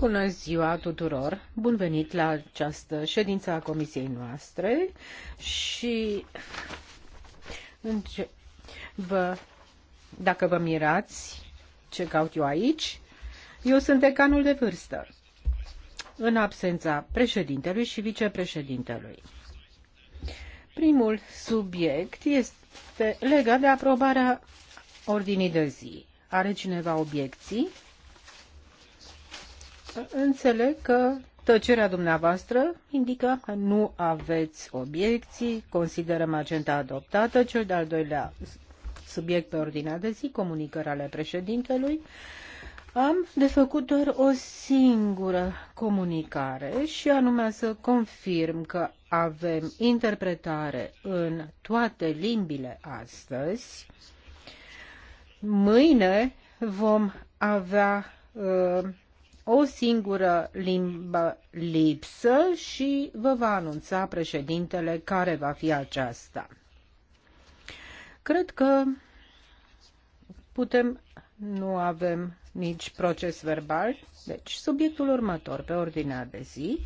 Bună ziua tuturor! Bun venit la această ședință a comisiei noastre și vă, dacă vă mirați ce caut eu aici, eu sunt decanul de vârstă, în absența președintelui și vicepreședintelui. Primul subiect este legat de aprobarea ordinii de zi. Are cineva obiecții? Înțeleg că tăcerea dumneavoastră indică că nu aveți obiecții. Considerăm agenda adoptată. Cel de-al doilea subiect pe ordinea de zi, comunicări ale președintelui. Am de făcut doar o singură comunicare și anume să confirm că avem interpretare în toate limbile astăzi. Mâine vom avea uh, o singură limbă lipsă și vă va anunța președintele care va fi aceasta. Cred că putem, nu avem nici proces verbal, deci subiectul următor pe ordinea de zi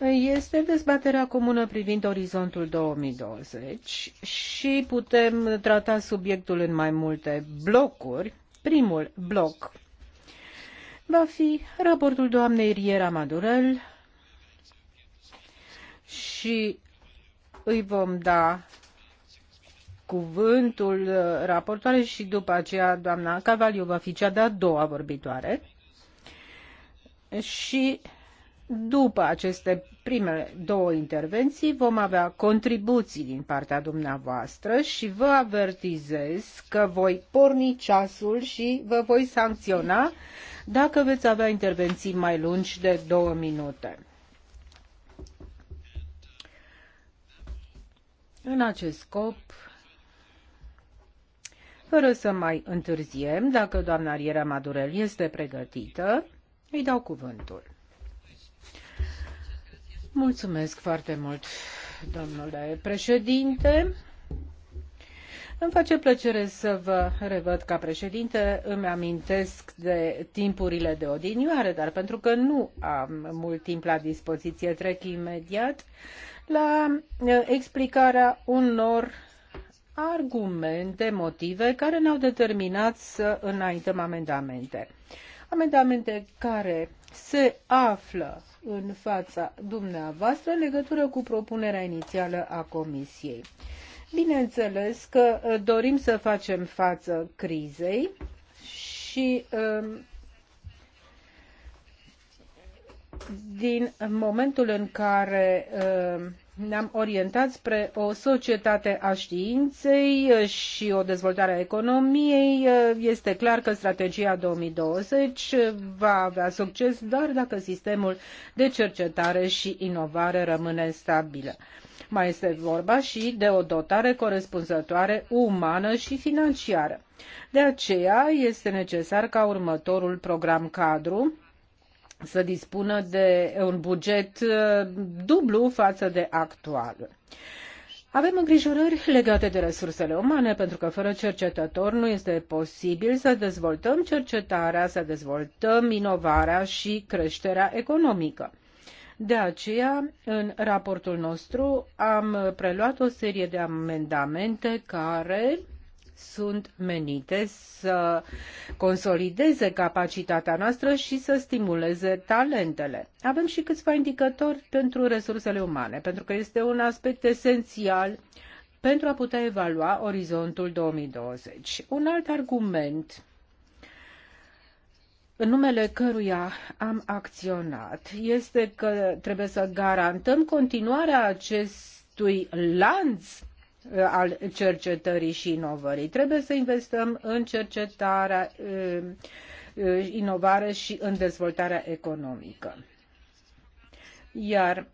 este dezbaterea comună privind orizontul 2020 și putem trata subiectul în mai multe blocuri. Primul bloc va fi raportul doamnei Riera Madurel și îi vom da cuvântul raportoare și după aceea doamna Cavaliu va fi cea de-a doua vorbitoare. Și după aceste primele două intervenții vom avea contribuții din partea dumneavoastră și vă avertizez că voi porni ceasul și vă voi sancționa dacă veți avea intervenții mai lungi de două minute. În acest scop, fără să mai întârziem, dacă doamna Riera Madurel este pregătită, îi dau cuvântul. Mulțumesc foarte mult, domnule președinte. Îmi face plăcere să vă revăd ca președinte. Îmi amintesc de timpurile de odinioară, dar pentru că nu am mult timp la dispoziție, trec imediat la eh, explicarea unor argumente, motive care ne-au determinat să înaintăm amendamente. Amendamente care se află în fața dumneavoastră în legătură cu propunerea inițială a Comisiei. Bineînțeles că uh, dorim să facem față crizei și um, din momentul în care um, ne-am orientat spre o societate a științei și o dezvoltare a economiei. Este clar că strategia 2020 va avea succes doar dacă sistemul de cercetare și inovare rămâne stabilă. Mai este vorba și de o dotare corespunzătoare umană și financiară. De aceea este necesar ca următorul program cadru să dispună de un buget uh, dublu față de actual. Avem îngrijorări legate de resursele umane, pentru că fără cercetător nu este posibil să dezvoltăm cercetarea, să dezvoltăm inovarea și creșterea economică. De aceea, în raportul nostru am preluat o serie de amendamente care sunt menite să consolideze capacitatea noastră și să stimuleze talentele. Avem și câțiva indicatori pentru resursele umane, pentru că este un aspect esențial pentru a putea evalua orizontul 2020. Un alt argument în numele căruia am acționat este că trebuie să garantăm continuarea acestui lanț Uh, al cercetării și inovării. Trebuie să investăm în cercetarea, uh, uh, inovare și în dezvoltarea economică. Iar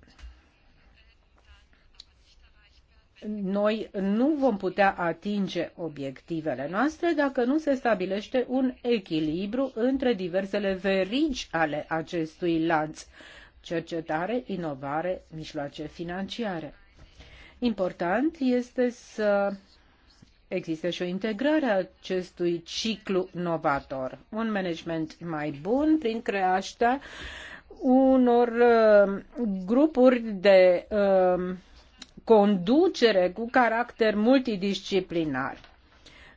noi nu vom putea atinge obiectivele noastre dacă nu se stabilește un echilibru între diversele verigi ale acestui lanț cercetare, inovare, mijloace financiare. Important este să existe și o integrare a acestui ciclu novator. Un management mai bun prin creașterea unor uh, grupuri de uh, conducere cu caracter multidisciplinar.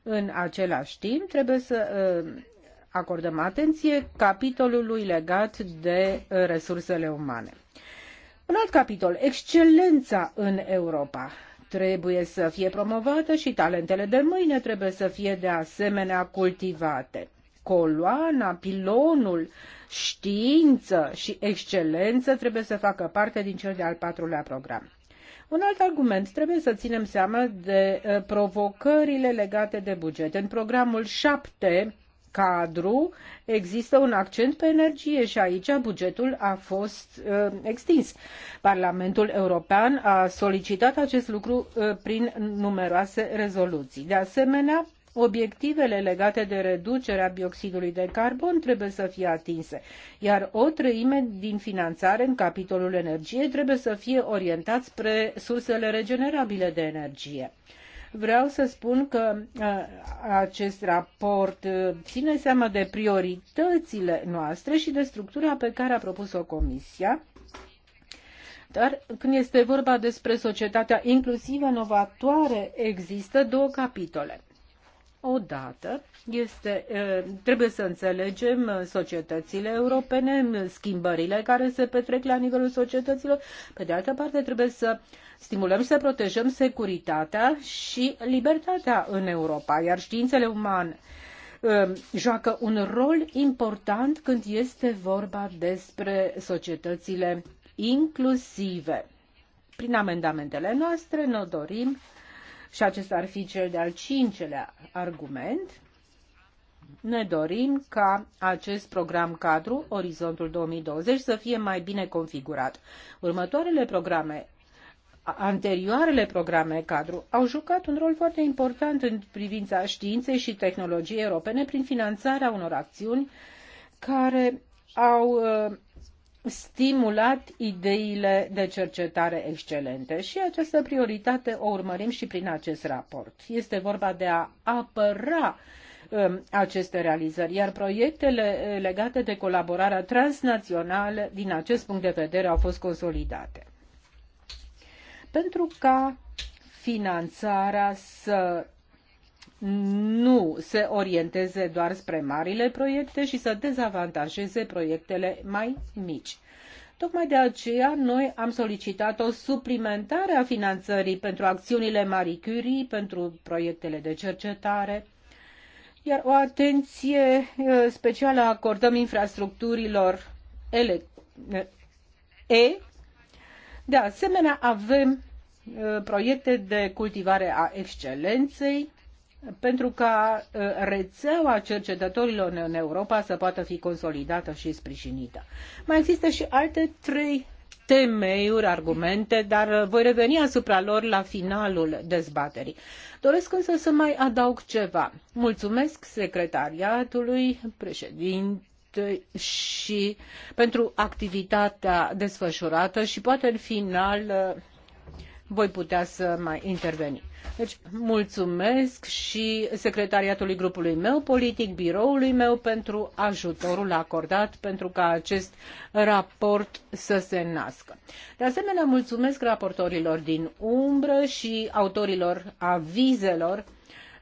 În același timp, trebuie să uh, acordăm atenție capitolului legat de uh, resursele umane. Un alt capitol, excelența în Europa trebuie să fie promovată și talentele de mâine trebuie să fie de asemenea cultivate. Coloana, pilonul, știință și excelență trebuie să facă parte din cel de-al patrulea program. Un alt argument, trebuie să ținem seama de eh, provocările legate de buget. În programul 7 cadru există un accent pe energie și aici bugetul a fost uh, extins. Parlamentul European a solicitat acest lucru uh, prin numeroase rezoluții. De asemenea, obiectivele legate de reducerea bioxidului de carbon trebuie să fie atinse, iar o treime din finanțare în capitolul energie trebuie să fie orientat spre sursele regenerabile de energie. Vreau să spun că acest raport ține seama de prioritățile noastre și de structura pe care a propus-o Comisia. Dar când este vorba despre societatea inclusivă, novatoare, există două capitole. Odată este, trebuie să înțelegem societățile europene, schimbările care se petrec la nivelul societăților. Pe de altă parte, trebuie să stimulăm și să protejăm securitatea și libertatea în Europa, iar științele umane joacă un rol important când este vorba despre societățile inclusive. Prin amendamentele noastre ne dorim și acesta ar fi cel de-al cincelea argument, ne dorim ca acest program cadru, Orizontul 2020, să fie mai bine configurat. Următoarele programe, anterioarele programe cadru, au jucat un rol foarte important în privința științei și tehnologiei europene prin finanțarea unor acțiuni care au uh, stimulat ideile de cercetare excelente și această prioritate o urmărim și prin acest raport. Este vorba de a apăra um, aceste realizări, iar proiectele uh, legate de colaborarea transnațională din acest punct de vedere au fost consolidate. Pentru ca finanțarea să nu se orienteze doar spre marile proiecte și să dezavantajeze proiectele mai mici. Tocmai de aceea noi am solicitat o suplimentare a finanțării pentru acțiunile Marie Curie, pentru proiectele de cercetare, iar o atenție uh, specială acordăm infrastructurilor ele. Uh, e. De asemenea, avem uh, proiecte de cultivare a excelenței, pentru ca ă, rețeaua cercetătorilor în Europa să poată fi consolidată și sprijinită. Mai există și alte trei temeiuri, argumente, dar ă, voi reveni asupra lor la finalul dezbaterii. Doresc însă să mai adaug ceva. Mulțumesc secretariatului, președinte, și pentru activitatea desfășurată și poate în final ă, voi putea să mai interveni. Deci, mulțumesc și secretariatului grupului meu politic, biroului meu pentru ajutorul acordat pentru ca acest raport să se nască. De asemenea, mulțumesc raportorilor din umbră și autorilor avizelor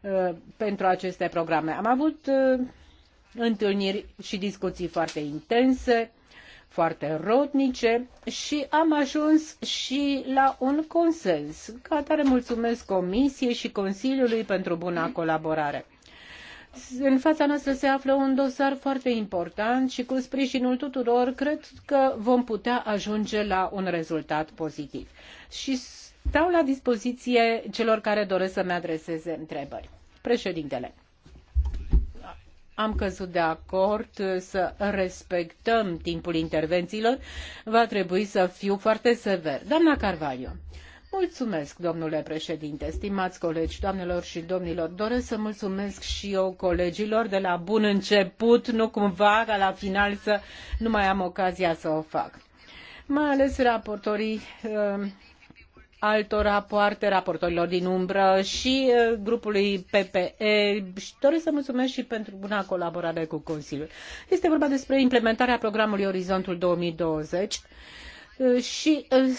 uh, pentru aceste programe. Am avut uh, întâlniri și discuții foarte intense foarte rodnice și am ajuns și la un consens. Ca atare mulțumesc Comisiei și Consiliului pentru buna colaborare. În fața noastră se află un dosar foarte important și cu sprijinul tuturor cred că vom putea ajunge la un rezultat pozitiv. Și stau la dispoziție celor care doresc să-mi adreseze întrebări. Președintele am căzut de acord să respectăm timpul intervențiilor, va trebui să fiu foarte sever. Doamna Carvalho, Mulțumesc, domnule președinte, stimați colegi, doamnelor și domnilor. Doresc să mulțumesc și eu colegilor de la bun început, nu cumva ca la final să nu mai am ocazia să o fac. Mai ales raportorii uh, altor rapoarte, raportorilor din umbră și uh, grupului PPE și doresc să mulțumesc și pentru buna colaborare cu Consiliul. Este vorba despre implementarea programului Orizontul 2020 uh, și uh,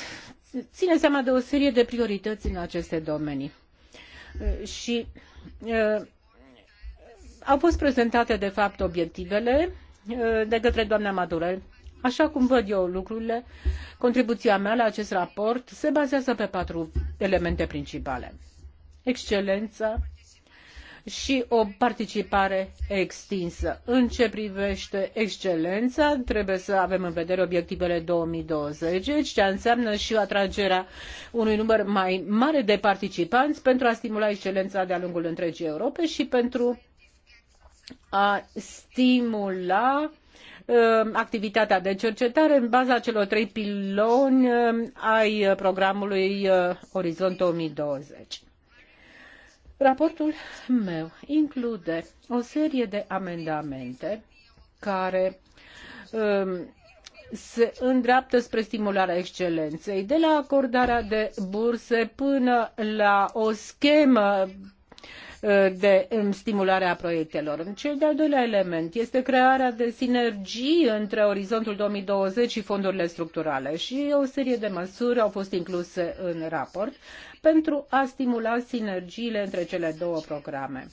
ține seama de o serie de priorități în aceste domenii. Și au fost prezentate, de fapt, obiectivele de către doamna Madurel Așa cum văd eu lucrurile, contribuția mea la acest raport se bazează pe patru elemente principale. Excelență și o participare extinsă. În ce privește excelența, trebuie să avem în vedere obiectivele 2020, ce înseamnă și atragerea unui număr mai mare de participanți pentru a stimula excelența de-a lungul întregii Europe și pentru a stimula Uh, activitatea de cercetare în baza celor trei piloni uh, ai programului uh, Orizont 2020. Raportul meu include o serie de amendamente care um, se îndreaptă spre stimularea excelenței, de la acordarea de burse până la o schemă de stimulare a proiectelor. Cel de-al doilea element este crearea de sinergii între Orizontul 2020 și fondurile structurale și o serie de măsuri au fost incluse în raport pentru a stimula sinergiile între cele două programe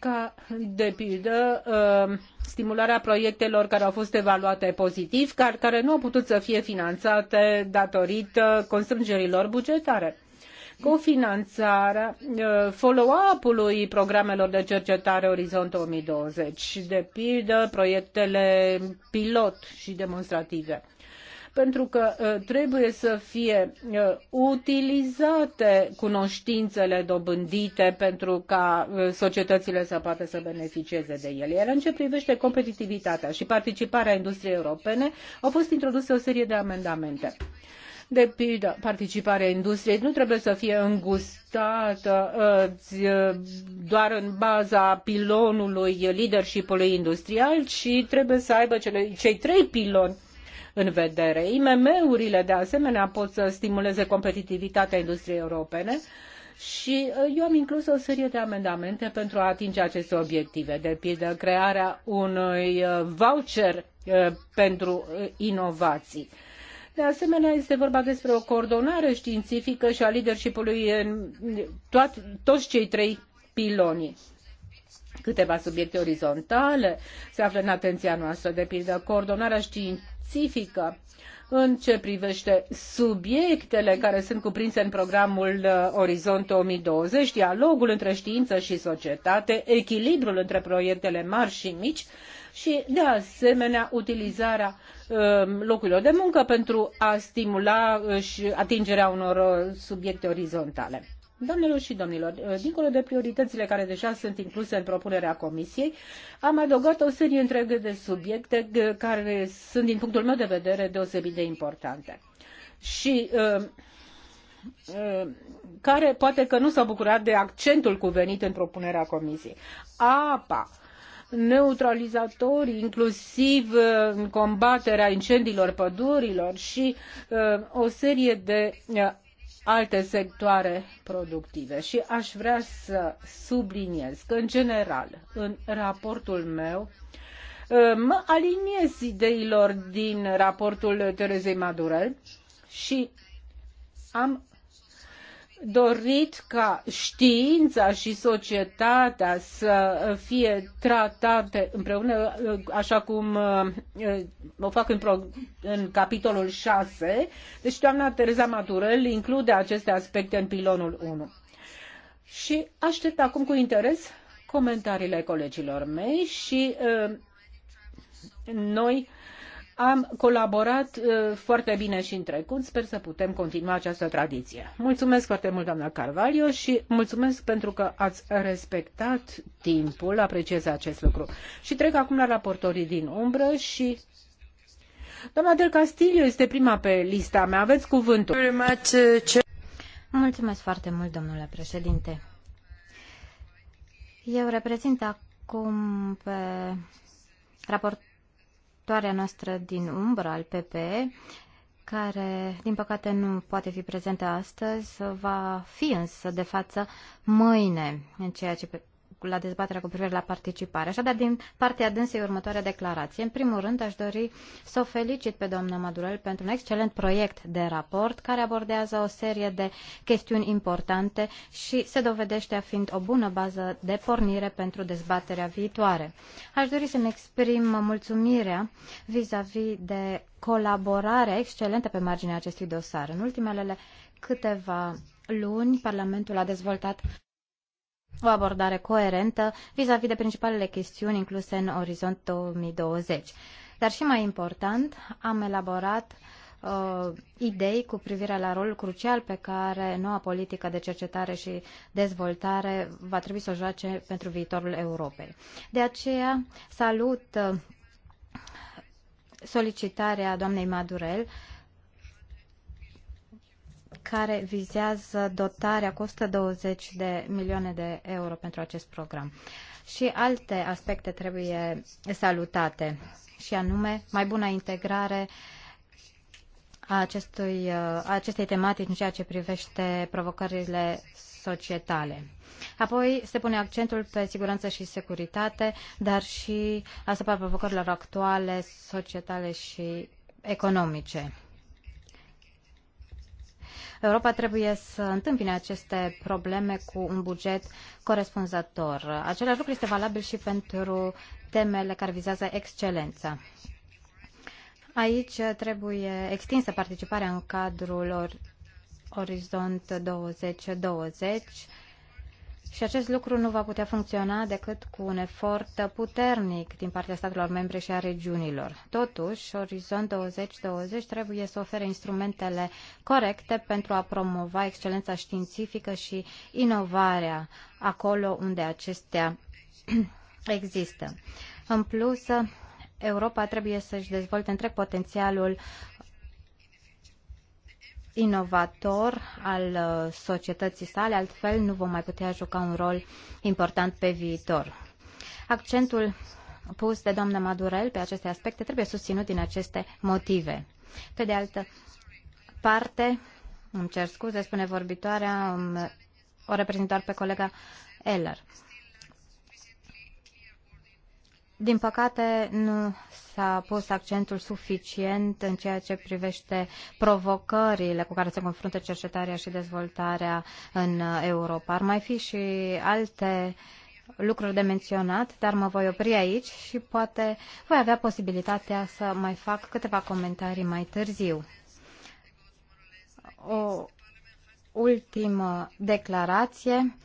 ca de pildă uh, stimularea proiectelor care au fost evaluate pozitiv, care nu au putut să fie finanțate datorită constrângerilor bugetare cofinanțarea uh, follow-up-ului programelor de cercetare Orizont 2020, de pildă proiectele pilot și demonstrative pentru că uh, trebuie să fie uh, utilizate cunoștințele dobândite pentru ca societățile să poată să beneficieze de ele. Iar în ce privește competitivitatea și participarea industriei europene, au fost introduse o serie de amendamente. De pildă, participarea industriei nu trebuie să fie îngustată ă, doar în baza pilonului leadership-ului industrial, ci trebuie să aibă cele, cei trei piloni în vedere. IMM-urile, de asemenea, pot să stimuleze competitivitatea industriei europene și ă, eu am inclus o serie de amendamente pentru a atinge aceste obiective, de pildă crearea unui ă, voucher pentru inovații de asemenea, este vorba despre o coordonare științifică și a leadership-ului în toat, toți cei trei piloni. Câteva subiecte orizontale se află în atenția noastră, de pildă coordonarea științifică în ce privește subiectele care sunt cuprinse în programul uh, Orizont 2020, dialogul între știință și societate, echilibrul între proiectele mari și mici și, de asemenea, utilizarea Um, locurilor de muncă pentru a stimula și atingerea unor uh, subiecte orizontale. Doamnelor și domnilor, uh, dincolo de prioritățile care deja sunt incluse în propunerea Comisiei, am adăugat o serie întreagă de subiecte uh, care sunt, din punctul meu de vedere, deosebit de importante. Și uh, care poate că nu s-au bucurat de accentul cuvenit în propunerea Comisiei. Apa, neutralizatori, inclusiv uh, în combaterea incendiilor pădurilor și uh, o serie de uh, alte sectoare productive. Și aș vrea să subliniez că, în general, în raportul meu, mă aliniez ideilor din raportul Terezei Madurel și am dorit ca știința și societatea să fie tratate împreună, așa cum uh, o fac în, pro, în capitolul 6. Deci doamna Tereza Maturel include aceste aspecte în pilonul 1. Și aștept acum cu interes comentariile colegilor mei și uh, noi am colaborat uh, foarte bine și în trecut, sper să putem continua această tradiție. Mulțumesc foarte mult, doamna Carvalho, și mulțumesc pentru că ați respectat timpul, apreciez acest lucru. Și trec acum la raportorii din umbră și Doamna Del Castillo este prima pe lista mea. Aveți cuvântul. Uh, mulțumesc foarte mult, domnule președinte. Eu reprezint acum pe raport raportoarea noastră din umbră al PPE, care, din păcate, nu poate fi prezentă astăzi, va fi însă de față mâine în ceea ce la dezbaterea cu privire la participare. Așadar, din partea dânsei următoarea declarație. În primul rând, aș dori să o felicit pe doamna Madurel pentru un excelent proiect de raport care abordează o serie de chestiuni importante și se dovedește a fiind o bună bază de pornire pentru dezbaterea viitoare. Aș dori să-mi exprim mulțumirea vis-a-vis -vis de colaborarea excelentă pe marginea acestui dosar. În ultimele câteva luni, Parlamentul a dezvoltat o abordare coerentă vis-a-vis -vis de principalele chestiuni incluse în Orizont 2020. Dar și mai important, am elaborat uh, idei cu privire la rolul crucial pe care noua politică de cercetare și dezvoltare va trebui să o joace pentru viitorul Europei. De aceea salut uh, solicitarea doamnei Madurel uh, care vizează dotarea cu 120 de milioane de euro pentru acest program. Și alte aspecte trebuie salutate, și anume mai bună integrare a, acestui, a acestei tematici în ceea ce privește provocările societale. Apoi se pune accentul pe siguranță și securitate, dar și asupra provocărilor actuale, societale și economice. Europa trebuie să întâmpine aceste probleme cu un buget corespunzător. Același lucru este valabil și pentru temele care vizează excelența. Aici trebuie extinsă participarea în cadrul Orizont 2020 și acest lucru nu va putea funcționa decât cu un efort puternic din partea statelor membre și a regiunilor. Totuși, Orizont 2020 trebuie să ofere instrumentele corecte pentru a promova excelența științifică și inovarea acolo unde acestea există. În plus, Europa trebuie să-și dezvolte întreg potențialul inovator al uh, societății sale, altfel nu vom mai putea juca un rol important pe viitor. Accentul pus de doamna Madurel pe aceste aspecte trebuie susținut din aceste motive. Pe de altă parte, îmi cer scuze, spune vorbitoarea, um, o reprezentare pe colega Eller. Din păcate, nu s-a pus accentul suficient în ceea ce privește provocările cu care se confruntă cercetarea și dezvoltarea în Europa. Ar mai fi și alte lucruri de menționat, dar mă voi opri aici și poate voi avea posibilitatea să mai fac câteva comentarii mai târziu. O ultimă declarație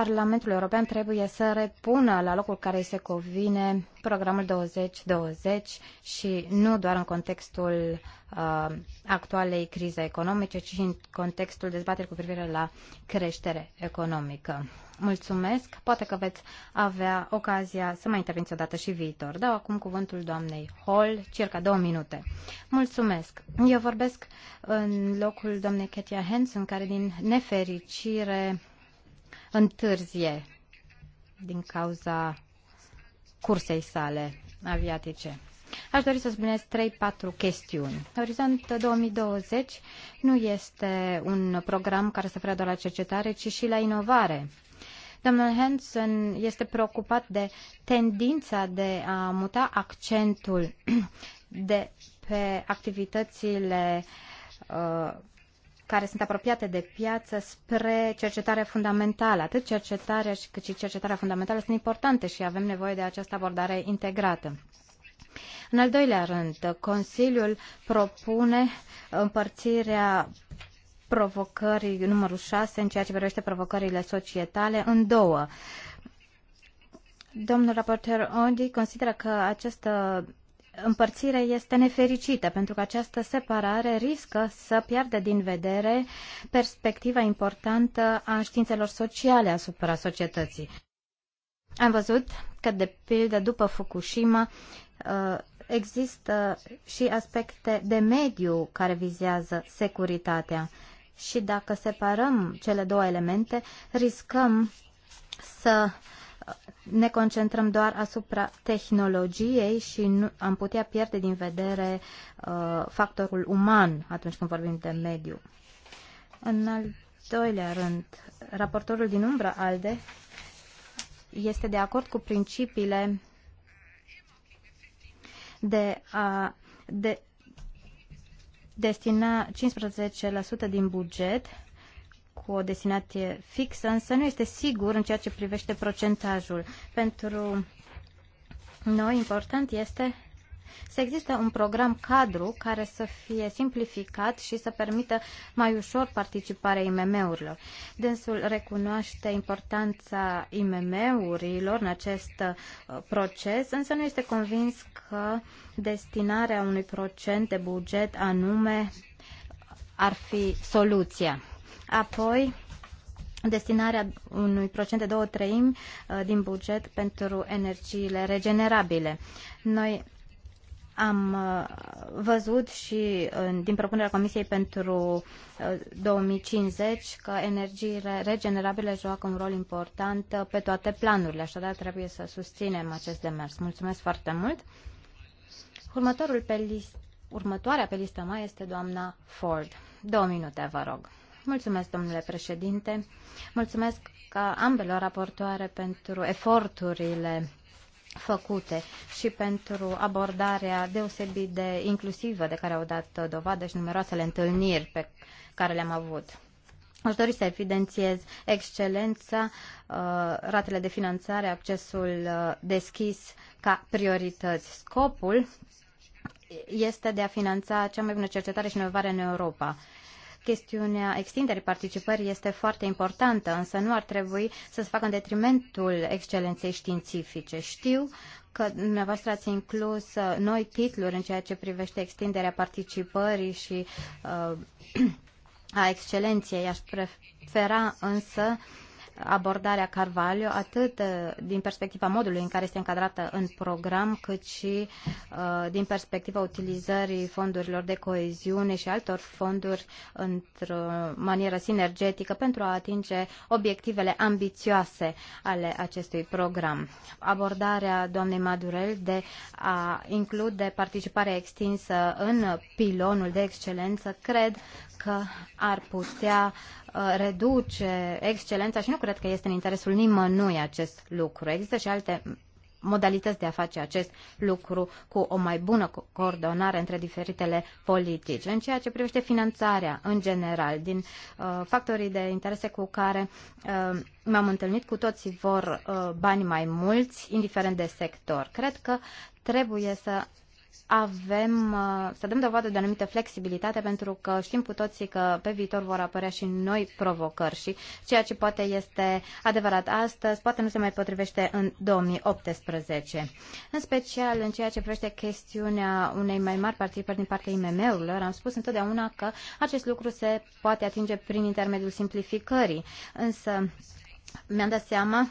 Parlamentul European trebuie să repună la locul care îi se cuvine programul 2020 și nu doar în contextul uh, actualei crize economice, ci și în contextul dezbaterii cu privire la creștere economică. Mulțumesc! Poate că veți avea ocazia să mai interveniți o dată și viitor. Dau acum cuvântul doamnei Hall, circa două minute. Mulțumesc! Eu vorbesc în locul doamnei Ketia Hansen, care din nefericire întârzie din cauza cursei sale aviatice. Aș dori să spunez 3-4 chestiuni. Orizont 2020 nu este un program care se referă doar la cercetare, ci și la inovare. Domnul Hansen este preocupat de tendința de a muta accentul de pe activitățile uh, care sunt apropiate de piață spre cercetarea fundamentală. Atât cercetarea cât și cercetarea fundamentală sunt importante și avem nevoie de această abordare integrată. În al doilea rând, Consiliul propune împărțirea provocării numărul 6 în ceea ce privește provocările societale în două. Domnul raportor Ondi consideră că această împărțire este nefericită, pentru că această separare riscă să piardă din vedere perspectiva importantă a științelor sociale asupra societății. Am văzut că, de pildă, după Fukushima, uh, există și aspecte de mediu care vizează securitatea. Și dacă separăm cele două elemente, riscăm să uh, ne concentrăm doar asupra tehnologiei și nu, am putea pierde din vedere uh, factorul uman atunci când vorbim de mediu. În al doilea rând, raportorul din umbra ALDE este de acord cu principiile de a de destina 15% din buget cu o destinație fixă, însă nu este sigur în ceea ce privește procentajul. Pentru noi important este să existe un program cadru care să fie simplificat și să permită mai ușor participarea IMM-urilor. Dânsul recunoaște importanța IMM-urilor în acest uh, proces, însă nu este convins că destinarea unui procent de buget anume ar fi soluția. Apoi, destinarea unui procent de două treimi uh, din buget pentru energiile regenerabile. Noi am uh, văzut și uh, din propunerea Comisiei pentru 2050 că energiile regenerabile joacă un rol important pe toate planurile, așadar trebuie să susținem acest demers. Mulțumesc foarte mult! Următorul pe list, următoarea pe listă mai este doamna Ford. Două minute, vă rog. Mulțumesc, domnule președinte. Mulțumesc ambelor raportoare pentru eforturile făcute și pentru abordarea deosebit de inclusivă de care au dat dovadă și numeroasele întâlniri pe care le-am avut. Aș dori să evidențiez excelența, uh, ratele de finanțare, accesul uh, deschis ca priorități. Scopul este de a finanța cea mai bună cercetare și inovare în Europa. Chestiunea extinderii participării este foarte importantă, însă nu ar trebui să se facă în detrimentul excelenței științifice. Știu că dumneavoastră ați inclus uh, noi titluri în ceea ce privește extinderea participării și uh, a excelenței. Aș prefera însă uh, abordarea Carvalho, atât uh, din perspectiva modului în care este încadrată în program, cât și uh, din perspectiva utilizării fondurilor de coeziune și altor fonduri într-o manieră sinergetică pentru a atinge obiectivele ambițioase ale acestui program. Abordarea doamnei Madurel de a include participarea extinsă în pilonul de excelență, cred că ar putea uh, Uh, reduce excelența și nu cred că este în interesul nimănui acest lucru. Există și alte modalități de a face acest lucru cu o mai bună coordonare între diferitele politici. În ceea ce privește finanțarea în general, din uh, factorii de interese cu care uh, m-am întâlnit, cu toții vor uh, bani mai mulți, indiferent de sector. Cred că trebuie să avem, uh, să dăm dovadă de anumită flexibilitate pentru că știm cu toții că pe viitor vor apărea și noi provocări și ceea ce poate este adevărat astăzi, poate nu se mai potrivește în 2018. În special în ceea ce privește chestiunea unei mai mari participări din partea IMM-urilor, am spus întotdeauna că acest lucru se poate atinge prin intermediul simplificării, însă mi-am dat seama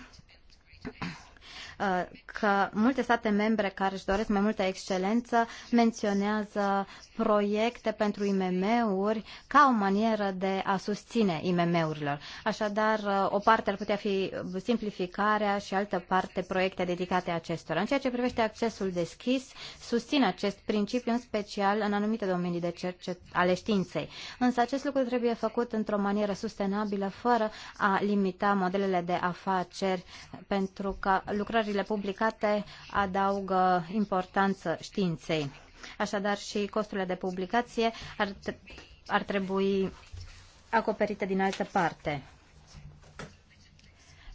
că multe state membre care își doresc mai multă excelență menționează proiecte pentru IMM-uri ca o manieră de a susține IMM-urilor. Așadar, o parte ar putea fi simplificarea și altă parte proiecte dedicate acestora. În ceea ce privește accesul deschis, susțin acest principiu, în special în anumite domenii de cercet ale științei. Însă acest lucru trebuie făcut într-o manieră sustenabilă, fără a limita modelele de afaceri, pentru că lucrarea lucrările publicate adaugă importanță științei. Așadar și costurile de publicație ar, ar trebui acoperite din altă parte.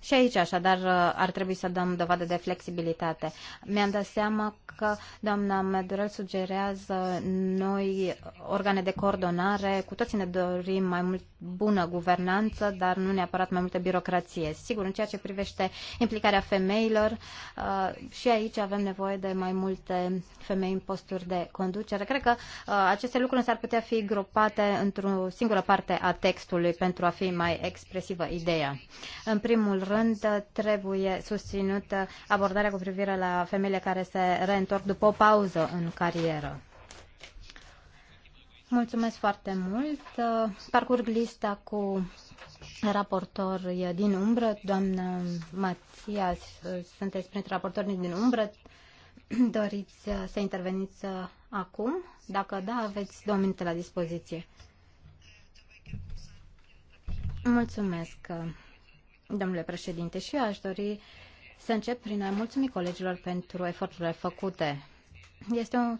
Și aici, așadar, ar trebui să dăm dovadă de flexibilitate. Mi-am dat seama că doamna Medurel sugerează noi organe de coordonare. Cu toții ne dorim mai mult bună guvernanță, dar nu neapărat mai multă birocrație. Sigur, în ceea ce privește implicarea femeilor, uh, și aici avem nevoie de mai multe femei în posturi de conducere. Cred că uh, aceste lucruri s-ar putea fi grupate într-o singură parte a textului pentru a fi mai expresivă ideea. În primul rând, rând, trebuie susținută abordarea cu privire la femeile care se reîntorc după o pauză în carieră. Mulțumesc foarte mult. Parcurg lista cu raportorii din umbră. Doamnă Matias, sunteți printre raportorii din umbră. Doriți să interveniți acum? Dacă da, aveți două minute la dispoziție. Mulțumesc. Domnule președinte, și eu aș dori să încep prin a mulțumi colegilor pentru eforturile făcute. Este un,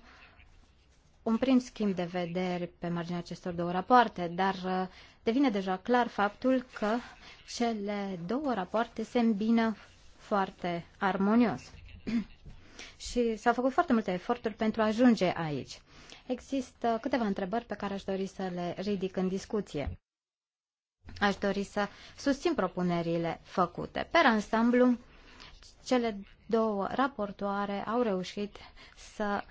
un prim schimb de vederi pe marginea acestor două rapoarte, dar uh, devine deja clar faptul că cele două rapoarte se îmbină foarte armonios. și s-au făcut foarte multe eforturi pentru a ajunge aici. Există câteva întrebări pe care aș dori să le ridic în discuție. Aș dori să susțin propunerile făcute. Per ansamblu, cele două raportoare au reușit să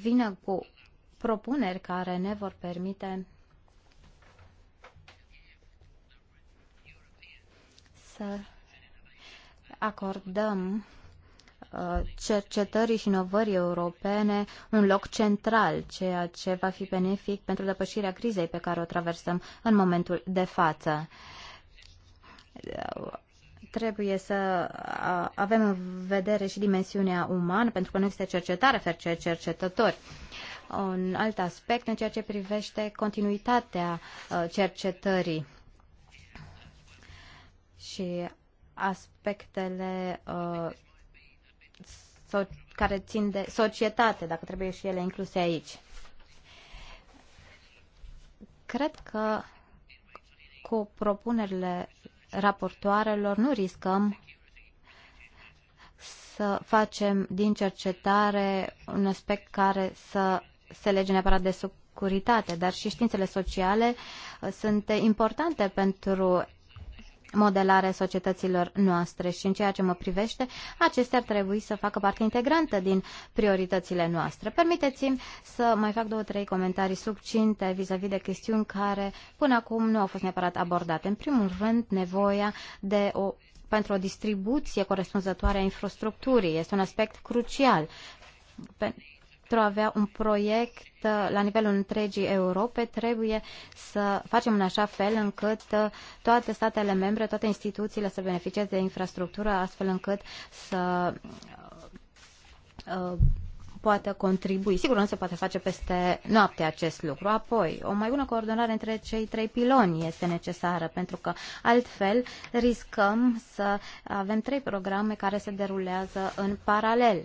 vină cu propuneri care ne vor permite să acordăm Uh, cercetării și inovării europene un loc central, ceea ce va fi benefic pentru depășirea crizei pe care o traversăm în momentul de față. Trebuie să avem în vedere și dimensiunea umană, pentru că nu este cercetare fără cercetători un alt aspect în ceea ce privește continuitatea uh, cercetării și aspectele uh, so- care țin de societate, dacă trebuie și ele incluse aici. Cred că cu propunerile raportoarelor nu riscăm să facem din cercetare un aspect care să se lege neapărat de securitate, dar și științele sociale uh, sunt importante pentru modelare societăților noastre și în ceea ce mă privește, acestea ar trebui să facă parte integrantă din prioritățile noastre. Permiteți-mi să mai fac două, trei comentarii succinte vis-a-vis -vis de chestiuni care până acum nu au fost neapărat abordate. În primul rând, nevoia de o pentru o distribuție corespunzătoare a infrastructurii. Este un aspect crucial. Pe, pentru a avea un proiect uh, la nivelul întregii Europe, trebuie să facem în așa fel încât uh, toate statele membre, toate instituțiile să beneficieze de infrastructură, astfel încât să uh, poată contribui. Sigur, nu se poate face peste noapte acest lucru. Apoi, o mai bună coordonare între cei trei piloni este necesară, pentru că altfel riscăm să avem trei programe care se derulează în paralel.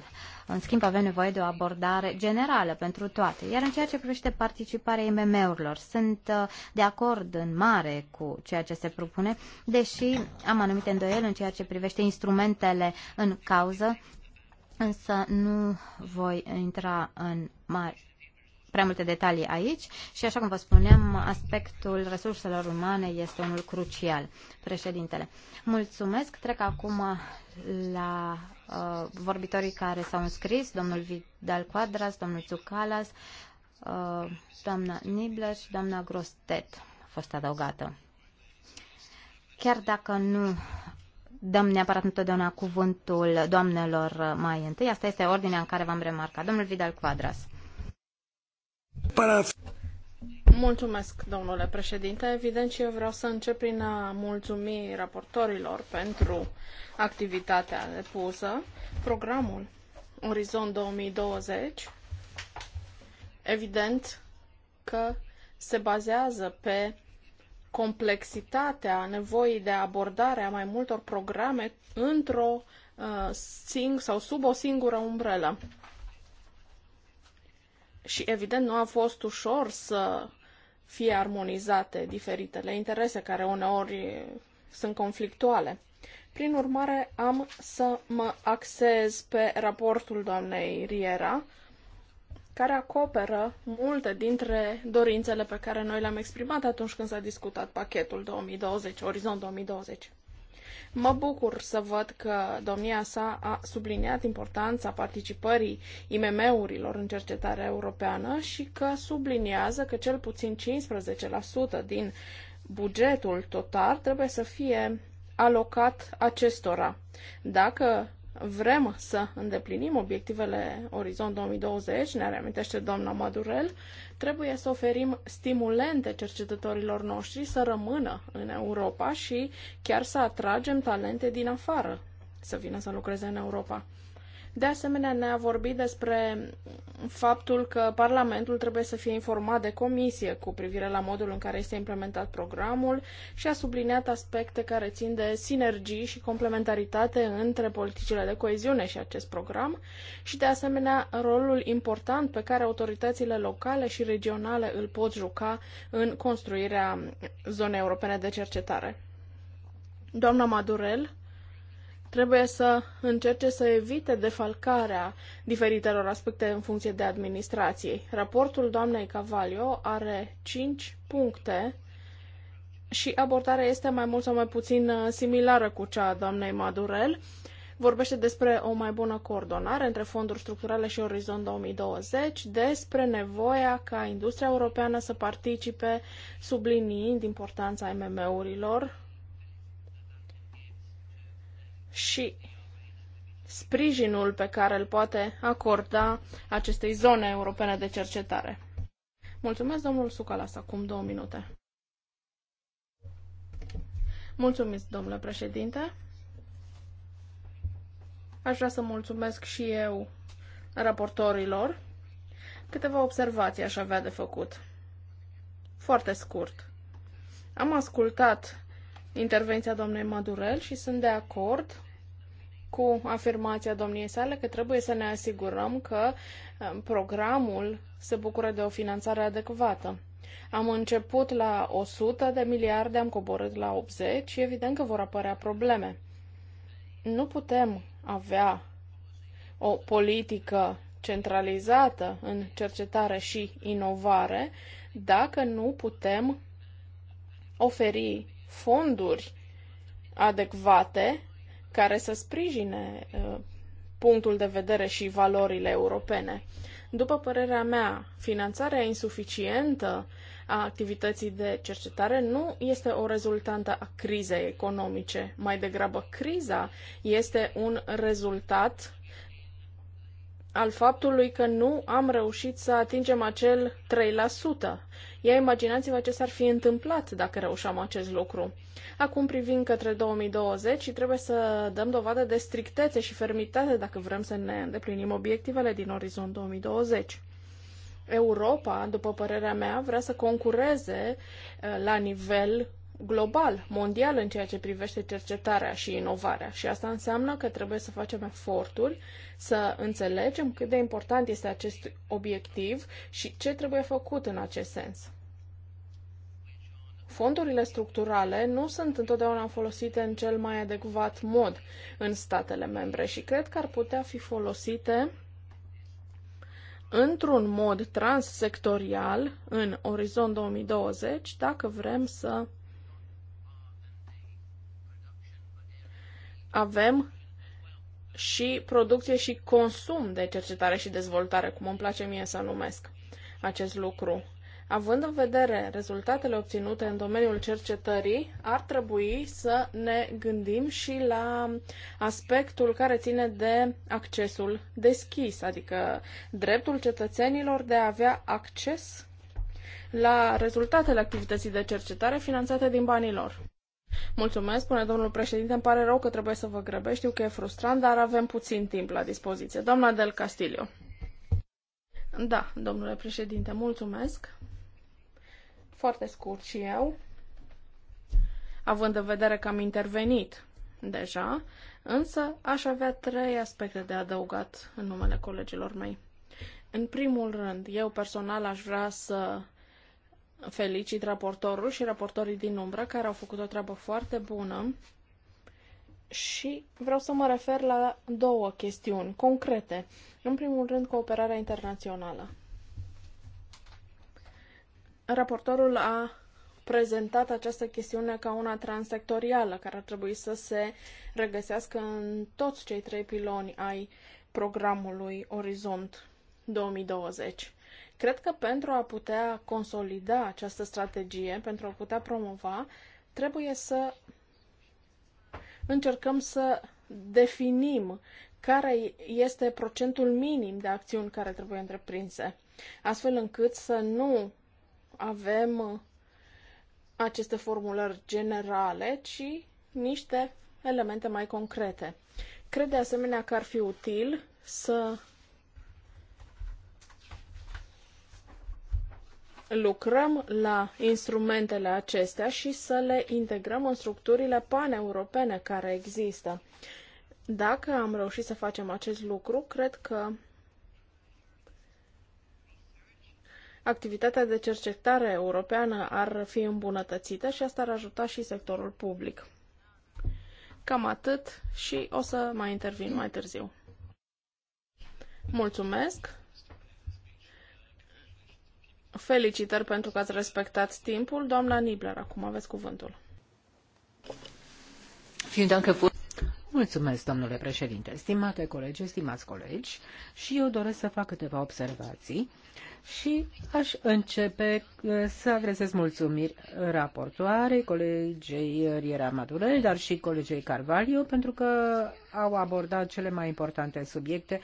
În schimb, avem nevoie de o abordare generală pentru toate. Iar în ceea ce privește participarea IMM-urilor, sunt uh, de acord în mare cu ceea ce se propune, deși am anumite îndoieli în ceea ce privește instrumentele în cauză însă nu voi intra în mari prea multe detalii aici și, așa cum vă spuneam, aspectul resurselor umane este unul crucial. Președintele, mulțumesc. Trec acum la uh, vorbitorii care s-au înscris, domnul Vidal Quadras, domnul Zucalas, uh, doamna Nibler și doamna Grostet a fost adăugată. Chiar dacă nu dăm neapărat întotdeauna cuvântul doamnelor mai întâi. Asta este ordinea în care v-am remarcat. Domnul Vidal Quadras. Mulțumesc, domnule președinte. Evident și eu vreau să încep prin a mulțumi raportorilor pentru activitatea depusă. Programul Orizont 2020, evident că se bazează pe complexitatea nevoii de abordare a mai multor programe într-o uh, sing- sau sub o singură umbrelă. Și evident nu a fost ușor să fie armonizate diferitele interese care uneori sunt conflictuale. Prin urmare, am să mă axez pe raportul doamnei Riera, care acoperă multe dintre dorințele pe care noi le-am exprimat atunci când s-a discutat pachetul 2020, Orizont 2020. Mă bucur să văd că domnia sa a subliniat importanța participării IMM-urilor în cercetarea europeană și că subliniază că cel puțin 15% din bugetul total trebuie să fie alocat acestora. Dacă vrem să îndeplinim obiectivele Orizont 2020, ne reamintește doamna Madurel, trebuie să oferim stimulente cercetătorilor noștri să rămână în Europa și chiar să atragem talente din afară să vină să lucreze în Europa. De asemenea, ne-a vorbit despre faptul că Parlamentul trebuie să fie informat de comisie cu privire la modul în care este implementat programul și a subliniat aspecte care țin de sinergii și complementaritate între politicile de coeziune și acest program și, de asemenea, rolul important pe care autoritățile locale și regionale îl pot juca în construirea zonei europene de cercetare. Doamna Madurel trebuie să încerce să evite defalcarea diferitelor aspecte în funcție de administrației. Raportul doamnei Cavalio are 5 puncte și abordarea este mai mult sau mai puțin uh, similară cu cea a doamnei Madurel. Vorbește despre o mai bună coordonare între fonduri structurale și Orizont 2020, despre nevoia ca industria europeană să participe, subliniind importanța mm urilor și sprijinul pe care îl poate acorda acestei zone europene de cercetare. Mulțumesc, domnul Sucalas, acum două minute. Mulțumesc, domnule președinte. Aș vrea să mulțumesc și eu raportorilor. Câteva observații aș avea de făcut. Foarte scurt. Am ascultat intervenția doamnei Madurel și sunt de acord cu afirmația domniei sale că trebuie să ne asigurăm că um, programul se bucură de o finanțare adecvată. Am început la 100 de miliarde, am coborât la 80 și evident că vor apărea probleme. Nu putem avea o politică centralizată în cercetare și inovare dacă nu putem oferi fonduri adecvate care să sprijine uh, punctul de vedere și valorile europene. După părerea mea, finanțarea insuficientă a activității de cercetare nu este o rezultantă a crizei economice. Mai degrabă, criza este un rezultat al faptului că nu am reușit să atingem acel 3%. Ia imaginați-vă ce s-ar fi întâmplat dacă reușeam acest lucru. Acum privim către 2020 și trebuie să dăm dovadă de strictețe și fermitate dacă vrem să ne îndeplinim obiectivele din orizont 2020. Europa, după părerea mea, vrea să concureze uh, la nivel global, mondial în ceea ce privește cercetarea și inovarea. Și asta înseamnă că trebuie să facem eforturi să înțelegem cât de important este acest obiectiv și ce trebuie făcut în acest sens fondurile structurale nu sunt întotdeauna folosite în cel mai adecvat mod în statele membre și cred că ar putea fi folosite într-un mod transsectorial în orizont 2020 dacă vrem să avem și producție și consum de cercetare și dezvoltare, cum îmi place mie să numesc acest lucru. Având în vedere rezultatele obținute în domeniul cercetării, ar trebui să ne gândim și la aspectul care ține de accesul deschis, adică dreptul cetățenilor de a avea acces la rezultatele activității de cercetare finanțate din banii lor. Mulțumesc, spune domnul președinte. Îmi pare rău că trebuie să vă grăbești. Știu că e frustrant, dar avem puțin timp la dispoziție. Doamna Del Castillo. Da, domnule președinte, mulțumesc. Foarte scurt și eu, având în vedere că am intervenit deja, însă aș avea trei aspecte de adăugat în numele colegilor mei. În primul rând, eu personal aș vrea să felicit raportorul și raportorii din umbră care au făcut o treabă foarte bună și vreau să mă refer la două chestiuni concrete. În primul rând, cooperarea internațională. Raportorul a prezentat această chestiune ca una transsectorială, care ar trebui să se regăsească în toți cei trei piloni ai programului Orizont 2020. Cred că pentru a putea consolida această strategie, pentru a putea promova, trebuie să încercăm să definim care este procentul minim de acțiuni care trebuie întreprinse, astfel încât să nu avem uh, aceste formulări generale, ci niște elemente mai concrete. Cred de asemenea că ar fi util să lucrăm la instrumentele acestea și să le integrăm în structurile paneuropene care există. Dacă am reușit să facem acest lucru, cred că activitatea de cercetare europeană ar fi îmbunătățită și asta ar ajuta și sectorul public. Cam atât și o să mai intervin mai târziu. Mulțumesc! Felicitări pentru că ați respectat timpul. Doamna Nibler, acum aveți cuvântul. Mulțumesc, domnule președinte. Stimate colegi, stimați colegi, și eu doresc să fac câteva observații și aș începe uh, să adresez mulțumiri raportoarei, colegei Riera Madurel, dar și colegei Carvalho, pentru că au abordat cele mai importante subiecte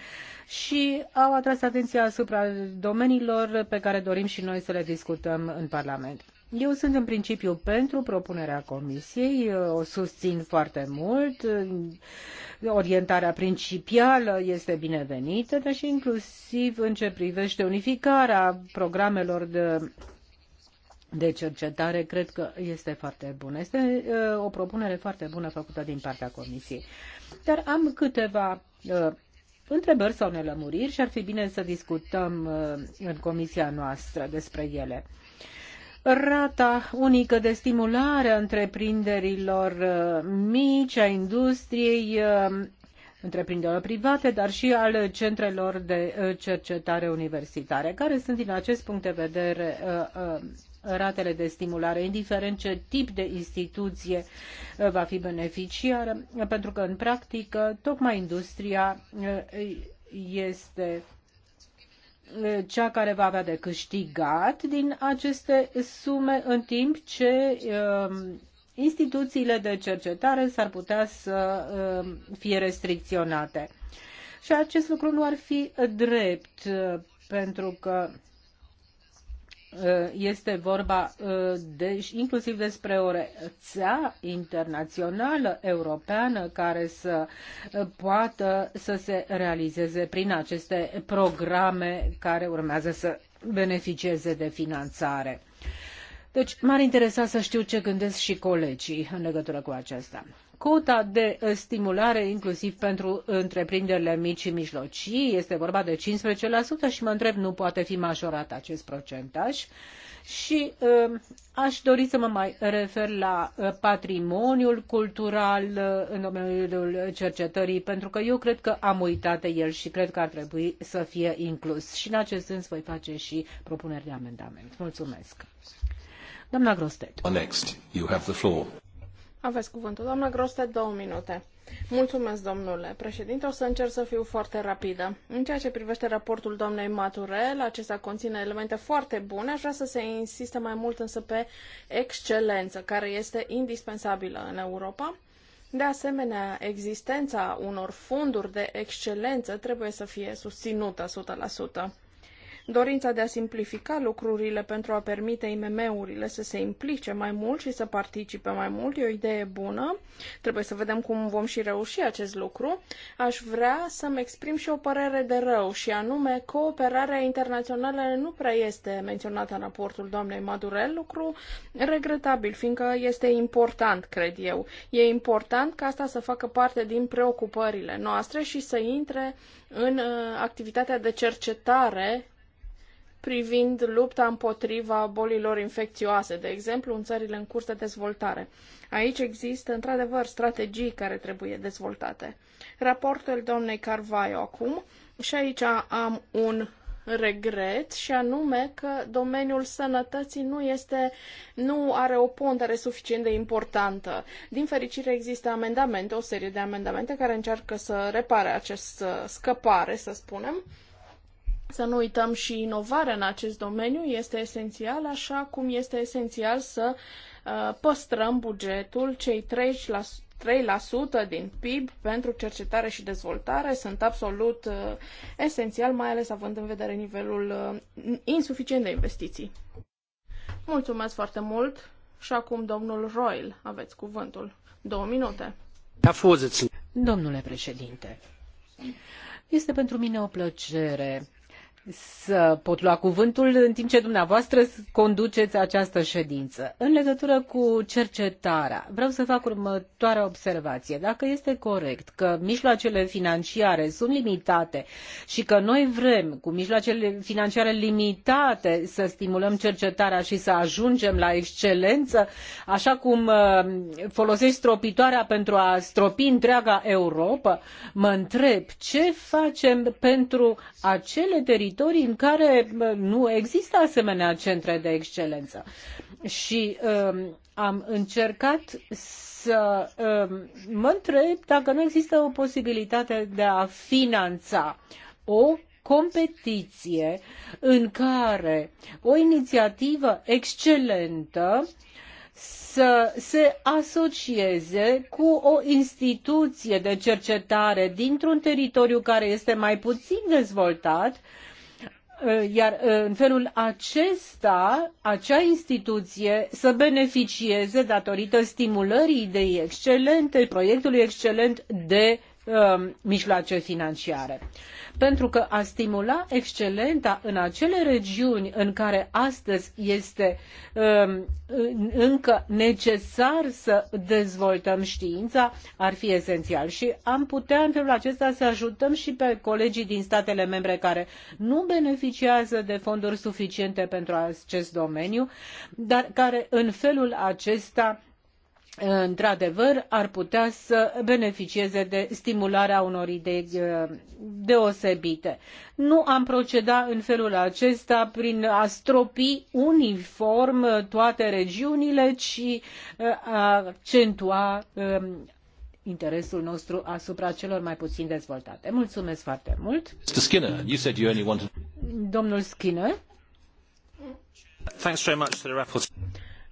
și au atras atenția asupra domeniilor pe care dorim și noi să le discutăm în Parlament. Eu sunt în principiu pentru propunerea comisiei, o susțin foarte mult, orientarea principială este binevenită, dar și inclusiv în ce privește unificarea programelor de de cercetare, cred că este foarte bună. Este uh, o propunere foarte bună făcută din partea Comisiei. Dar am câteva uh, întrebări sau nelămuriri și ar fi bine să discutăm uh, în Comisia noastră despre ele rata unică de stimulare a întreprinderilor uh, mici, a industriei, uh, întreprinderilor private, dar și al centrelor de uh, cercetare universitare. Care sunt din acest punct de vedere ratele de stimulare, indiferent ce tip de instituție va fi beneficiară, pentru că în practică tocmai industria este cea care va avea de câștigat din aceste sume, în timp ce um, instituțiile de cercetare s-ar putea să um, fie restricționate. Și acest lucru nu ar fi drept, uh, pentru că Eh, este vorba eh, de, inclusiv despre o rețea internațională europeană care să eh, poată să se realizeze prin aceste programe care urmează să beneficieze de finanțare. Deci m-ar interesa să știu ce gândesc și colegii în legătură cu aceasta cota de eh, stimulare inclusiv pentru întreprinderile mici și mijlocii. Este vorba de 15% și mă întreb, nu poate fi majorat acest procentaj? Și eh, aș dori să mă mai refer la eh, patrimoniul cultural în domeniul cercetării, pentru că eu cred că am uitat de el și cred că ar trebui să fie inclus. Și în acest sens voi face și propuneri de amendament. Mulțumesc. Doamna Grostet. Next, you have the floor. Aveți cuvântul, doamna Groste, două minute. Mulțumesc, domnule președinte. O să încerc să fiu foarte rapidă. În ceea ce privește raportul doamnei Maturel, acesta conține elemente foarte bune. Aș vrea să se insiste mai mult însă pe excelență, care este indispensabilă în Europa. De asemenea, existența unor fonduri de excelență trebuie să fie susținută 100% dorința de a simplifica lucrurile pentru a permite IMM-urile să se implice mai mult și să participe mai mult. E o idee bună. Trebuie să vedem cum vom și reuși acest lucru. Aș vrea să-mi exprim și o părere de rău și anume cooperarea internațională nu prea este menționată în raportul doamnei Madurel, lucru regretabil, fiindcă este important, cred eu. E important ca asta să facă parte din preocupările noastre și să intre în uh, activitatea de cercetare privind lupta împotriva bolilor infecțioase, de exemplu, în țările în curs de dezvoltare. Aici există, într-adevăr, strategii care trebuie dezvoltate. Raportul doamnei Carvaio acum și aici am un regret și anume că domeniul sănătății nu este nu are o pondere suficient de importantă. Din fericire există amendamente, o serie de amendamente care încearcă să repare acest scăpare, să spunem, să nu uităm și inovarea în acest domeniu este esențial, așa cum este esențial să uh, păstrăm bugetul, cei 3%, din PIB pentru cercetare și dezvoltare sunt absolut uh, esențial, mai ales având în vedere nivelul uh, insuficient de investiții. Mulțumesc foarte mult și acum domnul Royal, aveți cuvântul. Două minute. Domnule președinte, este pentru mine o plăcere să pot lua cuvântul în timp ce dumneavoastră conduceți această ședință. În legătură cu cercetarea, vreau să fac următoarea observație. Dacă este corect că mijloacele financiare sunt limitate și că noi vrem cu mijloacele financiare limitate să stimulăm cercetarea și să ajungem la excelență, așa cum uh, folosești stropitoarea pentru a stropi întreaga Europa, mă întreb ce facem pentru acele teritorii teritorii în care nu există asemenea centre de excelență. Și um, am încercat să um, mă întreb dacă nu există o posibilitate de a finanța o competiție în care o inițiativă excelentă să se asocieze cu o instituție de cercetare dintr-un teritoriu care este mai puțin dezvoltat Eh, iar eh, în felul acesta acea instituție să beneficieze datorită stimulării ideii excelente, proiectului excelent de Um, mijloace financiare. Pentru că a stimula excelenta în acele regiuni în care astăzi este uh, încă necesar să dezvoltăm știința ar fi esențial și am putea în felul acesta să ajutăm și pe colegii din statele membre care nu beneficiază de fonduri suficiente pentru acest domeniu, dar care în felul acesta într-adevăr, ar putea să beneficieze de stimularea unor idei uh, deosebite. Nu am proceda în felul acesta prin a stropi uniform uh, toate regiunile, ci uh, a accentua um, interesul nostru asupra celor mai puțin dezvoltate. Mulțumesc foarte mult. Skinner, you said you only wanted... Domnul Skinner. Thanks very much to the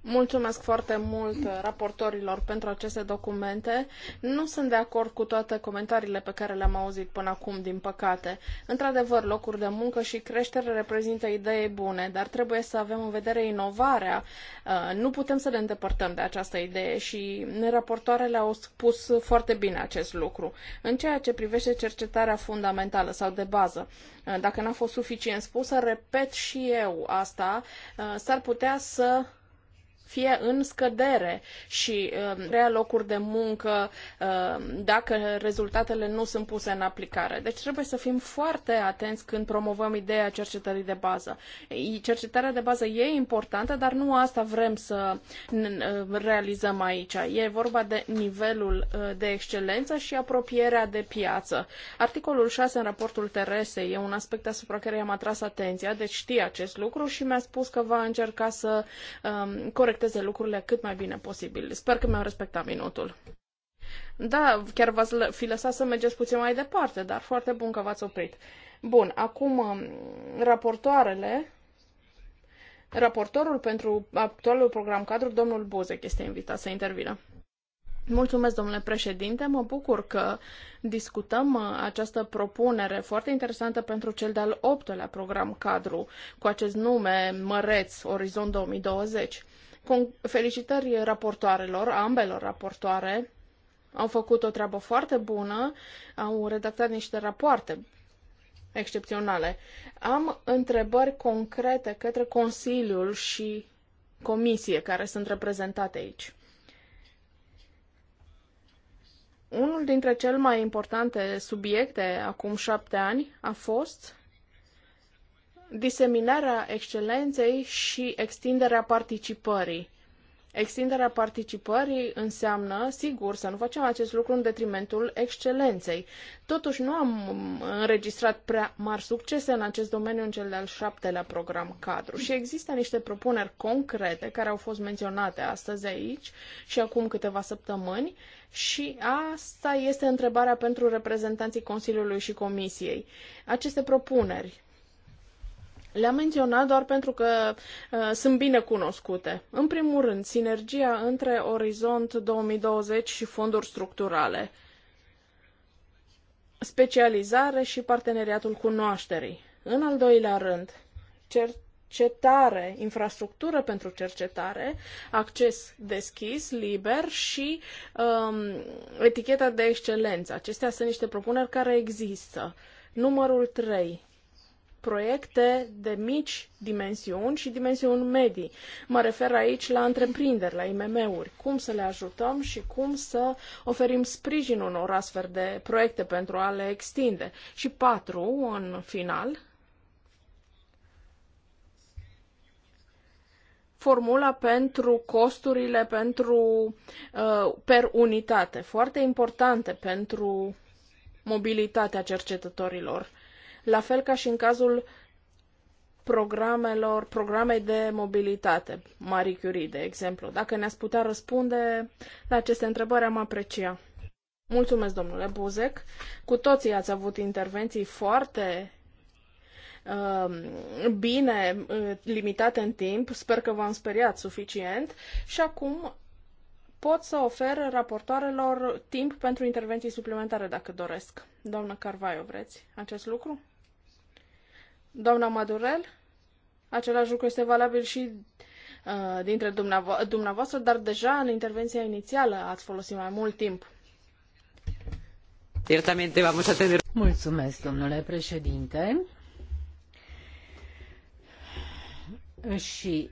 Mulțumesc foarte mult uh, raportorilor pentru aceste documente. Nu sunt de acord cu toate comentariile pe care le-am auzit până acum, din păcate. Într-adevăr, locuri de muncă și creștere reprezintă idei bune, dar trebuie să avem în vedere inovarea. Uh, nu putem să ne îndepărtăm de această idee și raportoarele au spus foarte bine acest lucru. În ceea ce privește cercetarea fundamentală sau de bază, uh, dacă n-a fost suficient spusă, repet și eu asta, s-ar putea să fie în scădere și um, rea locuri de muncă um, dacă rezultatele nu sunt puse în aplicare. Deci trebuie să fim foarte atenți când promovăm ideea cercetării de bază. Cercetarea de bază e importantă, dar nu asta vrem să realizăm aici. E vorba de nivelul uh, de excelență și apropierea de piață. Articolul 6 în raportul Terese e un aspect asupra care i-am atras atenția, deci știe acest lucru și mi-a spus că va încerca să um, reflecteze lucrurile cât mai bine posibil. Sper că mi-am respectat minutul. Da, chiar v-ați fi lăsat să mergeți puțin mai departe, dar foarte bun că v-ați oprit. Bun, acum um, raportoarele. Raportorul pentru actualul program cadru, domnul Buzek, este invitat să intervină. Mulțumesc, domnule președinte. Mă bucur că discutăm uh, această propunere foarte interesantă pentru cel de-al optelea program cadru cu acest nume măreț, Orizont 2020. Felicitări raportoarelor, ambelor raportoare. Au făcut o treabă foarte bună, au redactat niște rapoarte excepționale. Am întrebări concrete către Consiliul și Comisie care sunt reprezentate aici. Unul dintre cele mai importante subiecte acum șapte ani a fost diseminarea excelenței și extinderea participării. Extinderea participării înseamnă, sigur, să nu facem acest lucru în detrimentul excelenței. Totuși, nu am înregistrat prea mari succese în acest domeniu în cel de-al șaptelea program cadru și există niște propuneri concrete care au fost menționate astăzi aici și acum câteva săptămâni și asta este întrebarea pentru reprezentanții Consiliului și Comisiei. Aceste propuneri le-am menționat doar pentru că uh, sunt bine cunoscute. În primul rând, sinergia între Orizont 2020 și fonduri structurale, specializare și parteneriatul cunoașterii. În al doilea rând, cercetare, infrastructură pentru cercetare, acces deschis, liber și um, eticheta de excelență. Acestea sunt niște propuneri care există. Numărul 3 proiecte de mici dimensiuni și dimensiuni medii. Mă refer aici la întreprinderi, la IMM-uri, cum să le ajutăm și cum să oferim sprijin unor astfel de proiecte pentru a le extinde. Și patru, în final, formula pentru costurile pentru uh, per unitate, foarte importante pentru mobilitatea cercetătorilor la fel ca și în cazul programelor, programei de mobilitate, Marie Curie, de exemplu. Dacă ne-ați putea răspunde la aceste întrebări, am aprecia. Mulțumesc, domnule Buzec. Cu toții ați avut intervenții foarte um, bine uh, limitate în timp. Sper că v-am speriat suficient. Și acum pot să ofer raportoarelor timp pentru intervenții suplimentare, dacă doresc. Doamnă Carvaio, vreți acest lucru? Doamna Madurel, același lucru este valabil și uh, dintre dumneavo- dumneavoastră, dar deja în intervenția inițială ați folosit mai mult timp. Ciertamente vamos a tener... Mulțumesc, domnule președinte. Și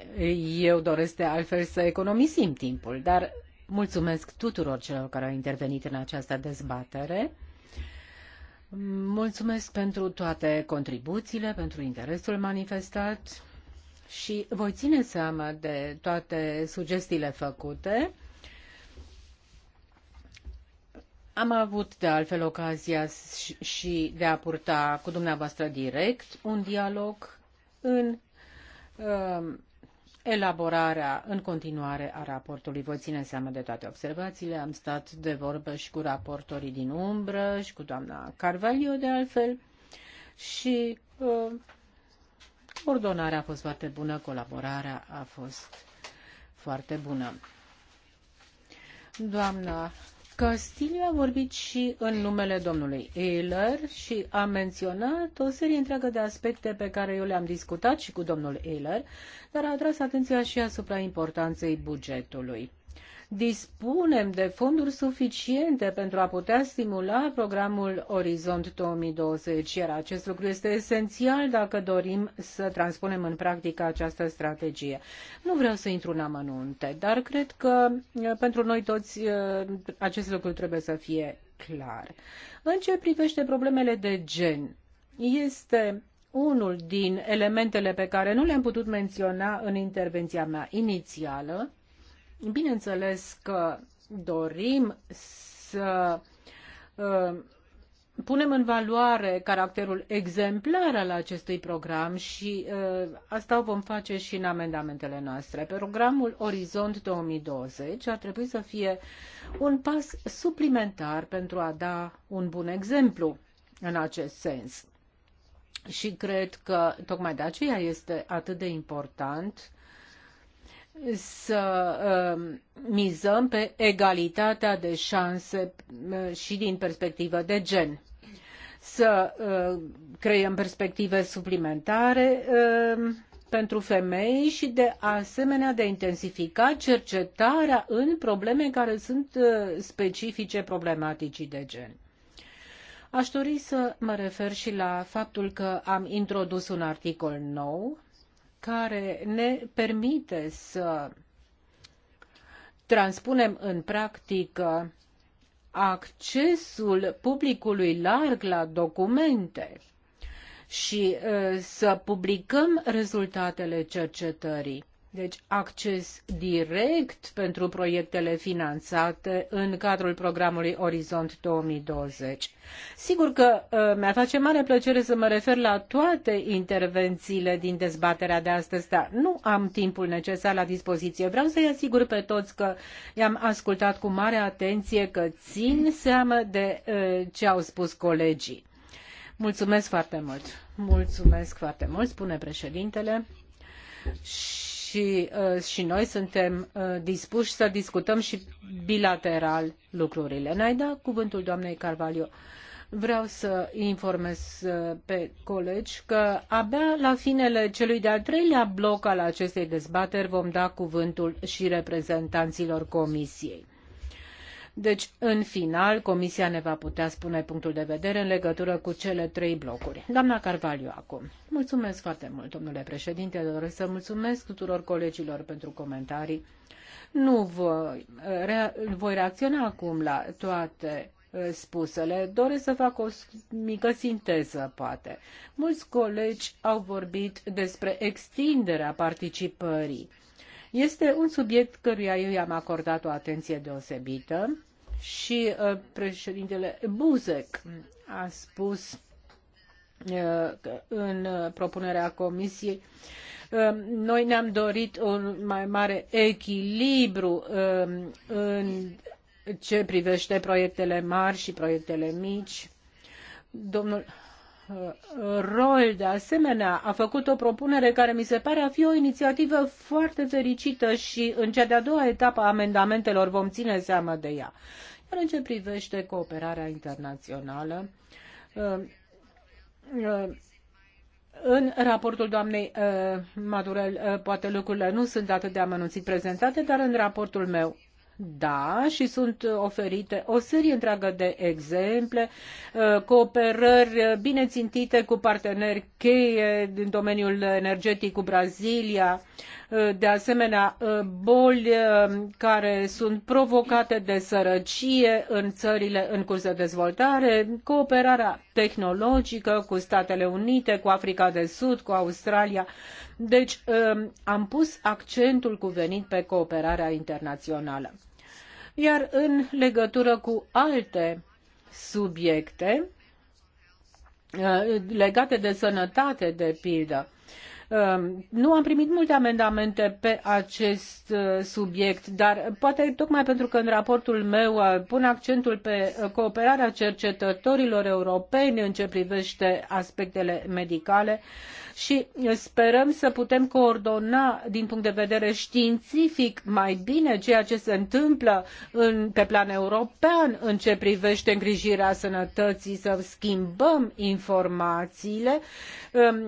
eu doresc de altfel să economisim timpul, dar mulțumesc tuturor celor care au intervenit în această dezbatere Mulțumesc pentru toate contribuțiile, pentru interesul manifestat și voi ține seama de toate sugestiile făcute. Am avut de altfel ocazia și de a purta cu dumneavoastră direct un dialog în um, elaborarea în continuare a raportului. Voi ține seama de toate observațiile. Am stat de vorbă și cu raportorii din umbră și cu doamna Carvalho de altfel și uh, ordonarea a fost foarte bună, colaborarea a fost foarte bună. Doamna Stiliu a vorbit și în numele domnului Ehler și a menționat o serie întreagă de aspecte pe care eu le-am discutat și cu domnul Ehler, dar a atras atenția și asupra importanței bugetului dispunem de fonduri suficiente pentru a putea stimula programul Orizont 2020, iar acest lucru este esențial dacă dorim să transpunem în practică această strategie. Nu vreau să intru în amănunte, dar cred că eh, pentru noi toți eh, acest lucru trebuie să fie clar. În ce privește problemele de gen, este unul din elementele pe care nu le-am putut menționa în intervenția mea inițială, Bineînțeles că dorim să uh, punem în valoare caracterul exemplar al acestui program și uh, asta o vom face și în amendamentele noastre. Programul Orizont 2020 ar trebui să fie un pas suplimentar pentru a da un bun exemplu în acest sens. Și cred că tocmai de aceea este atât de important să um, mizăm pe egalitatea de șanse uh, și din perspectivă de gen să uh, creăm perspective suplimentare um, pentru femei și de asemenea de a intensifica cercetarea în probleme care sunt uh, specifice problematicii de gen. Aș dori să mă refer și la faptul că am introdus un articol nou care ne permite să transpunem în practică accesul publicului larg la documente și uh, să publicăm rezultatele cercetării. Deci acces direct pentru proiectele finanțate în cadrul programului Orizont 2020. Sigur că uh, mi-ar face mare plăcere să mă refer la toate intervențiile din dezbaterea de astăzi, dar nu am timpul necesar la dispoziție. Vreau să-i asigur pe toți că i-am ascultat cu mare atenție, că țin seamă de uh, ce au spus colegii. Mulțumesc foarte mult. Mulțumesc foarte mult, spune președintele. Și Uh, și, noi suntem uh, dispui să discutăm și bilateral lucrurile. N-ai da cuvântul doamnei Carvalho. Vreau să informez uh, pe colegi că abia la finele celui de-al treilea bloc al acestei dezbateri vom da cuvântul și reprezentanților Comisiei. Deci, în final, Comisia ne va putea spune punctul de vedere în legătură cu cele trei blocuri. Doamna Carvalho, acum. Mulțumesc foarte mult, domnule președinte. Doresc să mulțumesc tuturor colegilor pentru comentarii. Nu voi, rea, voi reacționa acum la toate uh, spusele. Doresc să fac o mică sinteză, poate. Mulți colegi au vorbit despre extinderea participării este un subiect căruia eu i-am acordat o atenție deosebită și uh, președintele Buzek a spus uh, că în uh, propunerea comisiei noi ne-am dorit un mai mare echilibru în ce privește proiectele mari și proiectele mici. Domnul Uh, rol, de asemenea, a făcut o propunere care mi se pare a fi o inițiativă foarte fericită și în cea de-a doua etapă a amendamentelor vom ține seama de ea. Iar în ce privește cooperarea internațională, uh, uh, în raportul doamnei Madurel, poate lucrurile nu sunt atât de amănunțit prezentate, dar în raportul meu da, și sunt oferite o serie întreagă de exemple, uh, cooperări bine țintite cu parteneri cheie din domeniul energetic cu Brazilia, Uh, de asemenea uh, boli uh, care sunt provocate de sărăcie în țările în curs de dezvoltare, cooperarea tehnologică cu Statele Unite, cu Africa de Sud, cu Australia. Deci um, am pus accentul cuvenit pe cooperarea internațională. Iar în legătură cu alte subiecte legate de sănătate, de pildă, Um, nu am primit multe amendamente pe acest uh, subiect, dar poate tocmai pentru că în raportul meu uh, pun accentul pe uh, cooperarea cercetătorilor europeni în ce privește aspectele medicale și sperăm să putem coordona din punct de vedere științific mai bine ceea ce se întâmplă în, pe plan european în ce privește îngrijirea sănătății, să schimbăm informațiile, um,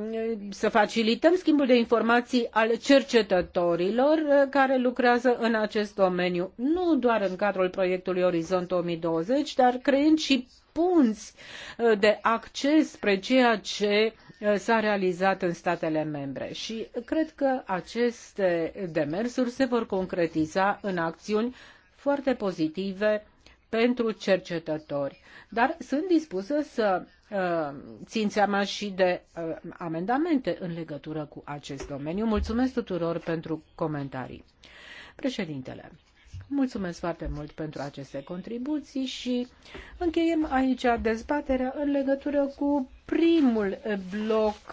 să facilităm facilităm schimbul de informații al cercetătorilor uh, care lucrează în acest domeniu, nu doar în cadrul proiectului Orizont 2020, dar creând și punți uh, de acces spre ceea ce uh, s-a realizat în statele membre și cred că aceste demersuri se vor concretiza în acțiuni foarte pozitive pentru cercetători. Dar sunt dispusă să Uh, țin seama și de uh, amendamente în legătură cu acest domeniu. Mulțumesc tuturor pentru comentarii. Președintele, mulțumesc foarte mult pentru aceste contribuții și încheiem aici dezbaterea în legătură cu primul bloc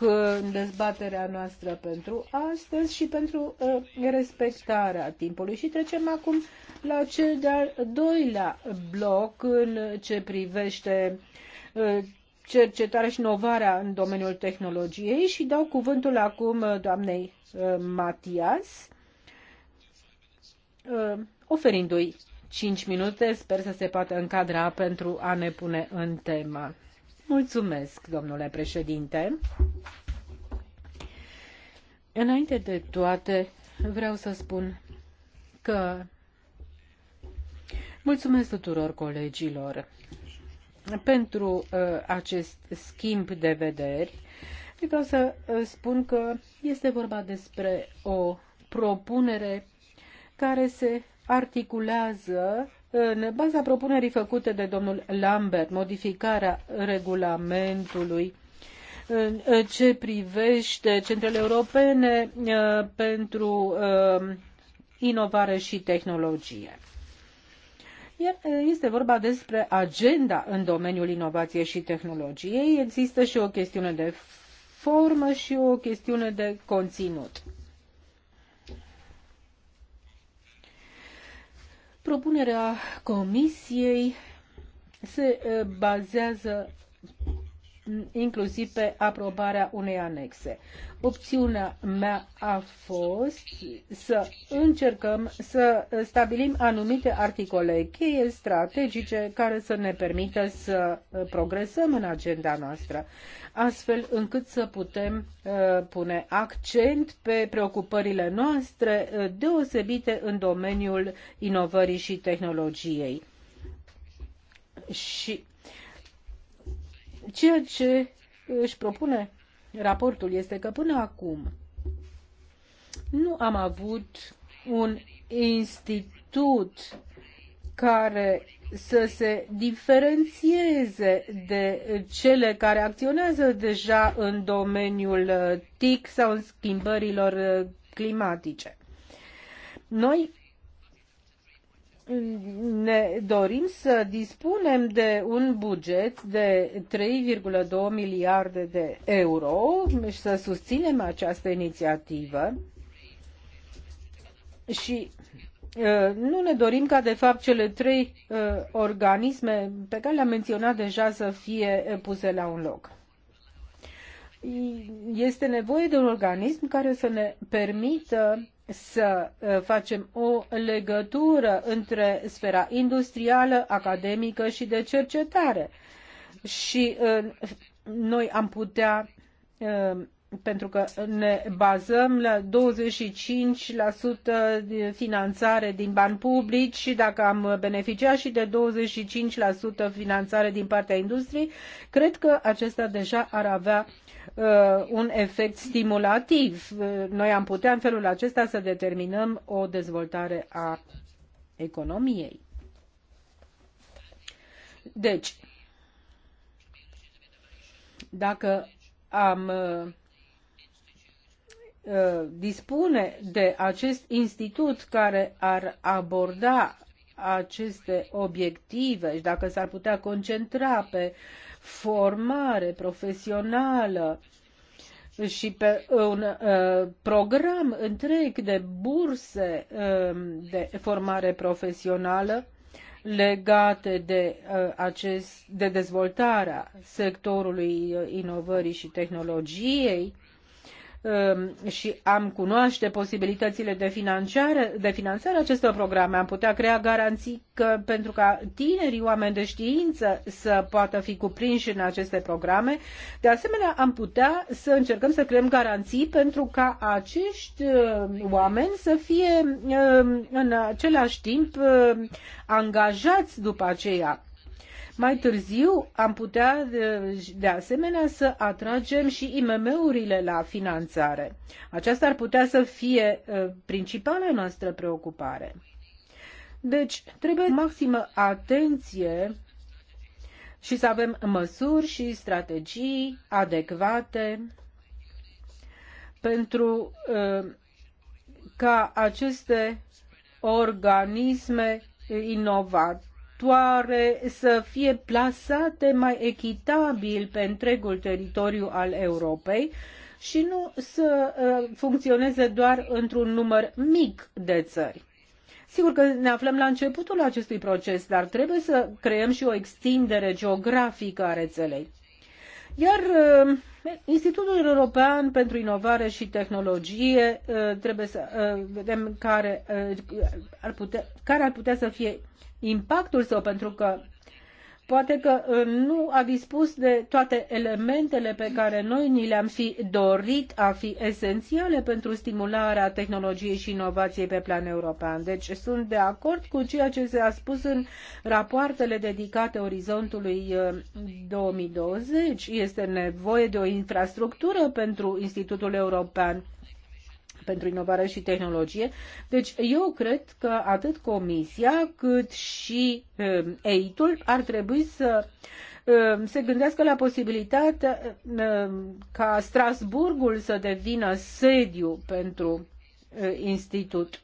dezbaterea noastră pentru astăzi și pentru uh, respectarea timpului. Și trecem acum la cel de-al doilea bloc în ce privește cercetarea și inovarea în domeniul tehnologiei și dau cuvântul acum uh, doamnei uh, Matias, uh, oferindu-i 5 minute, sper să se poată încadra pentru a ne pune în temă. Mulțumesc, domnule președinte. Înainte de toate, vreau să spun că mulțumesc tuturor colegilor pentru uh, acest schimb de vederi. Vreau să uh, spun că este vorba despre o propunere care se articulează în baza propunerii făcute de domnul Lambert, modificarea regulamentului în ce privește centrele europene uh, pentru inovare și tehnologie. Este vorba despre agenda în domeniul inovației și tehnologiei. Există și o chestiune de formă și o chestiune de conținut. Propunerea Comisiei se bazează inclusiv pe aprobarea unei anexe. Opțiunea mea a fost să încercăm să stabilim anumite articole cheie strategice care să ne permită să progresăm în agenda noastră, astfel încât să putem uh, pune accent pe preocupările noastre uh, deosebite în domeniul inovării și tehnologiei. Și Ceea ce își propune raportul este că până acum nu am avut un institut care să se diferențieze de cele care acționează deja în domeniul TIC sau în schimbărilor climatice. Noi ne dorim să dispunem de un buget de 3,2 miliarde de euro și să susținem această inițiativă și uh, nu ne dorim ca de fapt cele trei uh, organisme pe care le-am menționat deja să fie uh, puse la un loc este nevoie de un organism care să ne permită să uh, facem o legătură între sfera industrială, academică și de cercetare. Și uh, noi am putea, uh, pentru că ne bazăm la 25% finanțare din bani publici și dacă am beneficiat și de 25% finanțare din partea industriei, cred că acesta deja ar avea Uh, un efect stimulativ. Uh, noi am putea în felul acesta să determinăm o dezvoltare a economiei. Deci, dacă am uh, dispune de acest institut care ar aborda aceste obiective și dacă s-ar putea concentra pe uh, formare profesională și pe un uh, program întreg de burse uh, de formare profesională legate de, uh, acest, de dezvoltarea sectorului uh, inovării și tehnologiei Um, și am cunoaște posibilitățile de finanțare, de finanțare acestor programe, am putea crea garanții că, pentru ca tinerii oameni de știință să poată fi cuprinși în aceste programe. De asemenea, am putea să încercăm să creăm garanții pentru ca acești um, oameni să fie um, în același timp angajați după aceea mai târziu am putea de asemenea să atragem și IMM-urile la finanțare. Aceasta ar putea să fie ă, principala noastră preocupare. Deci trebuie maximă atenție și să avem măsuri și strategii adecvate pentru ă, ca aceste organisme inovate viitoare să fie plasate mai echitabil pe întregul teritoriu al Europei și nu să uh, funcționeze doar într-un număr mic de țări. Sigur că ne aflăm la începutul acestui proces, dar trebuie să creăm și o extindere geografică a rețelei. Iar uh, Institutul European pentru Inovare și Tehnologie uh, trebuie să uh, vedem care ar putea, care ar putea să fie impactul său, pentru că poate că uh, nu a dispus de toate elementele pe care noi ni le-am fi dorit a fi esențiale pentru stimularea tehnologiei și inovației pe plan european. Deci sunt de acord cu ceea ce se a spus în rapoartele dedicate orizontului 2020. Uh, este nevoie de o infrastructură pentru Institutul European pentru Inovare și Tehnologie. Deci eu cred că atât Comisia cât și um, EIT-ul ar trebui să um, se gândească la posibilitatea um, ca Strasburgul să devină sediu pentru uh, institut.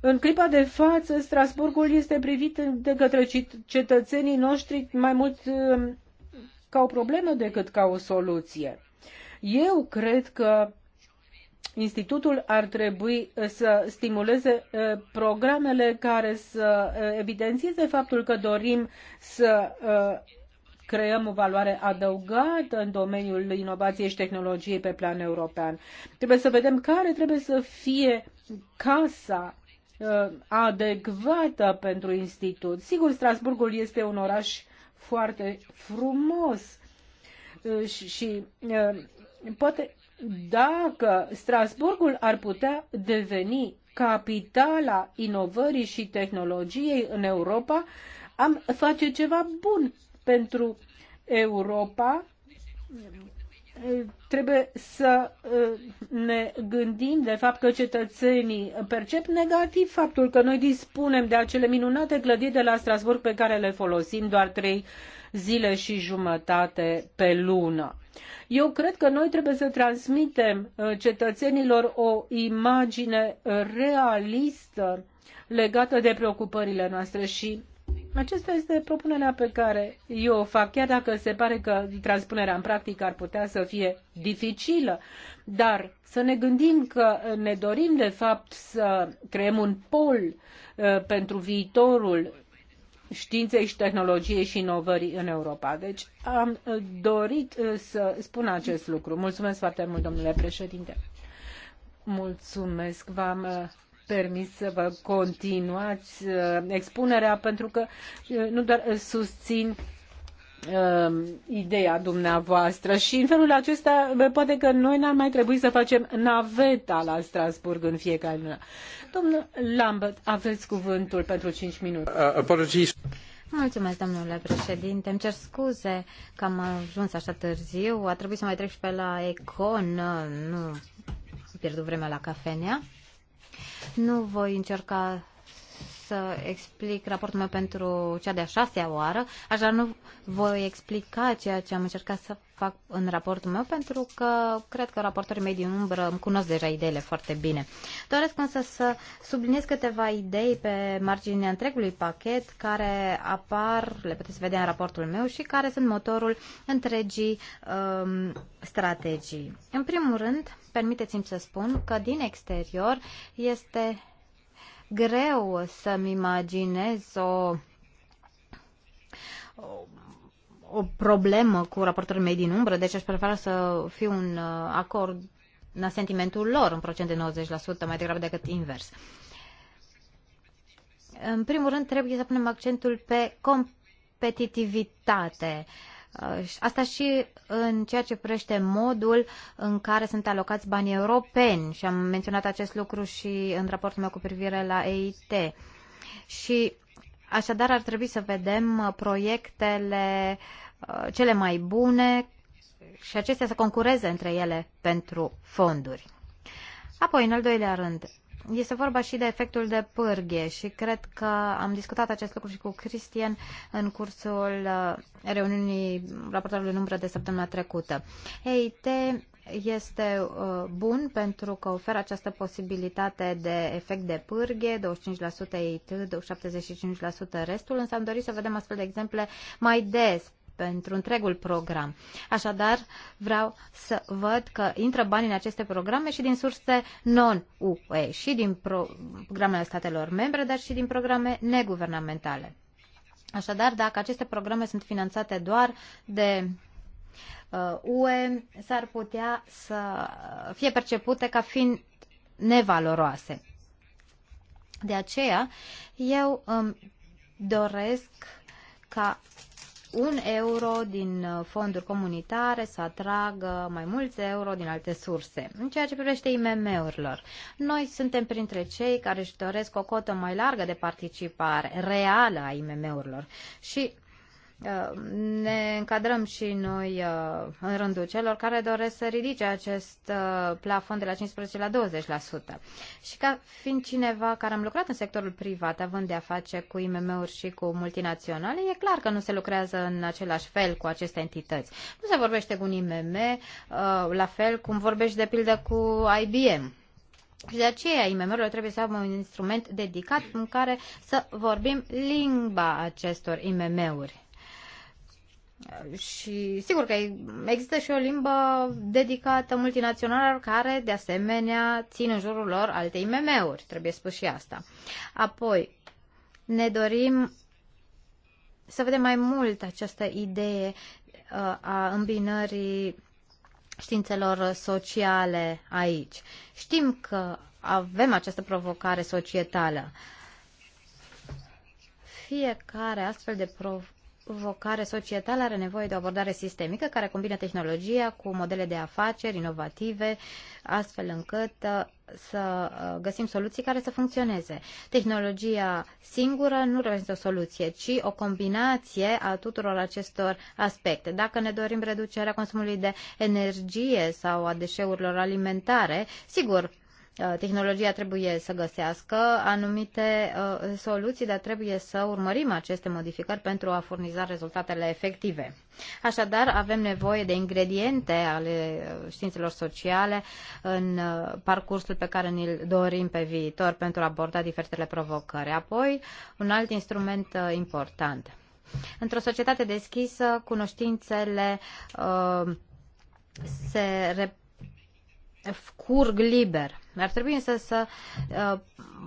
În clipa de față, Strasburgul este privit de către cetățenii noștri mai mult ca o problemă decât ca o soluție. Eu cred că institutul ar trebui uh, să stimuleze uh, programele care să uh, evidențieze faptul că dorim să creăm o valoare adăugată în domeniul inovației și tehnologiei pe plan european. Trebuie să vedem care trebuie să fie casa adecvată pentru institut. Sigur, Strasburgul este un oraș foarte frumos și, și poate dacă Strasburgul ar putea deveni capitala inovării și tehnologiei în Europa, am face ceva bun pentru Europa. Trebuie să ă, ne gândim de fapt că cetățenii percep negativ faptul că noi dispunem de acele minunate clădiri de la Strasburg pe care le folosim doar trei zile și jumătate pe lună. Eu cred că noi trebuie să transmitem uh, cetățenilor o imagine uh, realistă legată de preocupările noastre și acesta este propunerea pe care eu o fac, chiar dacă se pare că transpunerea în practică ar putea să fie dificilă, dar să ne gândim că ne dorim de fapt să creăm un pol uh, pentru viitorul științei și tehnologiei și inovării în Europa. Deci am uh, dorit uh, să spun acest lucru. Mulțumesc foarte mult, domnule președinte. Mulțumesc, v-am uh, permis să vă continuați expunerea pentru că nu doar susțin Um, ideea dumneavoastră și în felul acesta poate că noi n-ar mai trebui să facem naveta la Strasburg în fiecare lună. Domnul Lambert, aveți cuvântul pentru 5 minute. Uh, Mulțumesc, domnule președinte. Îmi cer scuze că am ajuns așa târziu. A trebuit să mai trec și pe la Econ. Nu, pierdut vremea la cafenea. Nu voi încerca să explic raportul meu pentru cea de-a șasea oară, așa nu voi explica ceea ce am încercat să fac în raportul meu, pentru că cred că raportorii mei din umbră îmi cunosc deja ideile foarte bine. Doresc însă să subliniez câteva idei pe marginea întregului pachet care apar, le puteți vedea în raportul meu și care sunt motorul întregii um, strategii. În primul rând, permiteți-mi să spun că din exterior este greu să-mi imaginez o, o o problemă cu raportorii mei din umbră, deci aș prefera să fiu un uh, acord în sentimentul lor, în procent de 90%, mai degrabă decât invers. În primul rând, trebuie să punem accentul pe competitivitate. Uh, Uh, asta și în ceea ce privește modul în care sunt alocați banii europeni și am menționat acest lucru și în raportul meu cu privire la EIT. Și așadar ar trebui să vedem uh, proiectele uh, cele mai bune și acestea să concureze între ele pentru fonduri. Apoi, în al doilea rând, este vorba și de efectul de pârghie și cred că am discutat acest lucru și cu Cristian în cursul uh, reuniunii raportorului în umbră de săptămâna trecută. EIT este uh, bun pentru că oferă această posibilitate de efect de pârghie, 25% EIT, 75% restul, însă am dorit să vedem astfel de exemple mai des pentru întregul program. Așadar, vreau să văd că intră bani în aceste programe și din surse non-UE, și din pro programele statelor membre, dar și din programe neguvernamentale. Așadar, dacă aceste programe sunt finanțate doar de UE, uh, s-ar putea să fie percepute ca fiind nevaloroase. De aceea, eu îmi doresc ca un euro din uh, fonduri comunitare să atragă mai mulți euro din alte surse. În ceea ce privește IMM-urilor, noi suntem printre cei care își doresc o cotă mai largă de participare reală a IMM-urilor și Uh, ne încadrăm și noi uh, în rândul celor care doresc să ridice acest uh, plafon de la 15 la 20%. Și ca fiind cineva care am lucrat în sectorul privat, având de-a face cu IMM-uri și cu multinaționale, e clar că nu se lucrează în același fel cu aceste entități. Nu se vorbește cu un IMM la fel cum vorbești de pildă cu IBM. Și de aceea IMM-urile trebuie să aibă un instrument dedicat în care să vorbim limba acestor IMM-uri. Și sigur că există și o limbă dedicată multinațională care, de asemenea, țin în jurul lor alte IMM-uri. Trebuie spus și asta. Apoi, ne dorim să vedem mai mult această idee uh, a îmbinării științelor sociale aici. Știm că avem această provocare societală. Fiecare astfel de provocare provocare societală are nevoie de o abordare sistemică care combină tehnologia cu modele de afaceri inovative, astfel încât uh, să uh, găsim soluții care să funcționeze. Tehnologia singură nu reprezintă o soluție, ci o combinație a tuturor acestor aspecte. Dacă ne dorim reducerea consumului de energie sau a deșeurilor alimentare, sigur, Uh, tehnologia trebuie să găsească anumite uh, soluții, dar trebuie să urmărim aceste modificări pentru a furniza rezultatele efective. Așadar, avem nevoie de ingrediente ale uh, științelor sociale în parcursul pe care ni-l dorim pe viitor pentru a aborda diferitele provocări. Apoi, un alt instrument important. Într-o societate deschisă, cunoștințele uh, se reprezintă curg liber. Ar trebui însă să uh,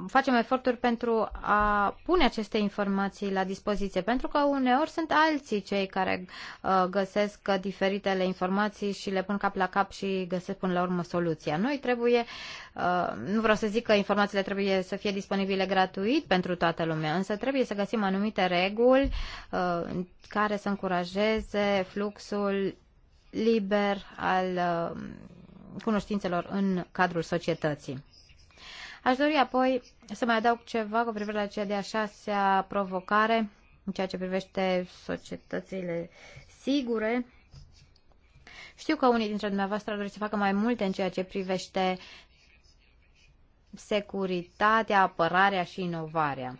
facem eforturi pentru a pune aceste informații la dispoziție, pentru că uneori sunt alții cei care uh, găsesc diferitele informații și le pun cap la cap și găsesc până la urmă soluția. Noi trebuie, uh, nu vreau să zic că informațiile trebuie să fie disponibile gratuit pentru toată lumea, însă trebuie să găsim anumite reguli uh, care să încurajeze fluxul liber al uh, cunoștințelor în cadrul societății. Aș dori apoi să mai adaug ceva cu privire la cea de-a șasea provocare în ceea ce privește societățile sigure. Știu că unii dintre dumneavoastră doriți să facă mai multe în ceea ce privește securitatea, apărarea și inovarea.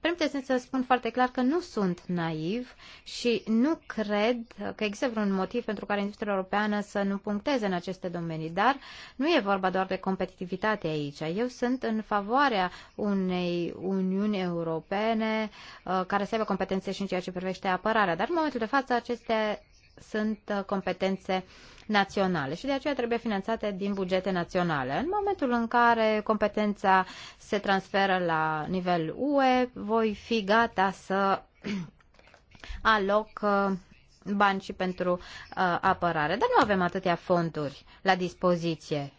Permiteți-mi să spun foarte clar că nu sunt naiv și nu cred că există vreun motiv pentru care industria europeană să nu puncteze în aceste domenii, dar nu e vorba doar de competitivitate aici. Eu sunt în favoarea unei Uniuni Europene uh, care să aibă competențe și în ceea ce privește apărarea, dar în momentul de față aceste sunt uh, competențe naționale și de aceea trebuie finanțate din bugete naționale. În momentul în care competența se transferă la nivel UE, voi fi gata să aloc uh, bani și pentru uh, apărare. Dar nu avem atâtea fonduri la dispoziție.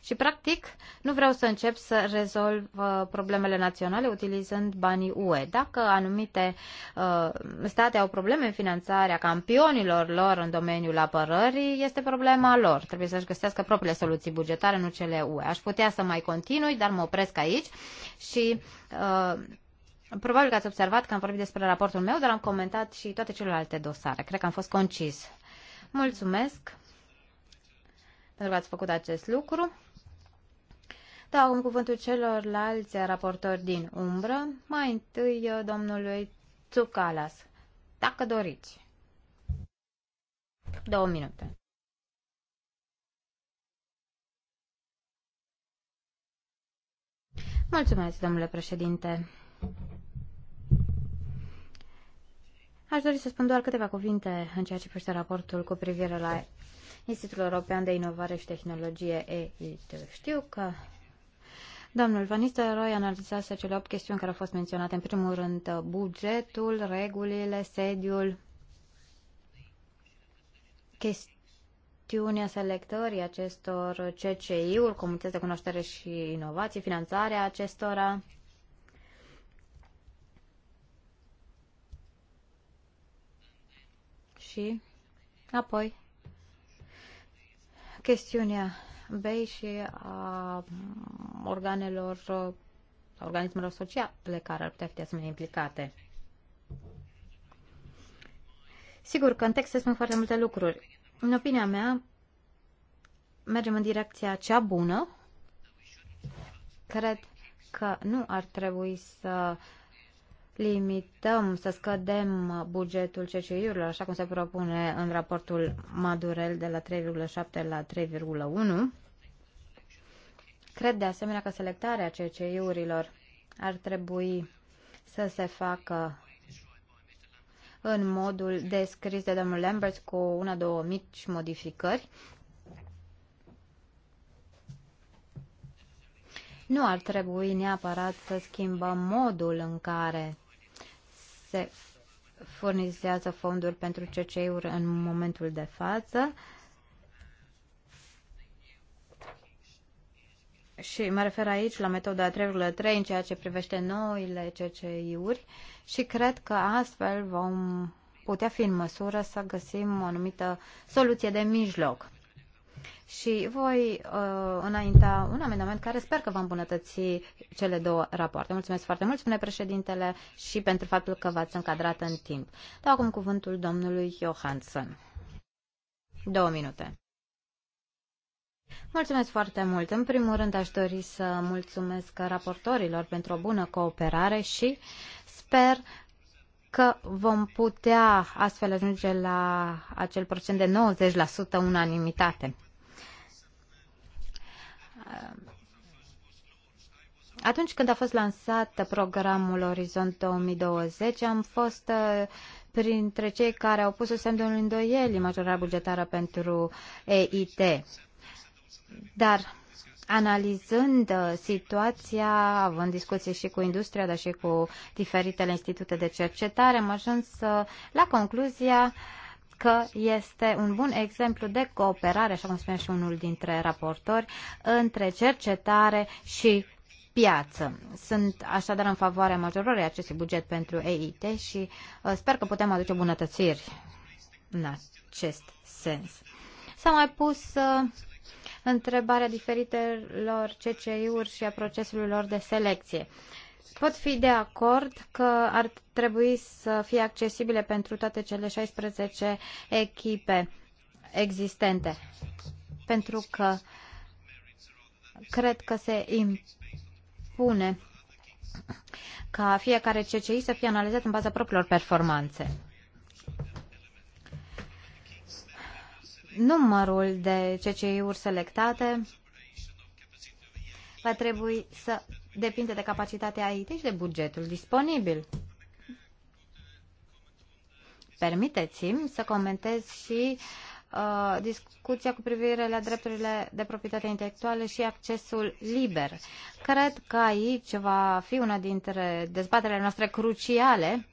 Și, practic, nu vreau să încep să rezolv uh, problemele naționale utilizând banii UE. Dacă anumite uh, state au probleme în finanțarea campionilor lor în domeniul apărării, este problema lor. Trebuie să-și găsească propriile soluții bugetare, nu cele UE. Aș putea să mai continui, dar mă opresc aici și... Uh, Probabil că ați observat că am vorbit despre raportul meu, dar am comentat și toate celelalte dosare. Cred că am fost concis. Mulțumesc! pentru că ați făcut acest lucru. Dau acum cuvântul celorlalți raportori din umbră, mai întâi uh, domnului Tsukalas, dacă doriți. Două minute. Mulțumesc, domnule președinte. Aș dori să spun doar câteva cuvinte în ceea ce privește raportul cu privire la Institutul European de Inovare și Tehnologie EIT. Știu că Domnul Van Nistelrooy analizase cele 8 chestiuni care au fost menționate. În primul rând, bugetul, regulile, sediul, chestiunea selectării acestor CCI-uri, Comunități de Cunoaștere și Inovație, finanțarea acestora. Și apoi chestiunea BEI și a organelor, organismelor sociale care ar putea fi de asemenea implicate. Sigur că în text se spun foarte multe lucruri. În opinia mea, mergem în direcția cea bună. Cred că nu ar trebui să limităm, să scădem bugetul CCI-urilor, așa cum se propune în raportul Madurel de la 3,7 la 3,1. Cred de asemenea că selectarea CCI-urilor ar trebui să se facă în modul descris de domnul Lambert cu una-două mici modificări. Nu ar trebui neapărat să schimbăm modul în care se furnizează fonduri pentru CCI-uri în momentul de față. Și mă refer aici la metoda 3,3 în ceea ce privește noile CCI-uri și cred că astfel vom putea fi în măsură să găsim o anumită soluție de mijloc și voi uh, înainta un amendament care sper că va îmbunătăți cele două rapoarte. Mulțumesc foarte mult, spune președintele, și pentru faptul că v-ați încadrat în timp. Dau acum cuvântul domnului Johansson. Două minute. Mulțumesc foarte mult. În primul rând aș dori să mulțumesc raportorilor pentru o bună cooperare și sper că vom putea astfel ajunge la acel procent de 90% unanimitate. Uh, atunci când a fost lansat programul Orizont 2020, am fost uh, printre cei care au pus semnul îndoielii majorarea bugetară pentru EIT. Dar analizând uh, situația, având discuții și cu industria, dar și cu diferitele institute de cercetare, am ajuns la concluzia uh, că este un bun exemplu de cooperare, așa cum spune și unul dintre raportori, între cercetare și piață. Sunt așadar în favoarea majorării acestui buget pentru EIT și uh, sper că putem aduce bunătățiri în acest sens. S-a mai pus uh, întrebarea diferitelor CCI-uri și a procesului lor de selecție. Pot fi de acord că ar trebui să fie accesibile pentru toate cele 16 echipe existente, pentru că cred că se impune ca fiecare CCI să fie analizat în baza propriilor performanțe. Numărul de CCI-uri selectate va trebui să depinde de capacitatea IT și de bugetul disponibil. Permiteți-mi să comentez și uh, discuția cu privire la drepturile de proprietate intelectuală și accesul liber. Cred că aici va fi una dintre dezbaterile noastre cruciale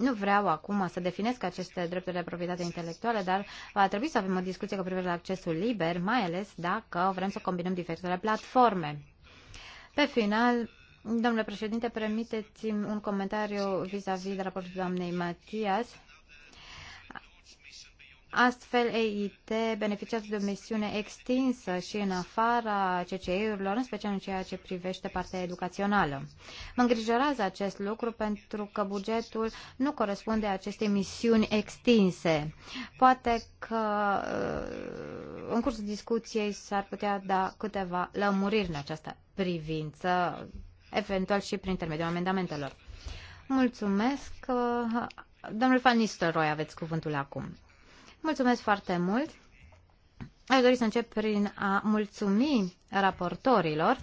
Nu vreau acum să definesc aceste drepturi de proprietate intelectuală, dar va trebui să avem o discuție cu privire la accesul liber, mai ales dacă vrem să combinăm diferitele platforme. Pe final, domnule președinte, permiteți-mi un comentariu vis-a-vis -vis de raportul doamnei Matias Astfel, EIT beneficiază de o misiune extinsă și în afara CCI-urilor, în special în ceea ce privește partea educațională. Mă îngrijorează acest lucru pentru că bugetul nu corespunde acestei misiuni extinse. Poate că uh, în cursul discuției s-ar putea da câteva lămuriri în această privință, eventual și prin intermediul amendamentelor. Mulțumesc. Uh, domnul Van aveți cuvântul acum. Mulțumesc foarte mult! Aș dori să încep prin a mulțumi raportorilor.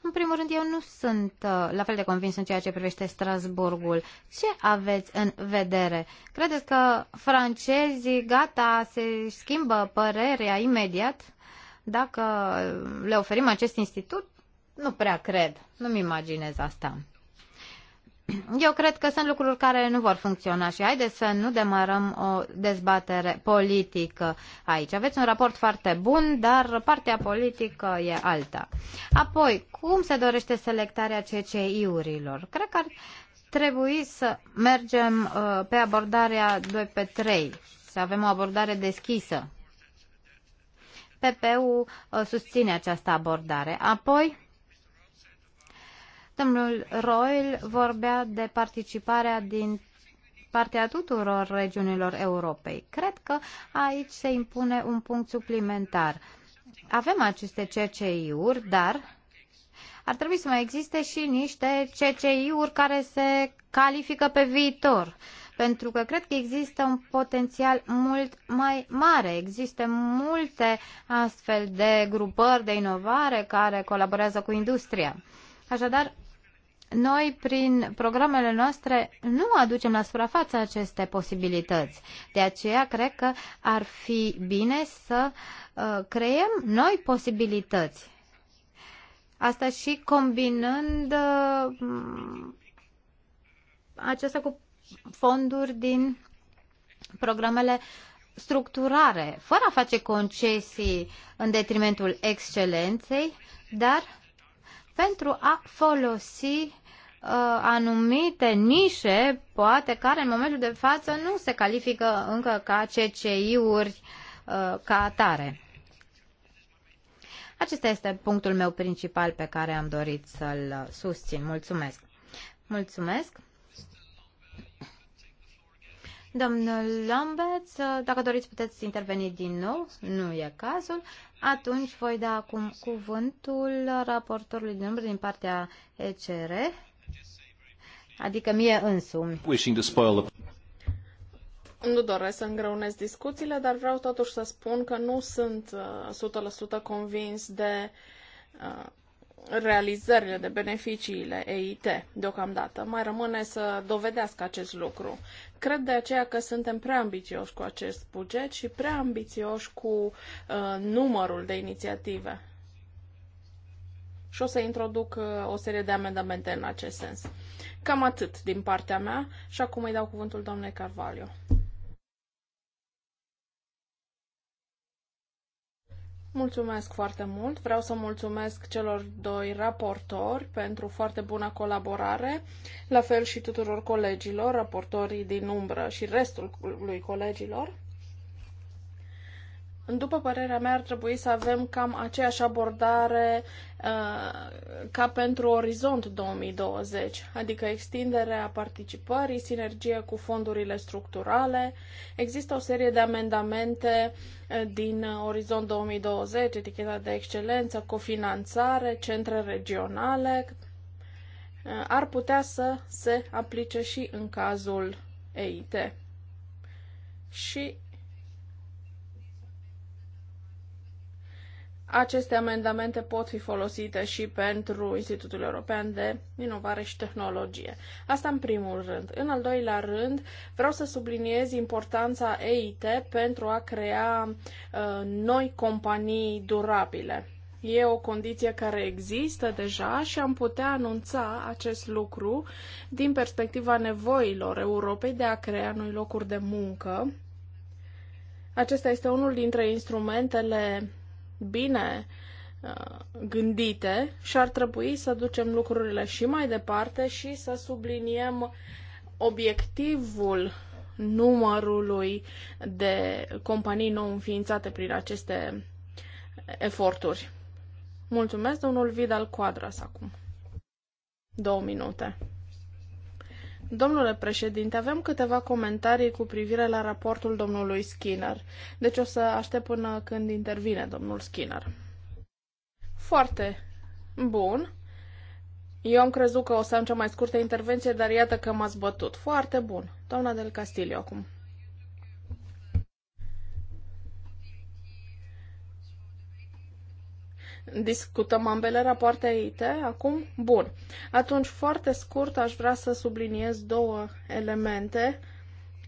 În primul rând, eu nu sunt uh, la fel de convins în ceea ce privește Strasburgul. Ce aveți în vedere? Credeți că francezii, gata, se schimbă părerea imediat dacă le oferim acest institut? Nu prea cred. Nu-mi imaginez asta. Eu cred că sunt lucruri care nu vor funcționa și haideți să nu demarăm o dezbatere politică aici. Aveți un raport foarte bun, dar partea politică e alta. Apoi, cum se dorește selectarea CCI-urilor? Cred că ar trebui să mergem uh, pe abordarea 2 pe 3, să avem o abordare deschisă. PPU uh, susține această abordare. Apoi, Domnul Royal vorbea de participarea din partea tuturor regiunilor Europei. Cred că aici se impune un punct suplimentar. Avem aceste CCI-uri, dar ar trebui să mai existe și niște CCI-uri care se califică pe viitor. Pentru că cred că există un potențial mult mai mare. Există multe astfel de grupări de inovare care colaborează cu industria. Așadar, noi, prin programele noastre, nu aducem la suprafață aceste posibilități. De aceea, cred că ar fi bine să uh, creăm noi posibilități. Asta și combinând uh, acestea cu fonduri din programele structurare, fără a face concesii în detrimentul excelenței, dar pentru a folosi uh, anumite nișe, poate care în momentul de față nu se califică încă ca CCI-uri uh, ca atare. Acesta este punctul meu principal pe care am dorit să-l susțin. Mulțumesc! Mulțumesc! Domnul Lambert, dacă doriți puteți interveni din nou, nu e cazul. Atunci voi da acum cuvântul raportorului de număr din partea ECR, adică mie însumi. Nu doresc să îngreunez discuțiile, dar vreau totuși să spun că nu sunt uh, 100% convins de uh, realizările de beneficiile EIT deocamdată. Mai rămâne să dovedească acest lucru. Cred de aceea că suntem prea ambițioși cu acest buget și prea ambițioși cu uh, numărul de inițiative. Și o să introduc uh, o serie de amendamente în acest sens. Cam atât din partea mea și acum îi dau cuvântul doamnei Carvalho. Mulțumesc foarte mult. Vreau să mulțumesc celor doi raportori pentru foarte bună colaborare, la fel și tuturor colegilor, raportorii din umbră și restul lui colegilor. După părerea mea, ar trebui să avem cam aceeași abordare uh, ca pentru Orizont 2020, adică extinderea participării, sinergie cu fondurile structurale. Există o serie de amendamente uh, din Orizont 2020, eticheta de excelență, cofinanțare, centre regionale, uh, ar putea să se aplice și în cazul EIT. Și Aceste amendamente pot fi folosite și pentru Institutul European de Inovare și Tehnologie. Asta în primul rând. În al doilea rând, vreau să subliniez importanța EIT pentru a crea uh, noi companii durabile. E o condiție care există deja și am putea anunța acest lucru din perspectiva nevoilor Europei de a crea noi locuri de muncă. Acesta este unul dintre instrumentele bine uh, gândite și ar trebui să ducem lucrurile și mai departe și să subliniem obiectivul numărului de companii nou înființate prin aceste eforturi. Mulțumesc, domnul Vidal Quadras, acum. Două minute. Domnule președinte, avem câteva comentarii cu privire la raportul domnului Skinner. Deci o să aștept până când intervine domnul Skinner. Foarte bun. Eu am crezut că o să am cea mai scurtă intervenție, dar iată că m-ați bătut. Foarte bun. Doamna del Castillo acum. Discutăm ambele rapoarte EIT acum? Bun. Atunci, foarte scurt, aș vrea să subliniez două elemente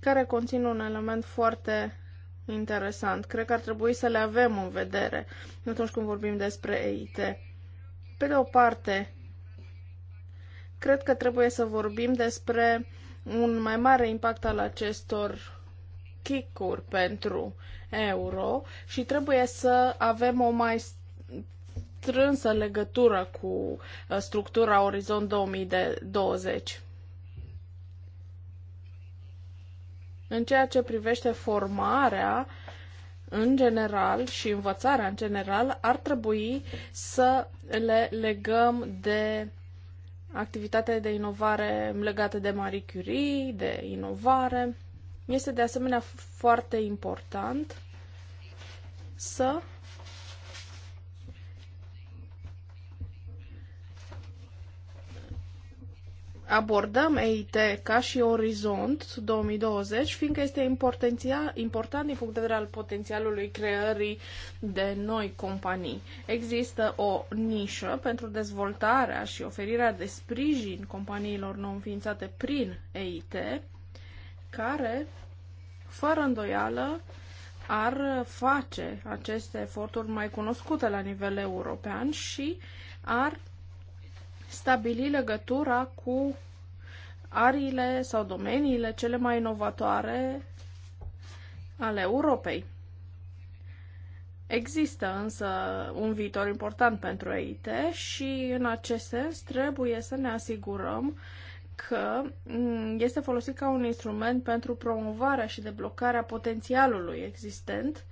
care conțin un element foarte interesant. Cred că ar trebui să le avem în vedere atunci când vorbim despre EIT. Pe de o parte, cred că trebuie să vorbim despre un mai mare impact al acestor kick pentru euro și trebuie să avem o mai strânsă legătură cu uh, structura Orizont 2020. În ceea ce privește formarea, în general și învățarea în general, ar trebui să le legăm de activitatea de inovare legată de Marie Curie, de inovare. Este de asemenea foarte important să abordăm EIT ca și orizont 2020, fiindcă este important din punct de vedere al potențialului creării de noi companii. Există o nișă pentru dezvoltarea și oferirea de sprijin companiilor nou înființate prin EIT, care, fără îndoială, ar face aceste eforturi mai cunoscute la nivel european și ar stabili legătura cu ariile sau domeniile cele mai inovatoare ale Europei. Există însă un viitor important pentru EIT și în acest sens trebuie să ne asigurăm că mm, este folosit ca un instrument pentru promovarea și deblocarea potențialului existent.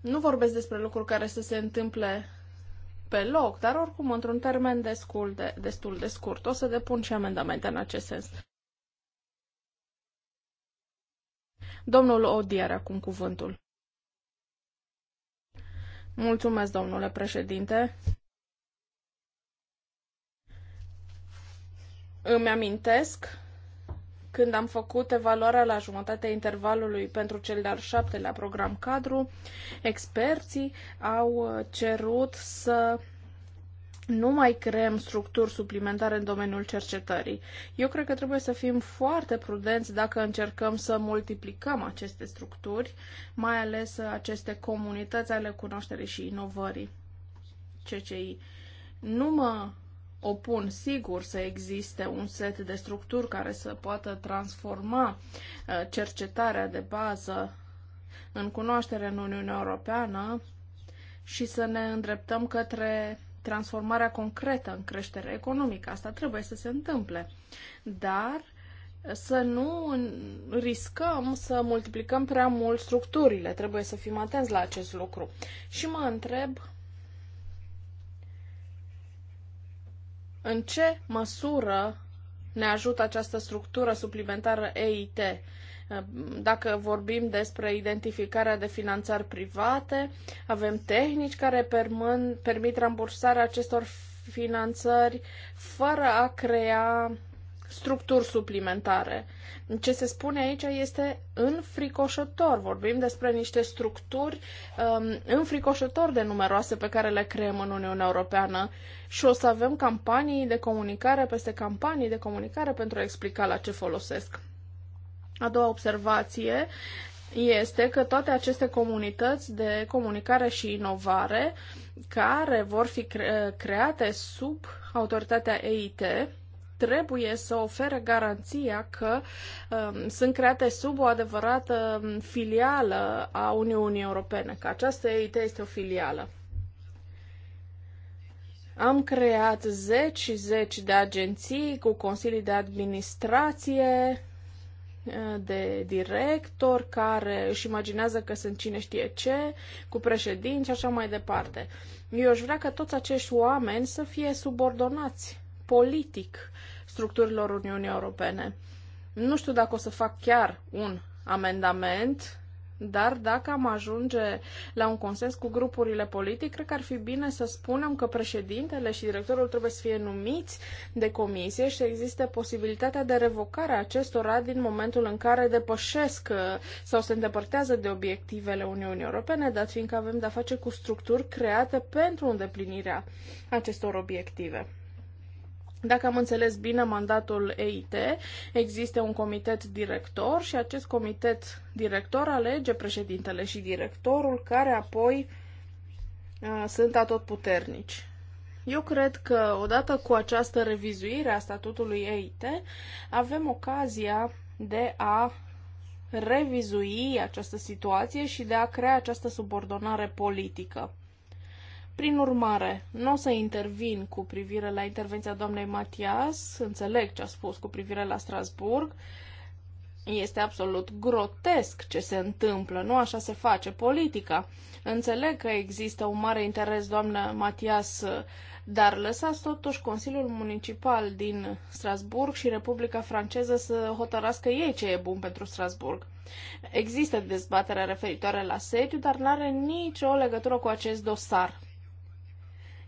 Nu vorbesc despre lucruri care să se întâmple pe loc, dar oricum într-un termen destul de, destul de scurt. O să depun și amendamente în acest sens. Domnul Odi are acum cuvântul. Mulțumesc, domnule președinte. Îmi amintesc când am făcut evaluarea la jumătatea intervalului pentru cel de-al șaptelea program cadru, experții au cerut să nu mai creăm structuri suplimentare în domeniul cercetării. Eu cred că trebuie să fim foarte prudenți dacă încercăm să multiplicăm aceste structuri, mai ales aceste comunități ale cunoașterii și inovării, CCI. Nu mă opun. Sigur să existe un set de structuri care să poată transforma uh, cercetarea de bază în cunoaștere în Uniunea Europeană și să ne îndreptăm către transformarea concretă în creștere economică. Asta trebuie să se întâmple. Dar să nu riscăm să multiplicăm prea mult structurile. Trebuie să fim atenți la acest lucru. Și mă întreb În ce măsură ne ajută această structură suplimentară EIT? Dacă vorbim despre identificarea de finanțări private, avem tehnici care permit rambursarea acestor finanțări fără a crea structuri suplimentare. Ce se spune aici este înfricoșător. Vorbim despre niște structuri um, înfricoșător de numeroase pe care le creăm în Uniunea Europeană și o să avem campanii de comunicare peste campanii de comunicare pentru a explica la ce folosesc. A doua observație este că toate aceste comunități de comunicare și inovare care vor fi create sub autoritatea EIT trebuie să ofere garanția că um, sunt create sub o adevărată um, filială a Uniunii Europene, că această EIT este o filială. Am creat zeci și zeci de agenții cu consilii de administrație, uh, de director care își imaginează că sunt cine știe ce, cu președinți și așa mai departe. Eu aș vrea ca toți acești oameni să fie subordonați politic structurilor Uniunii Europene. Nu știu dacă o să fac chiar un amendament, dar dacă am ajunge la un consens cu grupurile politice, cred că ar fi bine să spunem că președintele și directorul trebuie să fie numiți de comisie și există posibilitatea de revocare a acestora din momentul în care depășesc uh, sau se îndepărtează de obiectivele Uniunii Europene, dat fiindcă avem de-a face cu structuri create pentru îndeplinirea acestor obiective. Dacă am înțeles bine mandatul EIT, există un comitet director și acest comitet director alege președintele și directorul care apoi uh, sunt atotputernici. Eu cred că odată cu această revizuire a statutului EIT, avem ocazia de a revizui această situație și de a crea această subordonare politică. Prin urmare, nu o să intervin cu privire la intervenția doamnei Matias, înțeleg ce a spus cu privire la Strasburg, este absolut grotesc ce se întâmplă, nu așa se face politica. Înțeleg că există un mare interes, doamnă Matias, dar lăsați totuși Consiliul Municipal din Strasburg și Republica Franceză să hotărască ei ce e bun pentru Strasburg. Există dezbaterea referitoare la sediu, dar nu are nicio legătură cu acest dosar.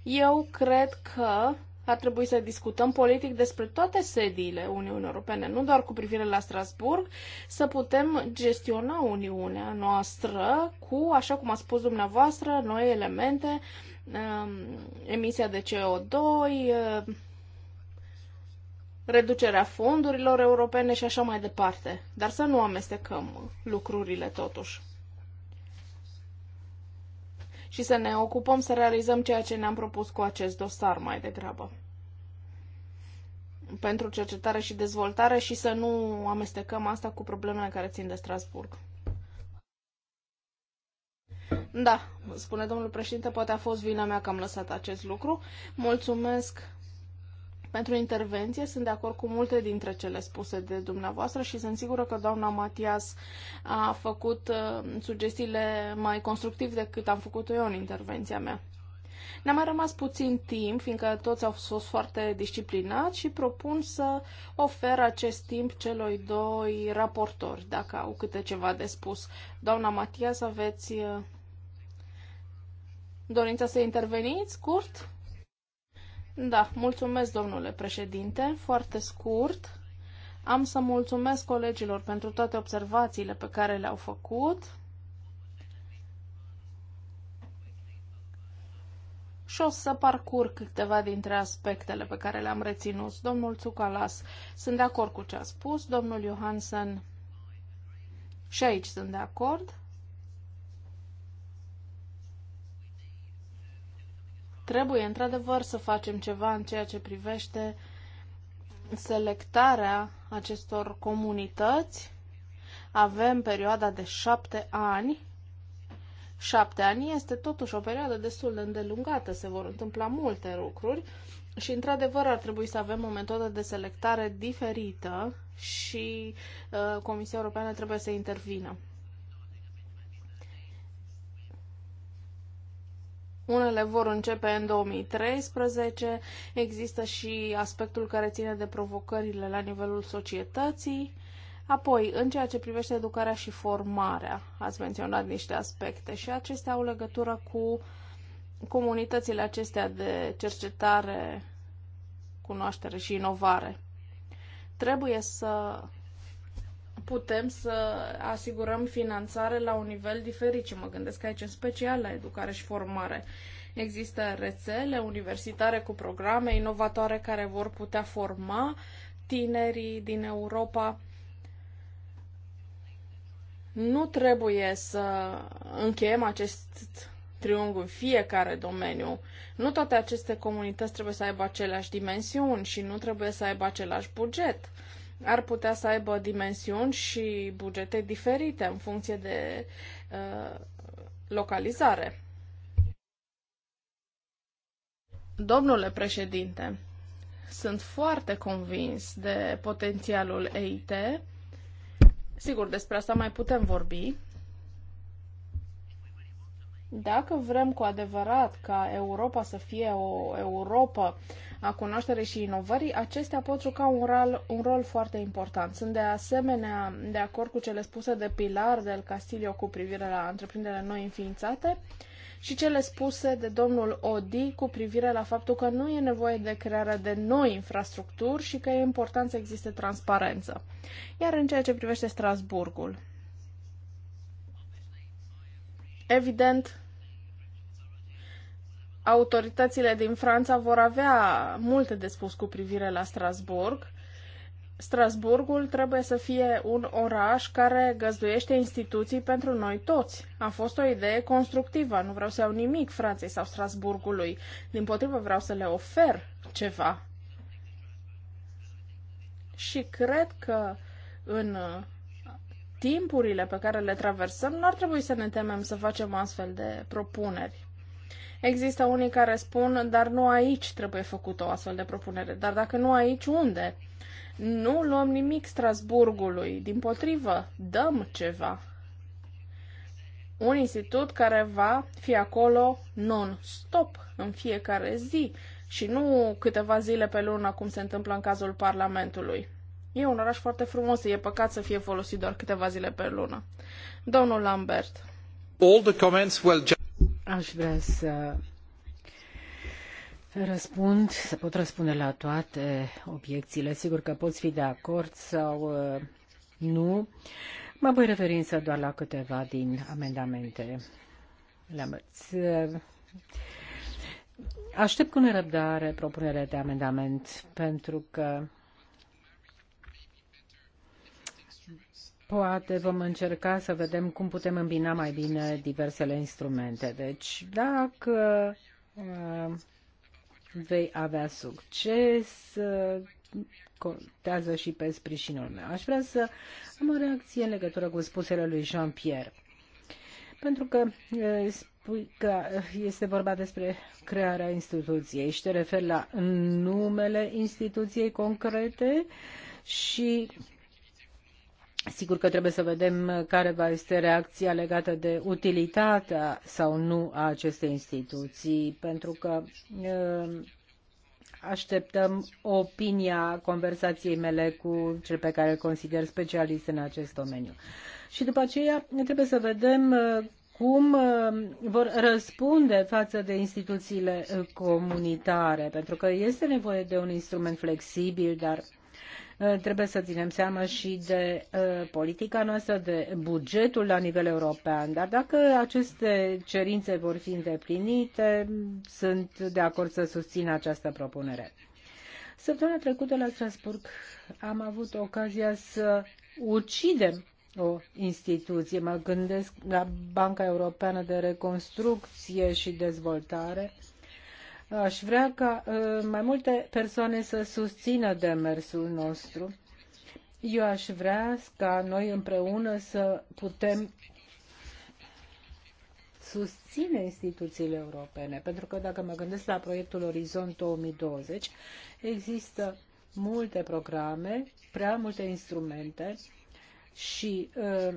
Eu cred că ar trebui să discutăm politic despre toate sediile Uniunii Europene, nu doar cu privire la Strasburg, să putem gestiona Uniunea noastră cu, așa cum a spus dumneavoastră, noi elemente, um, emisia de CO2, um, reducerea fondurilor europene și așa mai departe. Dar să nu amestecăm lucrurile totuși și să ne ocupăm să realizăm ceea ce ne-am propus cu acest dosar mai degrabă pentru cercetare și dezvoltare și să nu amestecăm asta cu problemele care țin de Strasburg. Da, spune domnul președinte, poate a fost vina mea că am lăsat acest lucru. Mulțumesc pentru intervenție. Sunt de acord cu multe dintre cele spuse de dumneavoastră și sunt sigură că doamna Matias a făcut uh, sugestiile mai constructiv decât am făcut eu în intervenția mea. Ne-a mai rămas puțin timp, fiindcă toți au fost foarte disciplinați și propun să ofer acest timp celor doi raportori, dacă au câte ceva de spus. Doamna Matias, aveți uh, dorința să interveniți, scurt? Da, mulțumesc, domnule președinte. Foarte scurt. Am să mulțumesc colegilor pentru toate observațiile pe care le-au făcut. și o să parcurg câteva dintre aspectele pe care le-am reținut. Domnul Tsukalas, sunt de acord cu ce a spus, domnul Johansen, și aici sunt de acord. Trebuie, într-adevăr, să facem ceva în ceea ce privește selectarea acestor comunități. Avem perioada de șapte ani. Șapte ani este totuși o perioadă destul de îndelungată, se vor întâmpla multe lucruri și, într-adevăr, ar trebui să avem o metodă de selectare diferită și uh, Comisia Europeană trebuie să intervină. Unele vor începe în 2013. Există și aspectul care ține de provocările la nivelul societății. Apoi, în ceea ce privește educarea și formarea, ați menționat niște aspecte și acestea au legătură cu comunitățile acestea de cercetare, cunoaștere și inovare. Trebuie să putem să asigurăm finanțare la un nivel diferit și mă gândesc aici în special la educare și formare. Există rețele universitare cu programe inovatoare care vor putea forma tinerii din Europa. Nu trebuie să încheiem acest triunghi în fiecare domeniu. Nu toate aceste comunități trebuie să aibă aceleași dimensiuni și nu trebuie să aibă același buget ar putea să aibă dimensiuni și bugete diferite în funcție de uh, localizare. Domnule președinte, sunt foarte convins de potențialul EIT. Sigur, despre asta mai putem vorbi. Dacă vrem cu adevărat ca Europa să fie o Europa a cunoașterii și inovării, acestea pot juca un rol, un rol foarte important. Sunt de asemenea de acord cu cele spuse de Pilar del Castillo cu privire la întreprinderile noi înființate și cele spuse de domnul Odi cu privire la faptul că nu e nevoie de crearea de noi infrastructuri și că e important să existe transparență. Iar în ceea ce privește Strasburgul, evident, autoritățile din Franța vor avea multe de spus cu privire la Strasburg. Strasburgul trebuie să fie un oraș care găzduiește instituții pentru noi toți. A fost o idee constructivă, nu vreau să iau nimic Franței sau Strasburgului. Din potrivă, vreau să le ofer ceva. Și cred că în timpurile pe care le traversăm, nu ar trebui să ne temem să facem astfel de propuneri. Există unii care spun, dar nu aici trebuie făcută o astfel de propunere. Dar dacă nu aici, unde? Nu luăm nimic Strasburgului, din potrivă, dăm ceva. Un institut care va fi acolo non-stop, în fiecare zi, și nu câteva zile pe lună, cum se întâmplă în cazul Parlamentului. E un oraș foarte frumos, e păcat să fie folosit doar câteva zile pe lună. Domnul Lambert. All the comments, well, Aș vrea să răspund, să pot răspunde la toate obiecțiile. Sigur că poți fi de acord sau uh, nu. Mă voi referi însă doar la câteva din amendamente. Aștept cu nerăbdare propunerea de amendament pentru că Poate vom încerca să vedem cum putem îmbina mai bine diversele instrumente. Deci, dacă uh, vei avea succes, uh, contează și pe sprijinul meu. Aș vrea să am o reacție în legătură cu spusele lui Jean-Pierre. Pentru că uh, spui că este vorba despre crearea instituției și te referi la numele instituției concrete și Sigur că trebuie să vedem care va este reacția legată de utilitatea sau nu a acestei instituții, pentru că uh, așteptăm opinia conversaiei mele cu cel pe care îl consider specialist în acest domeniu. Și după aceea trebuie să vedem uh, cum uh, vor răspunde față de instituțiile comunitare, pentru că este nevoie de un instrument flexibil, dar uh, Uh, trebuie să ținem seama și de uh, politica noastră, de bugetul la nivel european. Dar dacă aceste cerințe vor fi îndeplinite, sunt de acord să susțin această propunere. Săptămâna trecută la Strasburg am avut ocazia să ucidem o instituție. Mă gândesc la Banca Europeană de Reconstrucție și Dezvoltare, Aș vrea ca uh, mai multe persoane să susțină demersul nostru. Eu aș vrea ca noi împreună să putem susține instituțiile europene, pentru că dacă mă gândesc la proiectul Orizont 2020, există multe programe, prea multe instrumente și uh,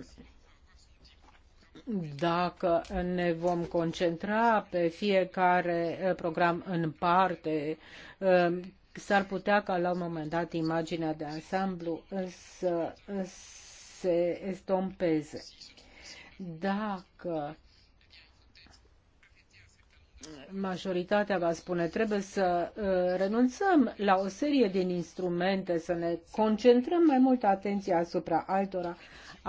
dacă ne vom concentra pe fiecare eh, program în parte, eh, s-ar putea ca la un moment dat imaginea de ansamblu să se estompeze. Dacă majoritatea va spune trebuie să eh, renunțăm la o serie din instrumente, să ne concentrăm mai mult atenția asupra altora,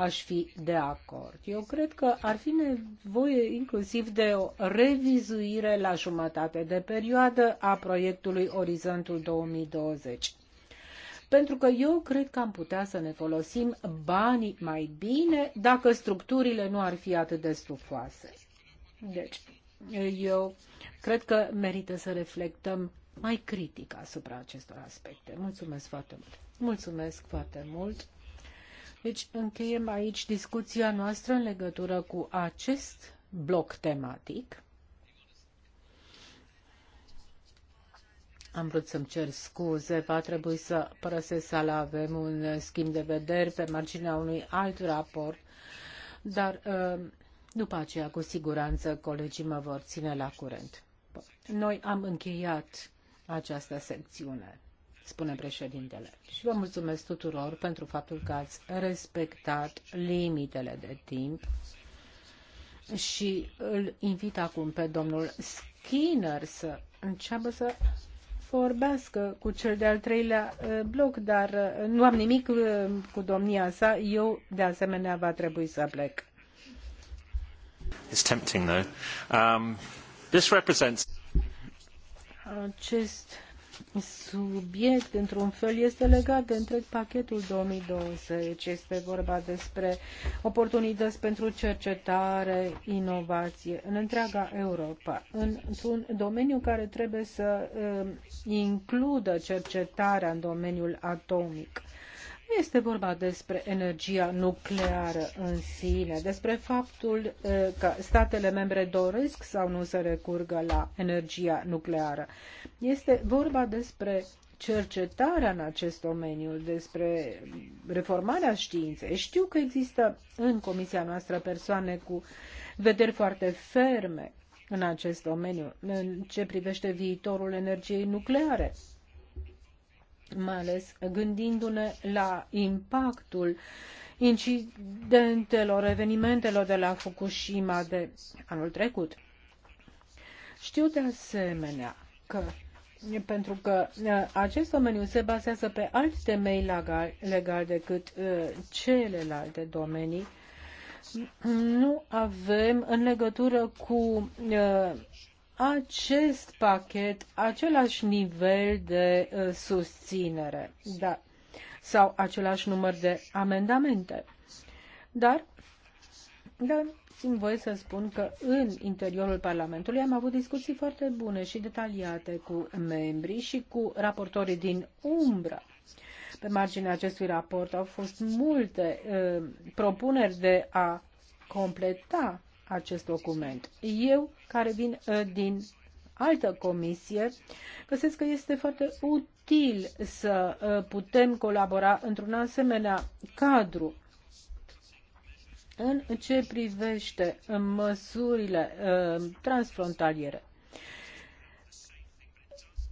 aș fi de acord. Eu cred că ar fi nevoie inclusiv de o revizuire la jumătate de perioadă a proiectului Orizontul 2020 pentru că eu cred că am putea să ne folosim banii mai bine dacă structurile nu ar fi atât de stufoase. Deci, eu cred că merită să reflectăm mai critic asupra acestor aspecte. Mulțumesc foarte mult. Mulțumesc foarte mult. Deci încheiem aici discuția noastră în legătură cu acest bloc tematic. Am vrut să-mi cer scuze, va trebui să părăsesc sala, avem un schimb de vederi pe marginea unui alt raport, dar uh, după aceea, cu siguranță, colegii mă vor ține la curent. Noi am încheiat această secțiune spune președintele. Și vă mulțumesc tuturor pentru faptul că ați respectat limitele de timp și îl invit acum pe domnul Skinner să înceapă să vorbească cu cel de-al treilea uh, bloc, dar uh, nu am nimic uh, cu domnia sa, eu de asemenea va trebui să plec. It's tempting though. Um, this represents acest subiect, într-un fel, este legat de întreg pachetul 2020. Este vorba despre oportunități pentru cercetare, inovație în întreaga Europa, într-un domeniu care trebuie să um, includă cercetarea în domeniul atomic. Nu este vorba despre energia nucleară în sine, despre faptul că statele membre doresc sau nu să recurgă la energia nucleară. Este vorba despre cercetarea în acest domeniu, despre reformarea științei. Știu că există în comisia noastră persoane cu vederi foarte ferme în acest domeniu, în ce privește viitorul energiei nucleare mai ales gândindu-ne la impactul incidentelor, evenimentelor de la Fukushima de anul trecut. Știu de asemenea că pentru că uh, acest domeniu se bazează pe alt temei legal, legal decât uh, celelalte domenii, nu avem în legătură cu uh, acest pachet același nivel de uh, susținere da, sau același număr de amendamente. Dar, da, simt voie să spun că în interiorul Parlamentului am avut discuții foarte bune și detaliate cu membrii și cu raportorii din umbră. Pe marginea acestui raport au fost multe uh, propuneri de a completa acest document. Eu care vin uh, din altă comisie, găsesc că este foarte util să uh, putem colabora într-un asemenea cadru. În ce privește uh, măsurile transfrontaliere?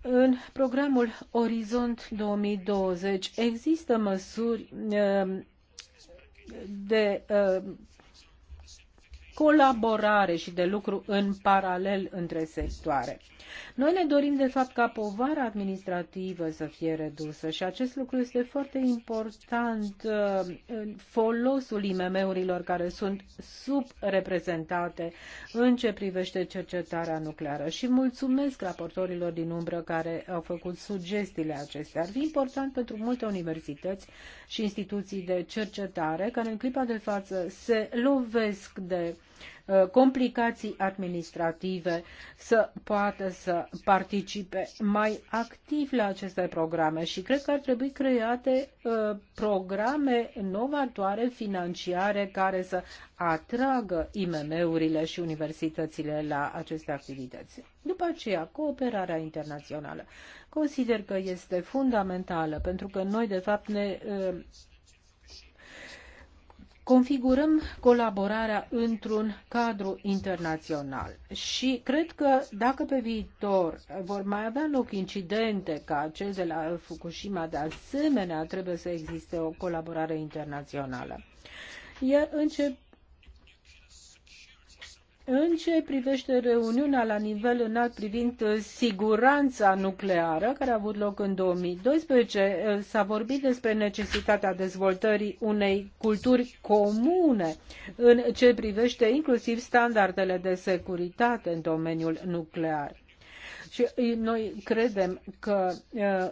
În programul Orizont 2020 există măsuri de colaborare și de lucru în paralel între sectoare. Noi ne dorim, de fapt, ca povara administrativă să fie redusă și acest lucru este foarte important uh, în folosul IMM-urilor care sunt subreprezentate în ce privește cercetarea nucleară. Și mulțumesc raportorilor din umbră care au făcut sugestiile acestea. Ar fi important pentru multe universități și instituții de cercetare care în clipa de față se lovesc de Uh, complicații administrative să poată să participe mai activ la aceste programe și cred că ar trebui create uh, programe novatoare financiare care să atragă IMM-urile și universitățile la aceste activități. După aceea, cooperarea internațională. Consider că este fundamentală pentru că noi, de fapt, ne uh, configurăm colaborarea într-un cadru internațional. Și cred că dacă pe viitor vor mai avea loc incidente ca cel de la Fukushima, de asemenea trebuie să existe o colaborare internațională. Iar în ce în ce privește reuniunea la nivel înalt privind uh, siguranța nucleară, care a avut loc în 2012, uh, s-a vorbit despre necesitatea dezvoltării unei culturi comune în ce privește inclusiv standardele de securitate în domeniul nuclear. Și uh, noi credem că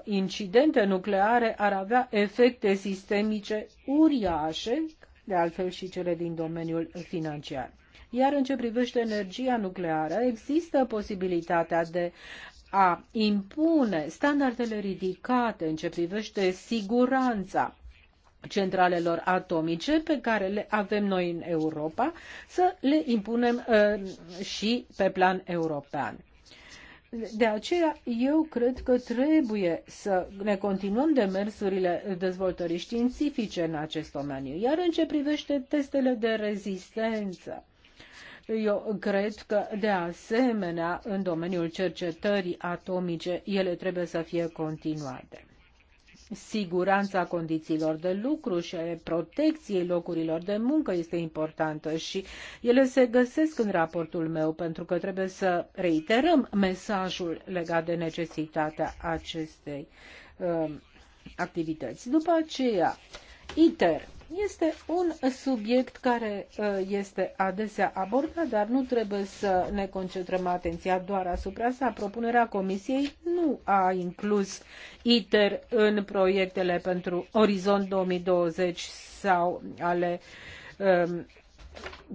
incidente nucleare ar avea efecte sistemice uriașe, de altfel și cele din domeniul financiar. Iar în ce privește energia nucleară, există posibilitatea de a impune standardele ridicate în ce privește siguranța centralelor atomice pe care le avem noi în Europa, să le impunem uh, și pe plan european. De aceea, eu cred că trebuie să ne continuăm demersurile dezvoltării științifice în acest domeniu. Iar în ce privește testele de rezistență, eu cred că, de asemenea, în domeniul cercetării atomice, ele trebuie să fie continuate siguranța condițiilor de lucru și a protecției locurilor de muncă este importantă și ele se găsesc în raportul meu pentru că trebuie să reiterăm mesajul legat de necesitatea acestei uh, activități. După aceea, ITER este un subiect care uh, este adesea abordat, dar nu trebuie să ne concentrăm atenția doar asupra sa. Propunerea Comisiei nu a inclus ITER în proiectele pentru Orizont 2020 sau ale um,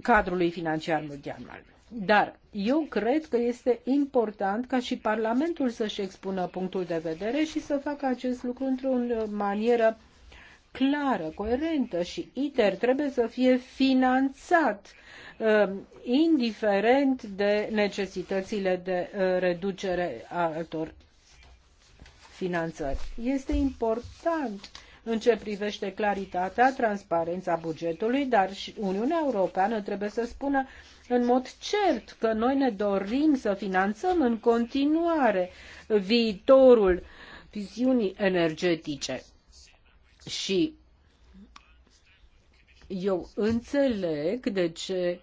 cadrului financiar mondial. Dar eu cred că este important ca și Parlamentul să-și expună punctul de vedere și să facă acest lucru într-o manieră clară, coerentă și ITER trebuie să fie finanțat um, indiferent de necesitățile de uh, reducere a altor finanțări. Este important în ce privește claritatea, transparența bugetului, dar și Uniunea Europeană trebuie să spună în mod cert că noi ne dorim să finanțăm în continuare viitorul viziunii energetice. Și eu înțeleg de ce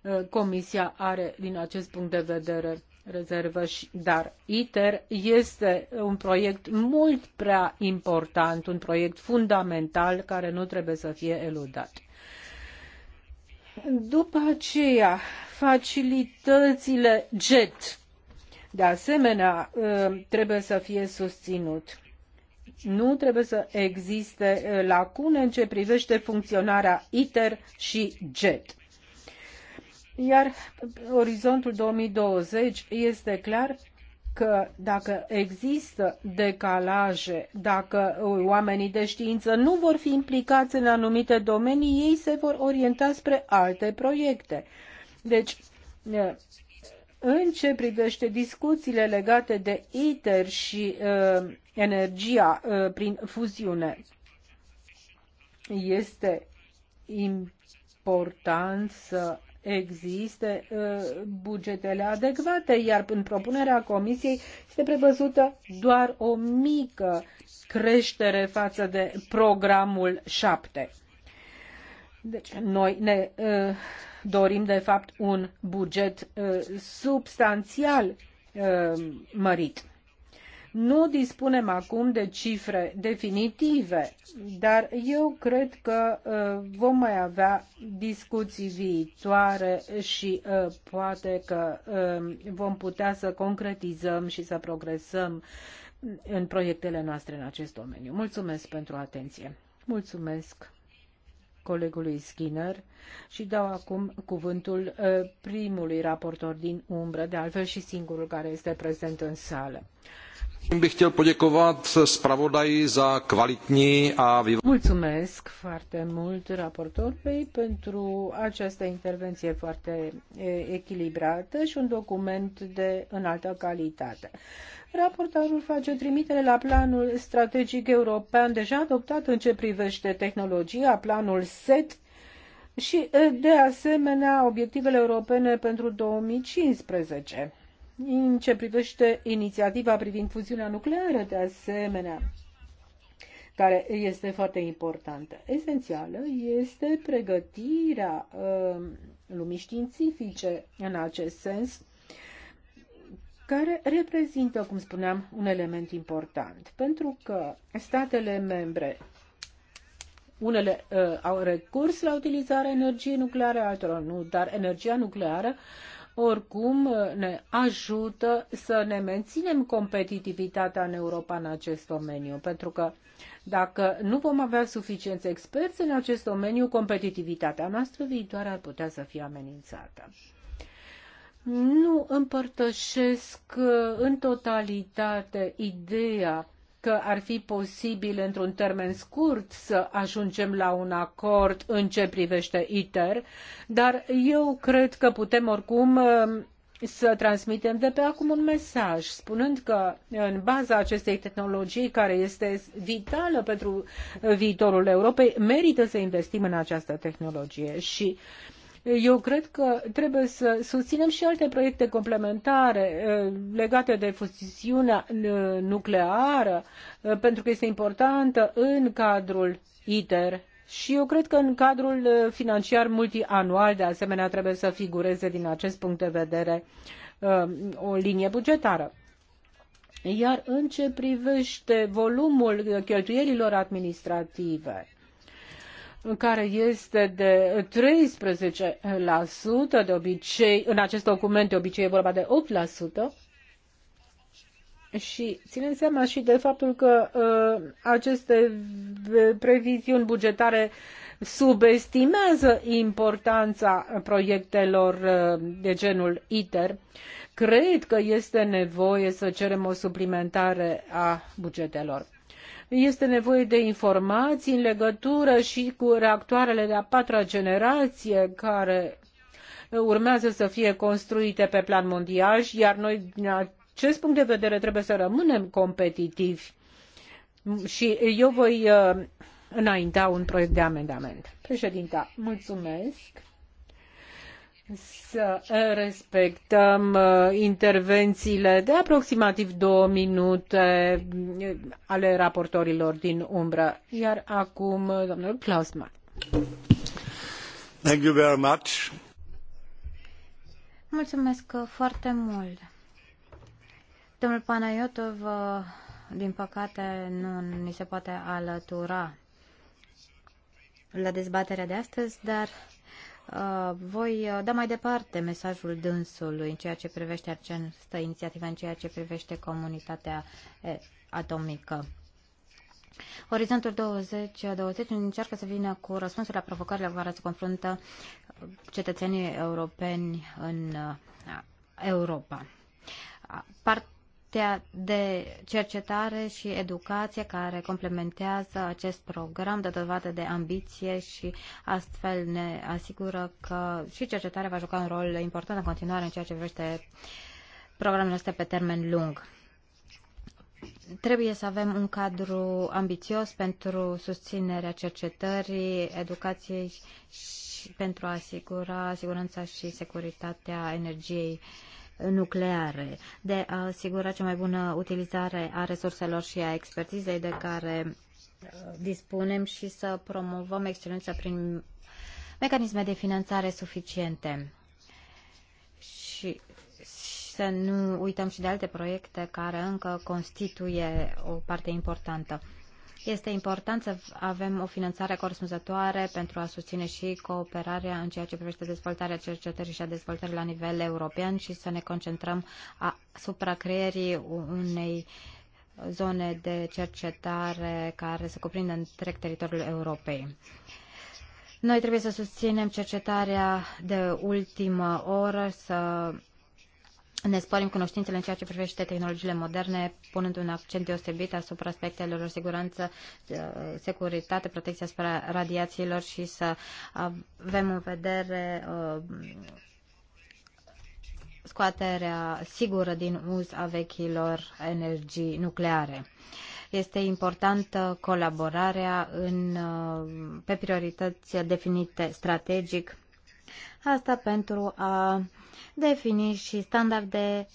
uh, Comisia are, din acest punct de vedere, rezervă, dar ITER este un proiect mult prea important, un proiect fundamental care nu trebuie să fie eludat. După aceea, facilitățile JET, de asemenea, uh, trebuie să fie susținut nu trebuie să existe lacune în ce privește funcționarea ITER și JET. Iar orizontul 2020 este clar că dacă există decalaje, dacă oamenii de știință nu vor fi implicați în anumite domenii, ei se vor orienta spre alte proiecte. Deci, în ce privește discuțiile legate de ITER și uh, energia uh, prin fuziune, este important să existe uh, bugetele adecvate, iar în propunerea Comisiei este prevăzută doar o mică creștere față de programul 7. Deci noi ne uh, dorim de fapt un buget uh, substanțial uh, mărit. Nu dispunem acum de cifre definitive, dar eu cred că uh, vom mai avea discuții viitoare și uh, poate că uh, vom putea să concretizăm și să progresăm în proiectele noastre în acest domeniu. Mulțumesc pentru atenție. Mulțumesc colegului Skinner și dau acum cuvântul uh, primului raportor din umbră, de altfel și singurul care este prezent în sală. Bych chtěl poděkovat zpravodaji za kvalitní a Mulțumesc foarte mult raportorului pentru această intervenție foarte echilibrată și un document de înaltă calitate. Raportorul face trimitere la planul strategic european deja adoptat în ce privește tehnologia, planul SET și, de asemenea, obiectivele europene pentru 2015 în ce privește inițiativa privind fuziunea nucleară, de asemenea, care este foarte importantă. Esențială este pregătirea uh, lumii științifice în acest sens, care reprezintă, cum spuneam, un element important, pentru că statele membre unele uh, au recurs la utilizarea energiei nucleare, altora nu, dar energia nucleară oricum ne ajută să ne menținem competitivitatea în Europa în acest domeniu, pentru că dacă nu vom avea suficienți experți în acest domeniu, competitivitatea noastră viitoare ar putea să fie amenințată. Nu împărtășesc în totalitate ideea că ar fi posibil într-un termen scurt să ajungem la un acord în ce privește ITER, dar eu cred că putem oricum um, să transmitem de pe acum un mesaj, spunând că în baza acestei tehnologii care este vitală pentru viitorul Europei, merită să investim în această tehnologie și uh, eu cred că trebuie să susținem și alte proiecte complementare eh, legate de fuziunea eh, nucleară, eh, pentru că este importantă în cadrul ITER. Și eu cred că în cadrul financiar multianual, de asemenea, trebuie să figureze din acest punct de vedere o linie bugetară. Iar în ce privește volumul cheltuielilor administrative, care este de 13% de obicei, în acest document de obicei e vorba de 8%, și ținând seama și de faptul că uh, aceste previziuni bugetare subestimează importanța proiectelor uh, de genul ITER, cred că este nevoie să cerem o suplimentare a bugetelor. Este nevoie de informații în legătură și cu reactoarele de a patra generație care urmează să fie construite pe plan mondial, iar noi din acest punct de vedere trebuie să rămânem competitivi. Și eu voi uh, înainta un proiect de amendament. Președinta, mulțumesc să respectăm uh, intervențiile de aproximativ două minute uh, ale raportorilor din umbră. Iar acum, uh, domnul Klausmann. Thank you very much. Mulțumesc foarte mult. Domnul Panayotov, din păcate, nu ni se poate alătura la dezbaterea de astăzi, dar Uh, voi uh, da mai departe mesajul dânsului în ceea ce privește această inițiativă, în ceea ce privește comunitatea atomică. Orizontul 2020 încearcă să vină cu răspunsuri la provocările cu care se confruntă cetățenii europeni în uh, Europa. Part partea de cercetare și educație care complementează acest program, de dovadă de ambiție și astfel ne asigură că și cercetarea va juca un rol important în continuare în ceea ce privește programele astea pe termen lung. Trebuie să avem un cadru ambițios pentru susținerea cercetării, educației și pentru a asigura siguranța și securitatea energiei uh, nucleare, de a asigura cea mai bună utilizare a resurselor și a expertizei de care uh, dispunem și să promovăm excelența prin mecanisme de finanțare suficiente. Și, să nu uităm și de alte proiecte care încă constituie o parte importantă. Este important să avem o finanțare corespunzătoare pentru a susține și cooperarea în ceea ce privește dezvoltarea cercetării și a dezvoltării la nivel european și să ne concentrăm asupra creierii unei zone de cercetare care să cuprindă întreg teritoriul Europei. Noi trebuie să susținem cercetarea de ultimă oră, să ne sporim cunoștințele în ceea ce privește tehnologiile moderne, punând un accent deosebit asupra aspectelor siguranță, uh, securitate, protecția asupra radiațiilor și să avem în vedere uh, scoaterea sigură din uz a vechilor energii nucleare. Este importantă colaborarea în, uh, pe priorități definite strategic, asta pentru a Definiți și standarde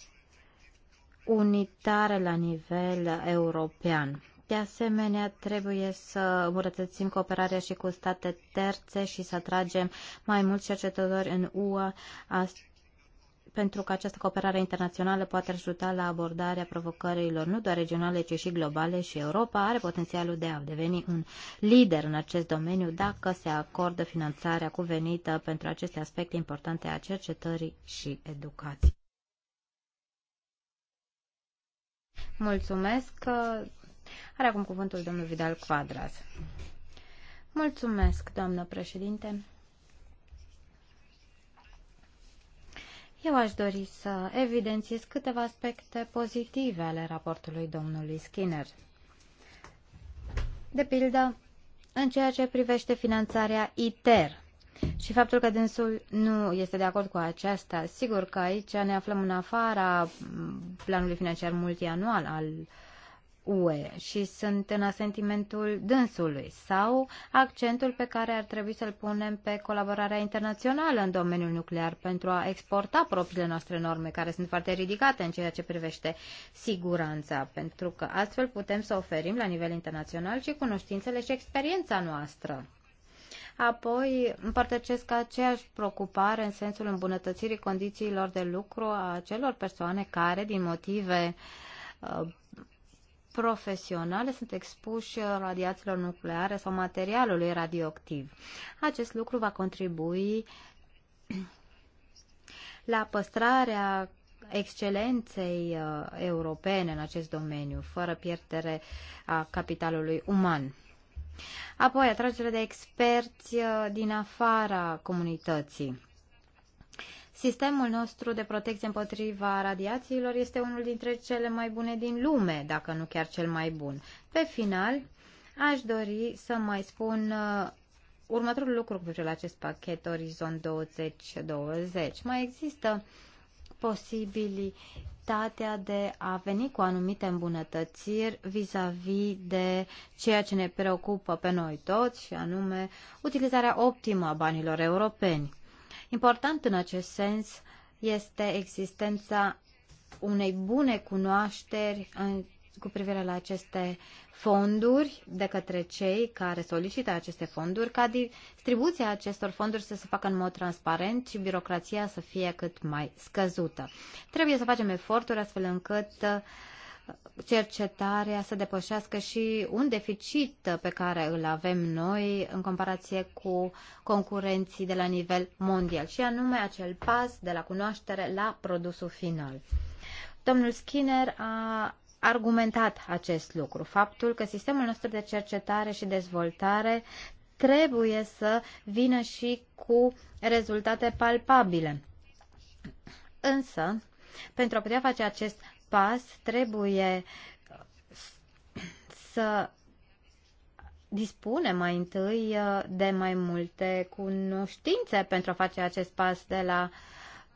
unitare la nivel european. De asemenea, trebuie să îmbunătățim cooperarea și cu state terțe și să atragem mai mulți cercetători în U.A pentru că această cooperare internațională poate ajuta la abordarea provocărilor nu doar regionale, ci și globale și Europa are potențialul de a deveni un lider în acest domeniu dacă se acordă finanțarea cuvenită pentru aceste aspecte importante a cercetării și educației. Mulțumesc. Are acum cuvântul domnul Vidal Quadras. Mulțumesc, doamnă președinte. Eu aș dori să evidențiez câteva aspecte pozitive ale raportului domnului Skinner. De pildă, în ceea ce privește finanțarea ITER și faptul că dânsul nu este de acord cu aceasta, sigur că aici ne aflăm în afara planului financiar multianual al UE și sunt în asentimentul dânsului sau accentul pe care ar trebui să-l punem pe colaborarea internațională în domeniul nuclear pentru a exporta propriile noastre norme care sunt foarte ridicate în ceea ce privește siguranța, pentru că astfel putem să oferim la nivel internațional și cunoștințele și experiența noastră. Apoi împărtăcesc aceeași preocupare în sensul îmbunătățirii condițiilor de lucru a celor persoane care, din motive uh, profesionale sunt expuși radiațiilor nucleare sau materialului radioactiv. Acest lucru va contribui la păstrarea excelenței uh, europene în acest domeniu, fără pierdere a capitalului uman. Apoi, atragerea de experți uh, din afara comunității. Sistemul nostru de protecție împotriva radiațiilor este unul dintre cele mai bune din lume, dacă nu chiar cel mai bun. Pe final, aș dori să mai spun uh, următorul lucru cu privire la acest pachet Orizont 2020. Mai există posibilitatea de a veni cu anumite îmbunătățiri vis-a-vis -vis de ceea ce ne preocupă pe noi toți, și anume utilizarea optimă a banilor europeni. Important în acest sens este existența unei bune cunoașteri în, cu privire la aceste fonduri de către cei care solicită aceste fonduri, ca distribuția acestor fonduri să se facă în mod transparent și birocrația să fie cât mai scăzută. Trebuie să facem eforturi astfel încât uh, cercetarea să depășească și un deficit pe care îl avem noi în comparație cu concurenții de la nivel mondial, și anume acel pas de la cunoaștere la produsul final. Domnul Skinner a argumentat acest lucru, faptul că sistemul nostru de cercetare și dezvoltare trebuie să vină și cu rezultate palpabile. Însă, pentru a putea face acest pas trebuie să dispune mai întâi uh, de mai multe cunoștințe pentru a face acest pas de la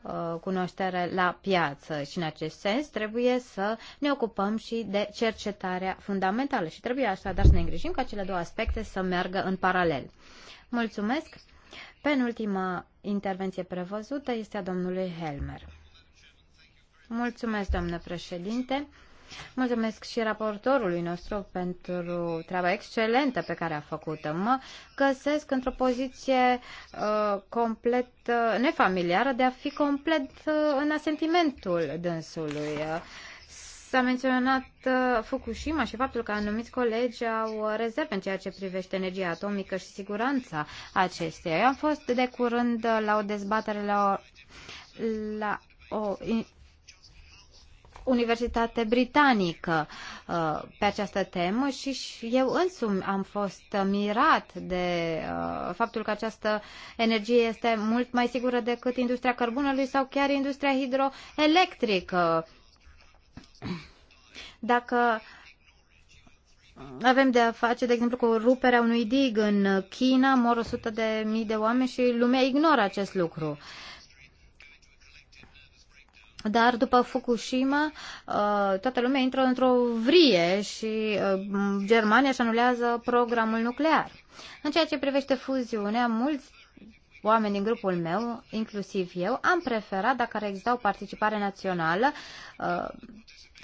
uh, cunoaștere la piață și în acest sens trebuie să ne ocupăm și de cercetarea fundamentală și trebuie așadar să ne îngrijim ca cele două aspecte să meargă în paralel. Mulțumesc! Penultima intervenție prevăzută este a domnului Helmer. Mulțumesc, domnule președinte. Mulțumesc și raportorului nostru pentru treaba excelentă pe care a făcut-o. Mă găsesc într-o poziție uh, complet uh, nefamiliară de a fi complet uh, în asentimentul dânsului. S-a menționat uh, Fukushima și faptul că anumiți colegi au uh, rezerve în ceea ce privește energia atomică și siguranța acesteia. Eu am fost de curând uh, la o dezbatere la o, la o universitate britanică uh, pe această temă și eu însumi am fost mirat de uh, faptul că această energie este mult mai sigură decât industria cărbunelui sau chiar industria hidroelectrică. Dacă avem de a face, de exemplu, cu ruperea unui dig în China, mor 100 de mii de oameni și lumea ignoră acest lucru. Uh, dar după Fukushima, uh, toată lumea intră într-o vrie și uh, Germania își anulează programul nuclear. În ceea ce privește fuziunea, mulți oameni din grupul meu, inclusiv eu, am preferat, dacă ar exista o participare națională, uh,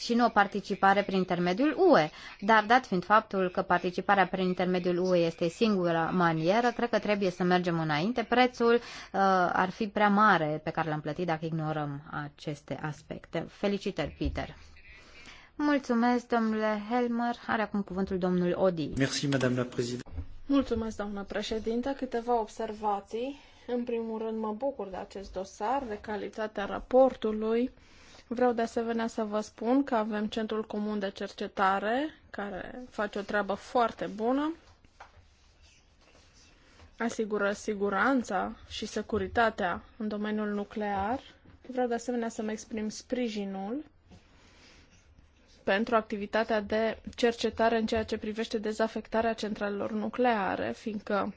și nu o participare prin intermediul UE. Dar dat fiind faptul că participarea prin intermediul UE este singura manieră, cred că trebuie să mergem înainte. Prețul uh, ar fi prea mare pe care l-am plătit dacă ignorăm aceste aspecte. Felicitări, Peter! Mulțumesc, domnule Helmer. Are acum cuvântul domnul Odi. Merci, madame la président. Mulțumesc, doamnă președinte. Câteva observații. În primul rând, mă bucur de acest dosar, de calitatea raportului. Vreau de asemenea să vă spun că avem Centrul Comun de Cercetare, care face o treabă foarte bună, asigură siguranța și securitatea în domeniul nuclear. Vreau de asemenea să-mi exprim sprijinul pentru activitatea de cercetare în ceea ce privește dezafectarea centralelor nucleare, fiindcă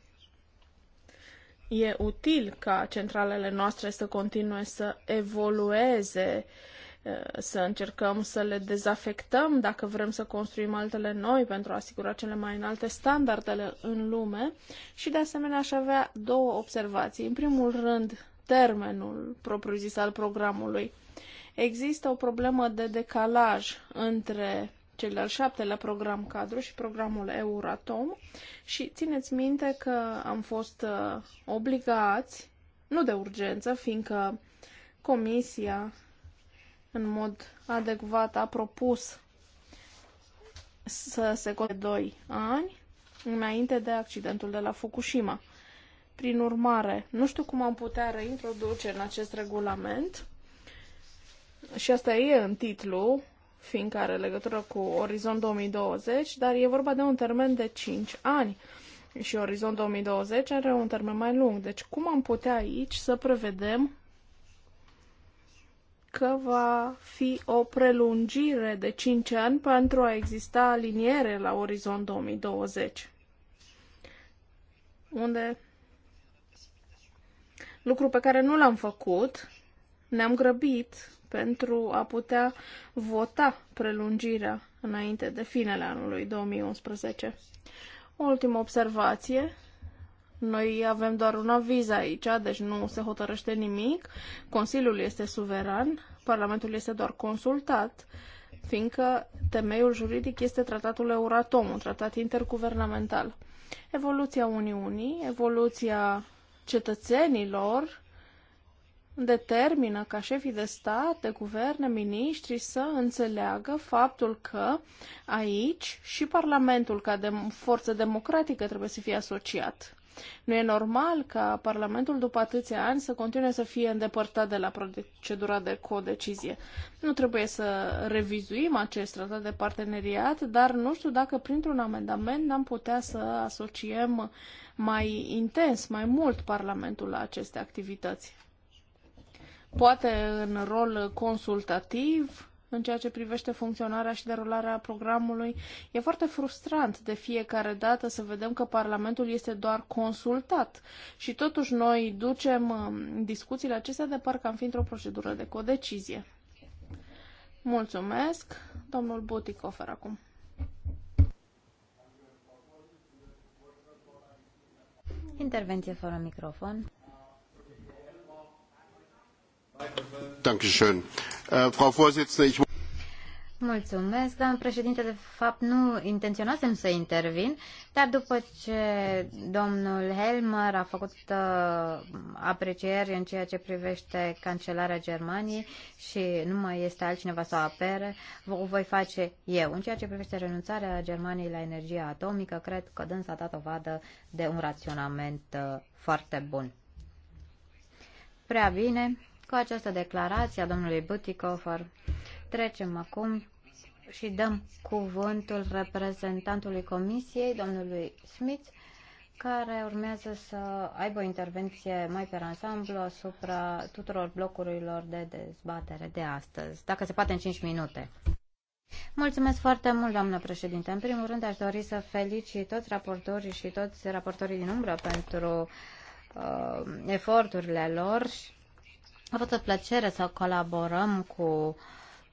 e util ca centralele noastre să continue să evolueze uh, Eh, să încercăm să le dezafectăm dacă vrem să construim altele noi pentru a asigura cele mai înalte standardele în lume și de asemenea aș avea două observații. În primul rând, termenul propriu-zis al programului. Există o problemă de decalaj între cel de-al șaptelea program cadru și programul Euratom și țineți minte că am fost eh, obligați, nu de urgență, fiindcă Comisia în mod adecvat a propus să se cote 2 ani înainte de accidentul de la Fukushima. Prin urmare, nu știu cum am putea reintroduce în acest regulament, și asta e în titlu, fiindcă are legătură cu Orizont 2020, dar e vorba de un termen de 5 ani. Și Orizont 2020 are un termen mai lung. Deci cum am putea aici să prevedem că va fi o prelungire de 5 ani pentru a exista aliniere la orizont 2020, unde lucru pe care nu l-am făcut, ne-am grăbit pentru a putea vota prelungirea înainte de finele anului 2011. O ultimă observație noi avem doar un aviz aici, deci nu se hotărăște nimic. Consiliul este suveran, Parlamentul este doar consultat, fiindcă temeiul juridic este tratatul Euratom, un tratat interguvernamental. Evoluția Uniunii, evoluția cetățenilor, determină ca șefii de stat, de guverne, miniștri să înțeleagă faptul că aici și Parlamentul ca de forță democratică trebuie să fie asociat. Nu e normal ca Parlamentul după atâția ani să continue să fie îndepărtat de la procedura de codecizie. Nu trebuie să revizuim acest tratat de parteneriat, dar nu știu dacă printr-un amendament n-am putea să asociem mai intens, mai mult Parlamentul la aceste activități. Poate în rol consultativ, în ceea ce privește funcționarea și derularea programului. E foarte frustrant de fiecare dată să vedem că Parlamentul este doar consultat și totuși noi ducem um, discuțiile acestea de parcă am fi într-o procedură de codecizie. Mulțumesc. Domnul Butic oferă acum. Intervenție fără microfon. Äh, Mulțumesc, doamnă președinte. De fapt, nu intenționasem să intervin, dar după ce domnul Helmer a făcut uh, aprecieri în ceea ce privește cancelarea Germaniei și nu mai este altcineva să o apere, o voi face eu. În ceea ce privește renunțarea Germaniei la energia atomică, cred că dânsa a dat o vadă de un raționament uh, foarte bun. Prea bine. Cu această declarație a domnului Butikofer trecem acum și dăm cuvântul reprezentantului Comisiei, domnului Smith, care urmează să aibă o intervenție mai pe ansamblu asupra tuturor blocurilor de dezbatere de astăzi, dacă se poate în 5 minute. Mulțumesc foarte mult, doamnă președinte. În primul rând, aș dori să felicit toți raportorii și toți raportorii din umbră pentru uh, eforturile lor și a fost o plăcere să colaborăm cu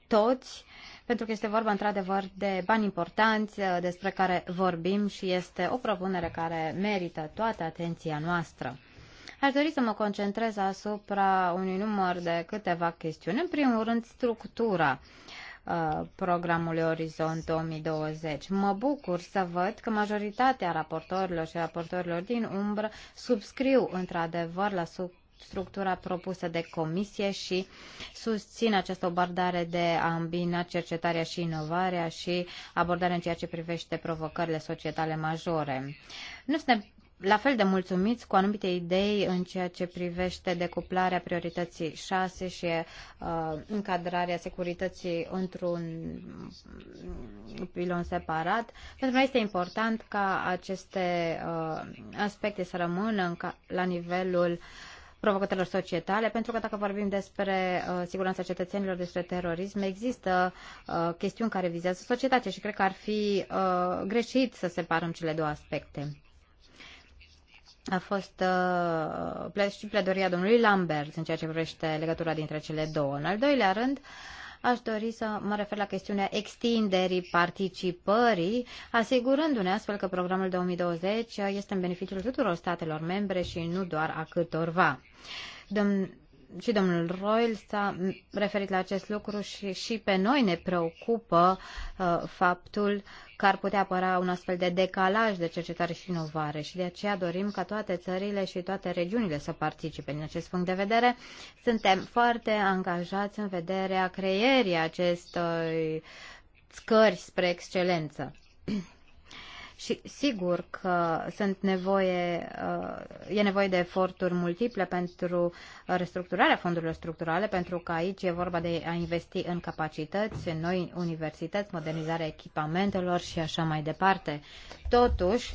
toți, pentru că este vorba într-adevăr de bani importanți uh, despre care vorbim și este o propunere care merită toată atenția noastră. Aș dori să mă concentrez asupra unui număr de câteva chestiuni. În primul rând, structura uh, programului Orizont 2020. Mă bucur să văd că majoritatea raportorilor și raportorilor din umbră subscriu într-adevăr la sub structura propusă de comisie și susțin această abordare de a îmbina cercetarea și inovarea și abordarea în ceea ce privește provocările societale majore. Nu suntem la fel de mulțumiți cu anumite idei în ceea ce privește decuplarea priorității 6 și uh, încadrarea securității într-un pilon separat. Pentru noi este important ca aceste uh, aspecte să rămână la nivelul uh, provocărilor societale, pentru că dacă vorbim despre uh, siguranța cetățenilor, despre terorism, există uh, chestiuni care vizează societatea și cred că ar fi uh, greșit să separăm cele două aspecte. A fost uh, și pledoria domnului Lambert în ceea ce privește legătura dintre cele două. În al doilea rând, uh, aș dori să mă refer la chestiunea extinderii participării, asigurându-ne astfel că programul 2020 este în beneficiul tuturor statelor membre și nu doar a câtorva. Domn și domnul Royal s-a referit la acest lucru și, și pe noi ne preocupă uh, faptul că ar putea apăra un astfel de decalaj de cercetare și inovare și de aceea dorim ca toate țările și toate regiunile să participe. Din acest punct de vedere, suntem foarte angajați în vederea creierii acestei scări spre excelență. Și sigur că sunt nevoie, uh, e nevoie de eforturi multiple pentru restructurarea fondurilor structurale, pentru că aici e vorba de a investi în capacități, în noi universități, modernizarea echipamentelor și așa mai departe. Totuși,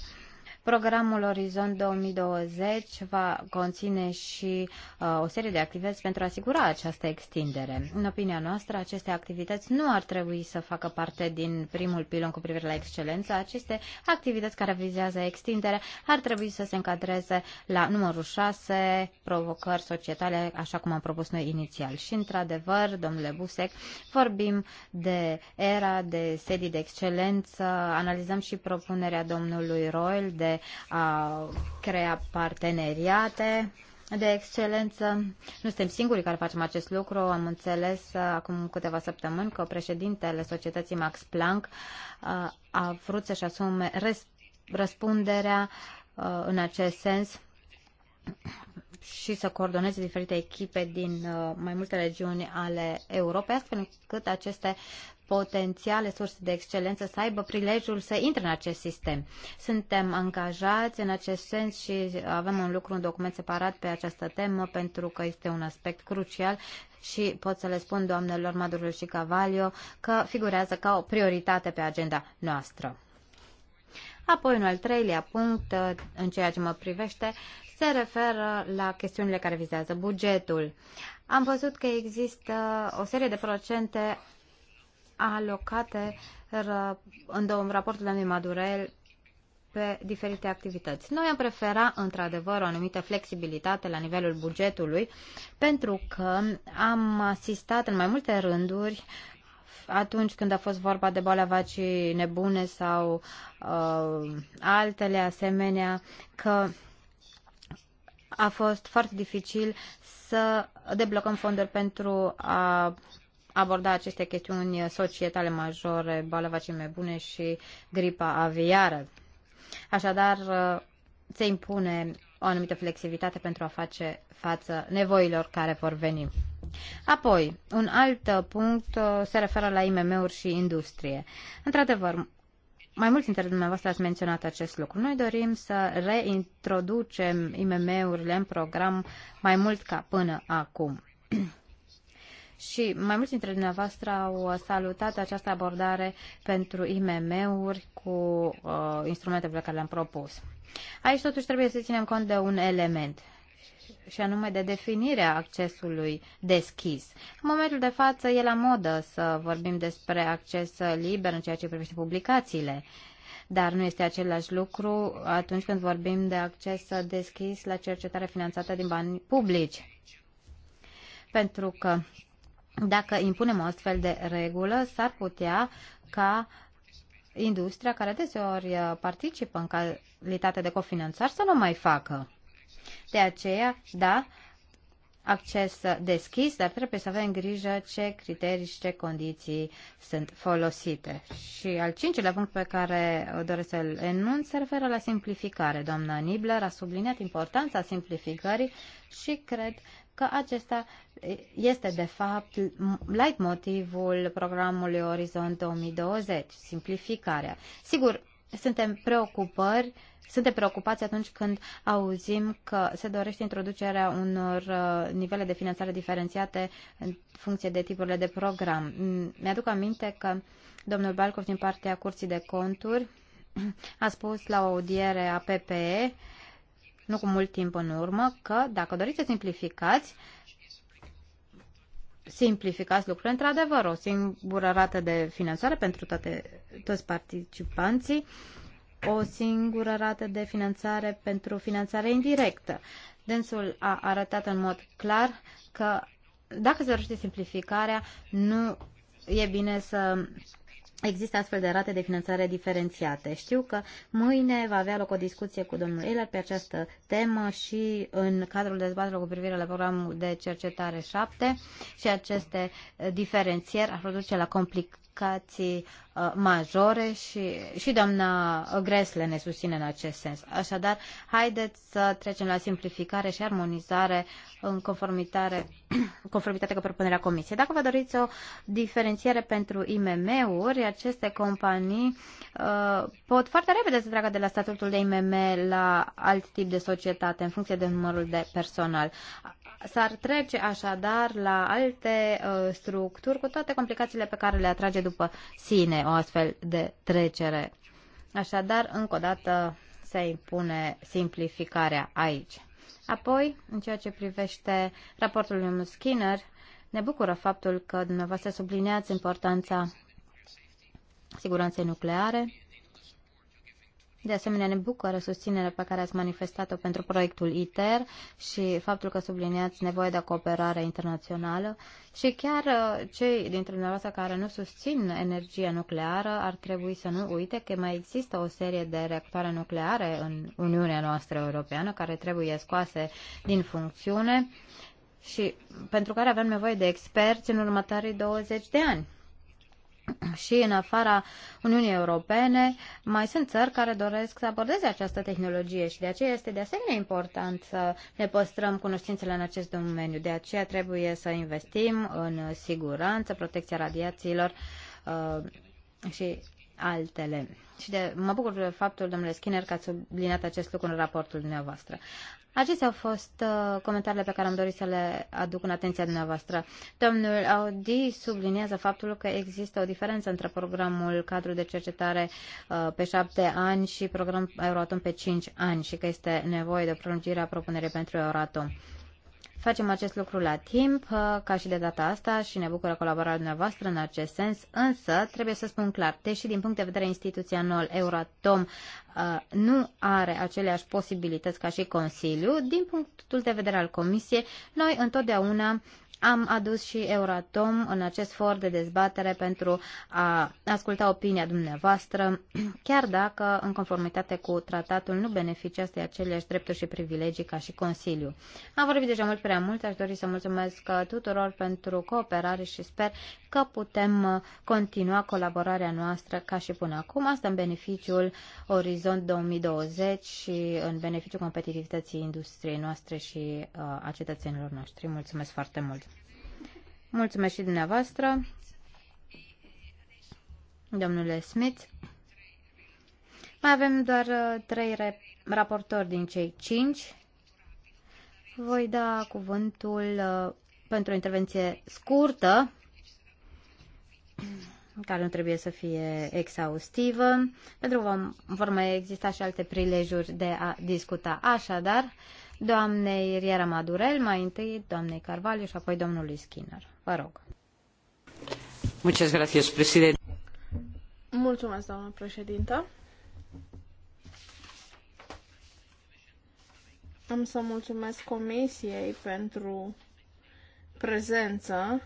Programul Orizont 2020 va conține și uh, o serie de activități pentru a asigura această extindere. În opinia noastră, aceste activități nu ar trebui să facă parte din primul pilon cu privire la excelență. Aceste activități care vizează extindere ar trebui să se încadreze la numărul 6, provocări societale, așa cum am propus noi inițial. Și, într-adevăr, domnule Busec, vorbim de era, de sedii de excelență, analizăm și propunerea domnului Royal de a crea parteneriate de excelență. Nu suntem singuri care facem acest lucru. Am înțeles uh, acum câteva săptămâni că președintele societății Max Planck uh, a vrut să-și asume răspunderea uh, în acest sens și să coordoneze diferite echipe din mai multe regiuni ale Europei, astfel încât aceste potențiale surse de excelență să aibă prilejul să intre în acest sistem. Suntem angajați în acest sens și avem un lucru, un document separat pe această temă pentru că este un aspect crucial și pot să le spun doamnelor Maduro și Cavalio că figurează ca o prioritate pe agenda noastră. Apoi, un al treilea punct, uh, în ceea ce mă privește, se referă la chestiunile care vizează bugetul. Am văzut că există o serie de procente alocate în raportul doamnei Madurel pe diferite activități. Noi am preferat, într-adevăr, o anumită flexibilitate la nivelul bugetului, pentru că am asistat în mai multe rânduri atunci când a fost vorba de boala vacii nebune sau uh, altele asemenea, că a fost foarte dificil să deblocăm fonduri pentru a aborda aceste chestiuni societale majore, boala vaccinului bune și gripa aviară. Așadar, se impune o anumită flexibilitate pentru a face față nevoilor care vor veni. Apoi, un alt punct uh, se referă la IMM-uri și industrie. Într-adevăr, mai mulți dintre dumneavoastră ați menționat acest lucru. Noi dorim să reintroducem IMM-urile în program mai mult ca până acum. și mai mulți dintre dumneavoastră au salutat această abordare pentru IMM-uri cu uh, instrumentele pe care le-am propus. Aici totuși trebuie să ținem cont de un element și anume de definirea accesului deschis. În momentul de față e la modă să vorbim despre acces liber în ceea ce privește publicațiile, dar nu este același lucru atunci când vorbim de acces deschis la cercetare finanțată din bani publici. Pentru că dacă impunem o astfel de regulă, s-ar putea ca industria care deseori uh, participă în calitate de cofinanțar să nu mai facă. De aceea, da, acces deschis, dar trebuie să avem grijă ce criterii și ce condiții sunt folosite. Și al cincilea punct pe care doresc să-l enunț se referă la simplificare. Doamna Nibler a subliniat importanța simplificării și cred că acesta este de fapt light motivul programului Orizont 2020, simplificarea. Sigur, suntem preocupări suntem preocupați atunci când auzim că se dorește introducerea unor uh, nivele de finanțare diferențiate în funcție de tipurile de program. Mm, mi-aduc aminte că domnul Balcov din partea Curții de Conturi a spus la o audiere a PPE, nu cu mult timp în urmă, că dacă doriți să simplificați, simplificați lucrurile. Într-adevăr, o singură rată de finanțare pentru toate, toți participanții, o singură rată de finanțare pentru finanțare indirectă. Dânsul a arătat în mod clar că dacă se dorește simplificarea, nu e bine să Există astfel de rate de finanțare diferențiate. Știu că mâine va avea loc o discuție cu domnul Eller pe această temă și în cadrul dezbaterilor cu privire la programul de cercetare 7 și aceste diferențieri ar produce la complicații implicații uh, majore și, și doamna Gresle ne susține în acest sens. Așadar, haideți să trecem la simplificare și armonizare în conformitate, conformitate cu propunerea Comisiei. Dacă vă doriți o diferențiere pentru IMM-uri, aceste companii uh, pot foarte repede să treacă de la statutul de IMM la alt tip de societate în funcție de numărul de personal. S-ar trece așadar la alte uh, structuri cu toate complicațiile pe care le atrage după sine o astfel de trecere. Așadar, încă o dată se impune simplificarea aici. Apoi, în ceea ce privește raportul lui Skinner, ne bucură faptul că dumneavoastră subliniați importanța siguranței nucleare de asemenea, ne bucură susținerea pe care ați manifestat-o pentru proiectul ITER și faptul că subliniați nevoia de cooperare internațională și chiar uh, cei dintre dumneavoastră care nu susțin energia nucleară ar trebui să nu uite că mai există o serie de reactoare nucleare în Uniunea noastră europeană care trebuie scoase din funcțiune și pentru care avem nevoie de experți în următorii 20 de ani și în afara Uniunii Europene mai sunt țări care doresc să abordeze această tehnologie și de aceea este de asemenea important să ne păstrăm cunoștințele în acest domeniu. De aceea trebuie să investim în siguranță, protecția radiațiilor uh, și altele și de, mă bucur de faptul, domnule Skinner, că ați subliniat acest lucru în raportul dumneavoastră. Acestea au fost uh, comentariile pe care am dorit să le aduc în atenția dumneavoastră. Domnul Audi subliniază faptul că există o diferență între programul cadru de cercetare uh, pe șapte ani și programul Euratom pe cinci ani și că este nevoie de o prelungire a propunerii pentru Euratom. Uh, Facem acest lucru la timp, uh, ca și de data asta, și ne bucură colaborarea dumneavoastră în acest sens, însă trebuie să spun clar, deși din punct de vedere instituțional Euratom uh, nu are aceleași posibilități ca și Consiliu, din punctul de vedere al Comisiei, noi întotdeauna am adus și Euratom în acest for de dezbatere pentru a asculta opinia dumneavoastră, chiar dacă, în conformitate cu tratatul, nu beneficiați de aceleași drepturi și privilegii ca și Consiliu. Am vorbit deja mult prea mult, aș dori să mulțumesc tuturor pentru cooperare și sper că putem uh, continua colaborarea noastră ca și până acum, asta în beneficiul Orizont 2020 și în beneficiul competitivității industriei noastre și uh, a cetățenilor noștri. Mulțumesc foarte mult! Mulțumesc și dumneavoastră, domnule Smith. Mai avem doar uh, trei raportori din cei cinci. Voi da cuvântul uh, pentru o intervenție scurtă, care nu trebuie să fie exhaustivă, pentru că vor mai exista și alte prilejuri de a discuta. Așadar, doamnei Riera Madurel, mai întâi doamnei Carvalho și apoi domnului Skinner. Vă rog. gracias, Mulțumesc, doamnă președintă. Am să mulțumesc Comisiei pentru prezență.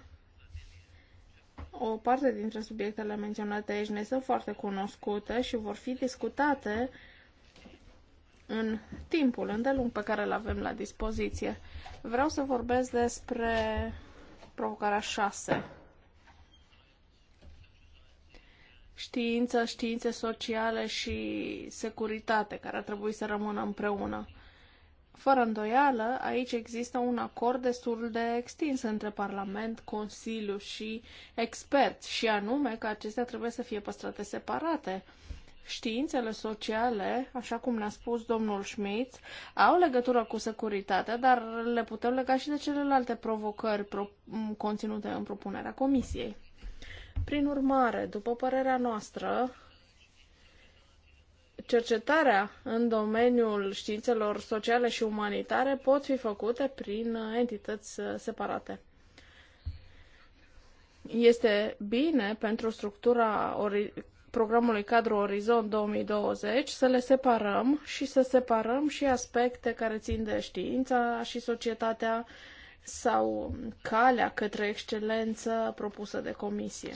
O parte dintre subiectele menționate aici ne sunt foarte cunoscute și vor fi discutate în timpul îndelung pe care îl avem la dispoziție. Vreau să vorbesc despre Provocarea 6. Știință, științe sociale și securitate, care ar trebui să rămână împreună. Fără îndoială, aici există un acord destul de extins între Parlament, Consiliu și experți, și anume că acestea trebuie să fie păstrate separate științele sociale, așa cum ne-a spus domnul Schmidt, au legătură cu securitatea, dar le putem lega și de celelalte provocări pro- conținute în propunerea comisiei. Prin urmare, după părerea noastră, cercetarea în domeniul științelor sociale și umanitare pot fi făcute prin entități uh, separate este bine pentru structura programului cadru Orizont 2020, să le separăm și să separăm și aspecte care țin de știința și societatea sau calea către excelență propusă de comisie.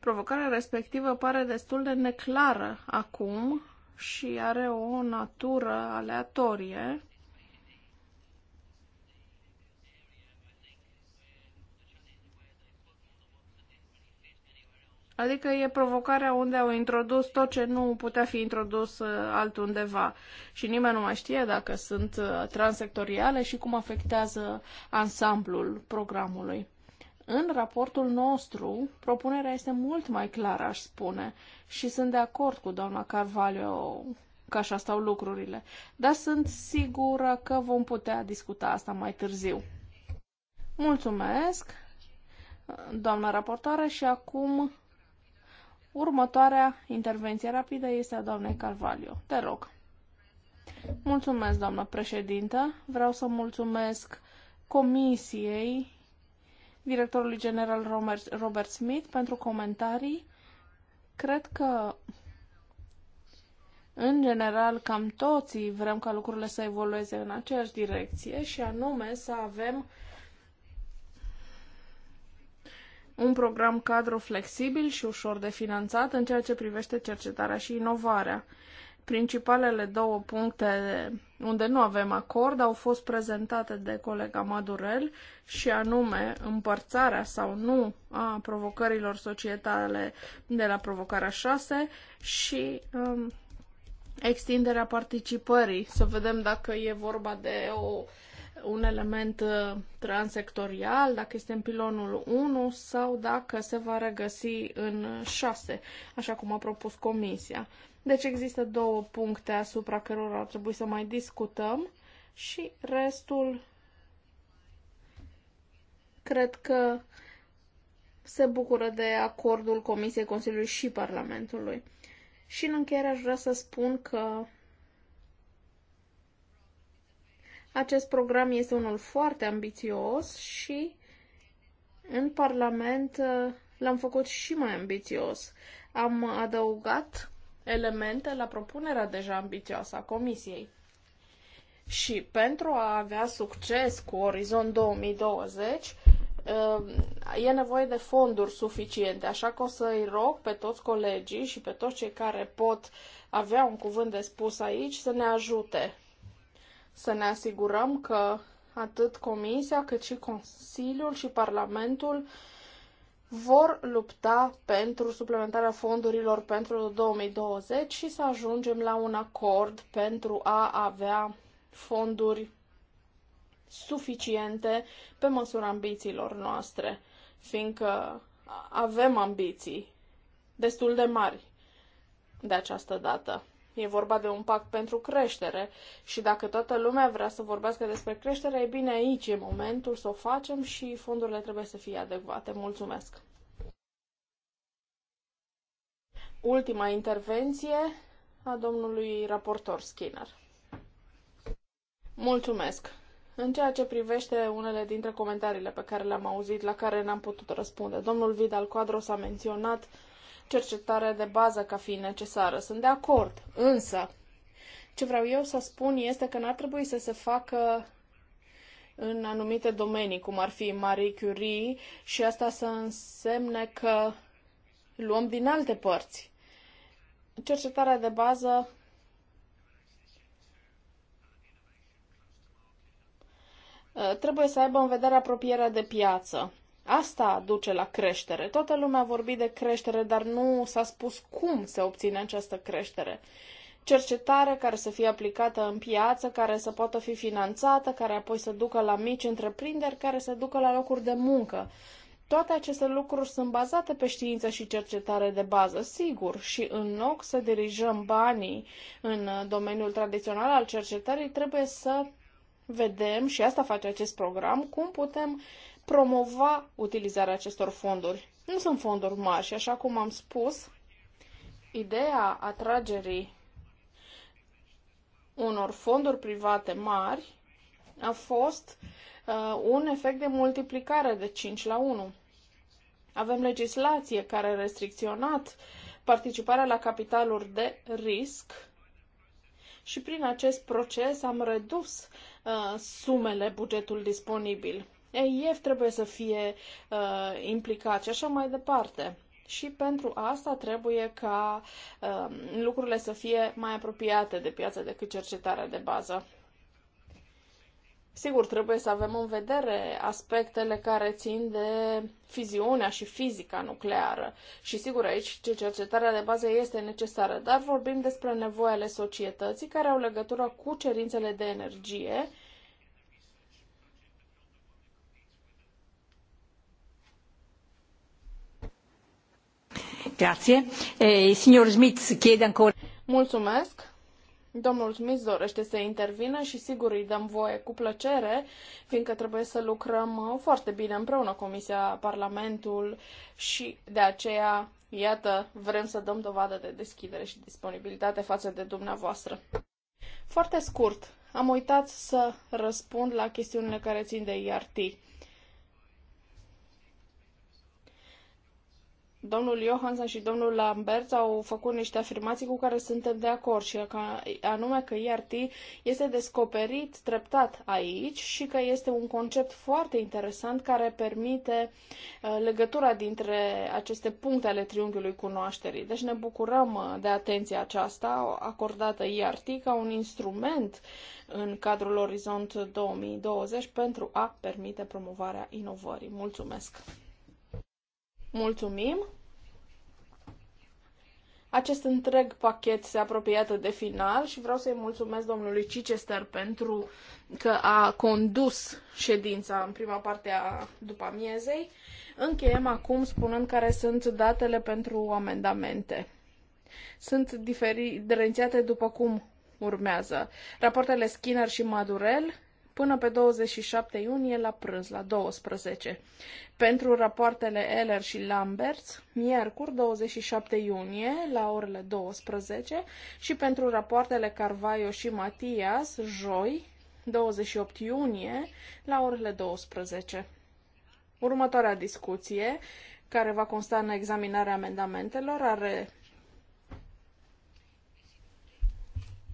Provocarea respectivă pare destul de neclară acum și are o natură aleatorie Adică e provocarea unde au introdus tot ce nu putea fi introdus uh, altundeva și nimeni nu mai știe dacă sunt uh, transectoriale și cum afectează ansamblul programului. În raportul nostru, propunerea este mult mai clară, aș spune, și sunt de acord cu doamna Carvalho că așa stau lucrurile, dar sunt sigură că vom putea discuta asta mai târziu. Mulțumesc, doamna raportoare, și acum Următoarea intervenție rapidă este a doamnei Carvalho. Te rog. Mulțumesc, doamnă președintă. Vreau să mulțumesc comisiei, directorului general Robert Smith pentru comentarii. Cred că în general, cam toții vrem ca lucrurile să evolueze în aceeași direcție și anume să avem un program cadru flexibil și ușor de finanțat în ceea ce privește cercetarea și inovarea. Principalele două puncte unde nu avem acord au fost prezentate de colega Madurel și anume împărțarea sau nu a provocărilor societale de la provocarea 6 și um, extinderea participării. Să vedem dacă e vorba de o un element uh, transectorial, dacă este în pilonul 1 sau dacă se va regăsi în 6, așa cum a propus Comisia. Deci există două puncte asupra cărora ar trebui să mai discutăm și restul cred că se bucură de acordul Comisiei Consiliului și Parlamentului. Și în încheiere aș vrea să spun că Acest program este unul foarte ambițios și în Parlament uh, l-am făcut și mai ambițios. Am adăugat elemente la propunerea deja ambițioasă a Comisiei. Și pentru a avea succes cu Orizont 2020, uh, e nevoie de fonduri suficiente, așa că o să-i rog pe toți colegii și pe toți cei care pot avea un cuvânt de spus aici să ne ajute să ne asigurăm că atât Comisia cât și Consiliul și Parlamentul vor lupta pentru suplementarea fondurilor pentru 2020 și să ajungem la un acord pentru a avea fonduri suficiente pe măsura ambițiilor noastre, fiindcă avem ambiții destul de mari de această dată. E vorba de un pact pentru creștere și dacă toată lumea vrea să vorbească despre creștere, e bine, aici e momentul să o facem și fondurile trebuie să fie adecvate. Mulțumesc! Ultima intervenție a domnului raportor Skinner. Mulțumesc! În ceea ce privește unele dintre comentariile pe care le-am auzit, la care n-am putut răspunde, domnul Vidal Quadros a menționat uh, cercetarea de bază ca fiind necesară. Sunt de acord, însă ce vreau eu să spun este că n-ar trebui să se facă în anumite domenii, cum ar fi Marie Curie, și asta să însemne că luăm din alte părți. Cercetarea de bază trebuie să aibă în vedere apropierea de piață. Asta duce la creștere. Toată lumea a vorbit de creștere, dar nu s-a spus cum se obține această creștere. Cercetare care să fie aplicată în piață, care să poată fi finanțată, care apoi să ducă la mici întreprinderi, care să ducă la locuri de muncă. Toate aceste lucruri sunt bazate pe știință și cercetare de bază, sigur, și în loc să dirijăm banii în domeniul tradițional al cercetării, trebuie să vedem, și asta face acest program, cum putem promova utilizarea acestor fonduri. Nu sunt fonduri mari și, așa cum am spus, ideea atragerii unor fonduri private mari a fost uh, un efect de multiplicare de 5 la 1. Avem legislație care a restricționat participarea la capitaluri de risc și prin acest proces am redus uh, sumele, bugetul disponibil. EIF trebuie să fie uh, implicat și așa mai departe. Și pentru asta trebuie ca uh, lucrurile să fie mai apropiate de piață decât cercetarea de bază. Sigur, trebuie să avem în vedere aspectele care țin de fiziunea și fizica nucleară. Și sigur, aici cercetarea de bază este necesară, dar vorbim despre nevoile societății care au legătură cu cerințele de energie Eh, Mulțumesc. Domnul Smith dorește să intervină și sigur îi dăm voie cu plăcere, fiindcă trebuie să lucrăm foarte bine împreună Comisia, Parlamentul și de aceea, iată, vrem să dăm dovadă de deschidere și disponibilitate față de dumneavoastră. Foarte scurt, am uitat să răspund la chestiunile care țin de IRT. Domnul Johansson și domnul Lambert au făcut niște afirmații cu care suntem de acord și anume că IRT este descoperit treptat aici și că este un concept foarte interesant care permite uh, legătura dintre aceste puncte ale triunghiului cunoașterii. Deci ne bucurăm uh, de atenția aceasta acordată IRT ca un instrument în cadrul Orizont 2020 pentru a permite promovarea inovării. Mulțumesc! Mulțumim! Acest întreg pachet se apropiată de final și vreau să-i mulțumesc domnului Cicester pentru că a condus ședința în prima parte a după amiezei. Încheiem acum spunând care sunt datele pentru amendamente. Sunt diferențiate după cum urmează. Rapoartele Skinner și Madurel până pe 27 iunie la prânz, la 12. Pentru rapoartele Eller și Lamberts, miercuri 27 iunie la orele 12 și pentru rapoartele Carvaio și Matias, joi 28 iunie la orele 12. Următoarea discuție, care va consta în examinarea amendamentelor, are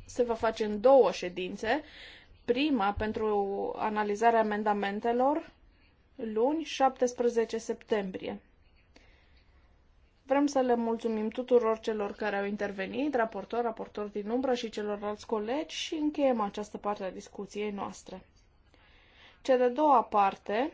se va face în două ședințe, prima pentru analizarea amendamentelor luni, 17 septembrie. Vrem să le mulțumim tuturor celor care au intervenit, raportor, raportor din umbră și celorlalți colegi și încheiem această parte a discuției noastre. Cea de doua parte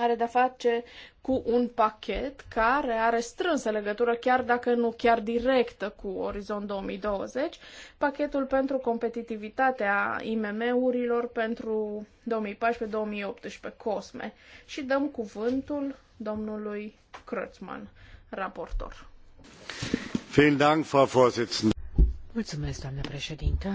are de-a face cu un pachet care are strânsă legătură, chiar dacă nu chiar directă, cu Orizont 2020, pachetul pentru competitivitatea IMM-urilor pentru 2014-2018, COSME. Și dăm cuvântul domnului Kreutzmann, raportor. Mulțumesc, doamnă președintă.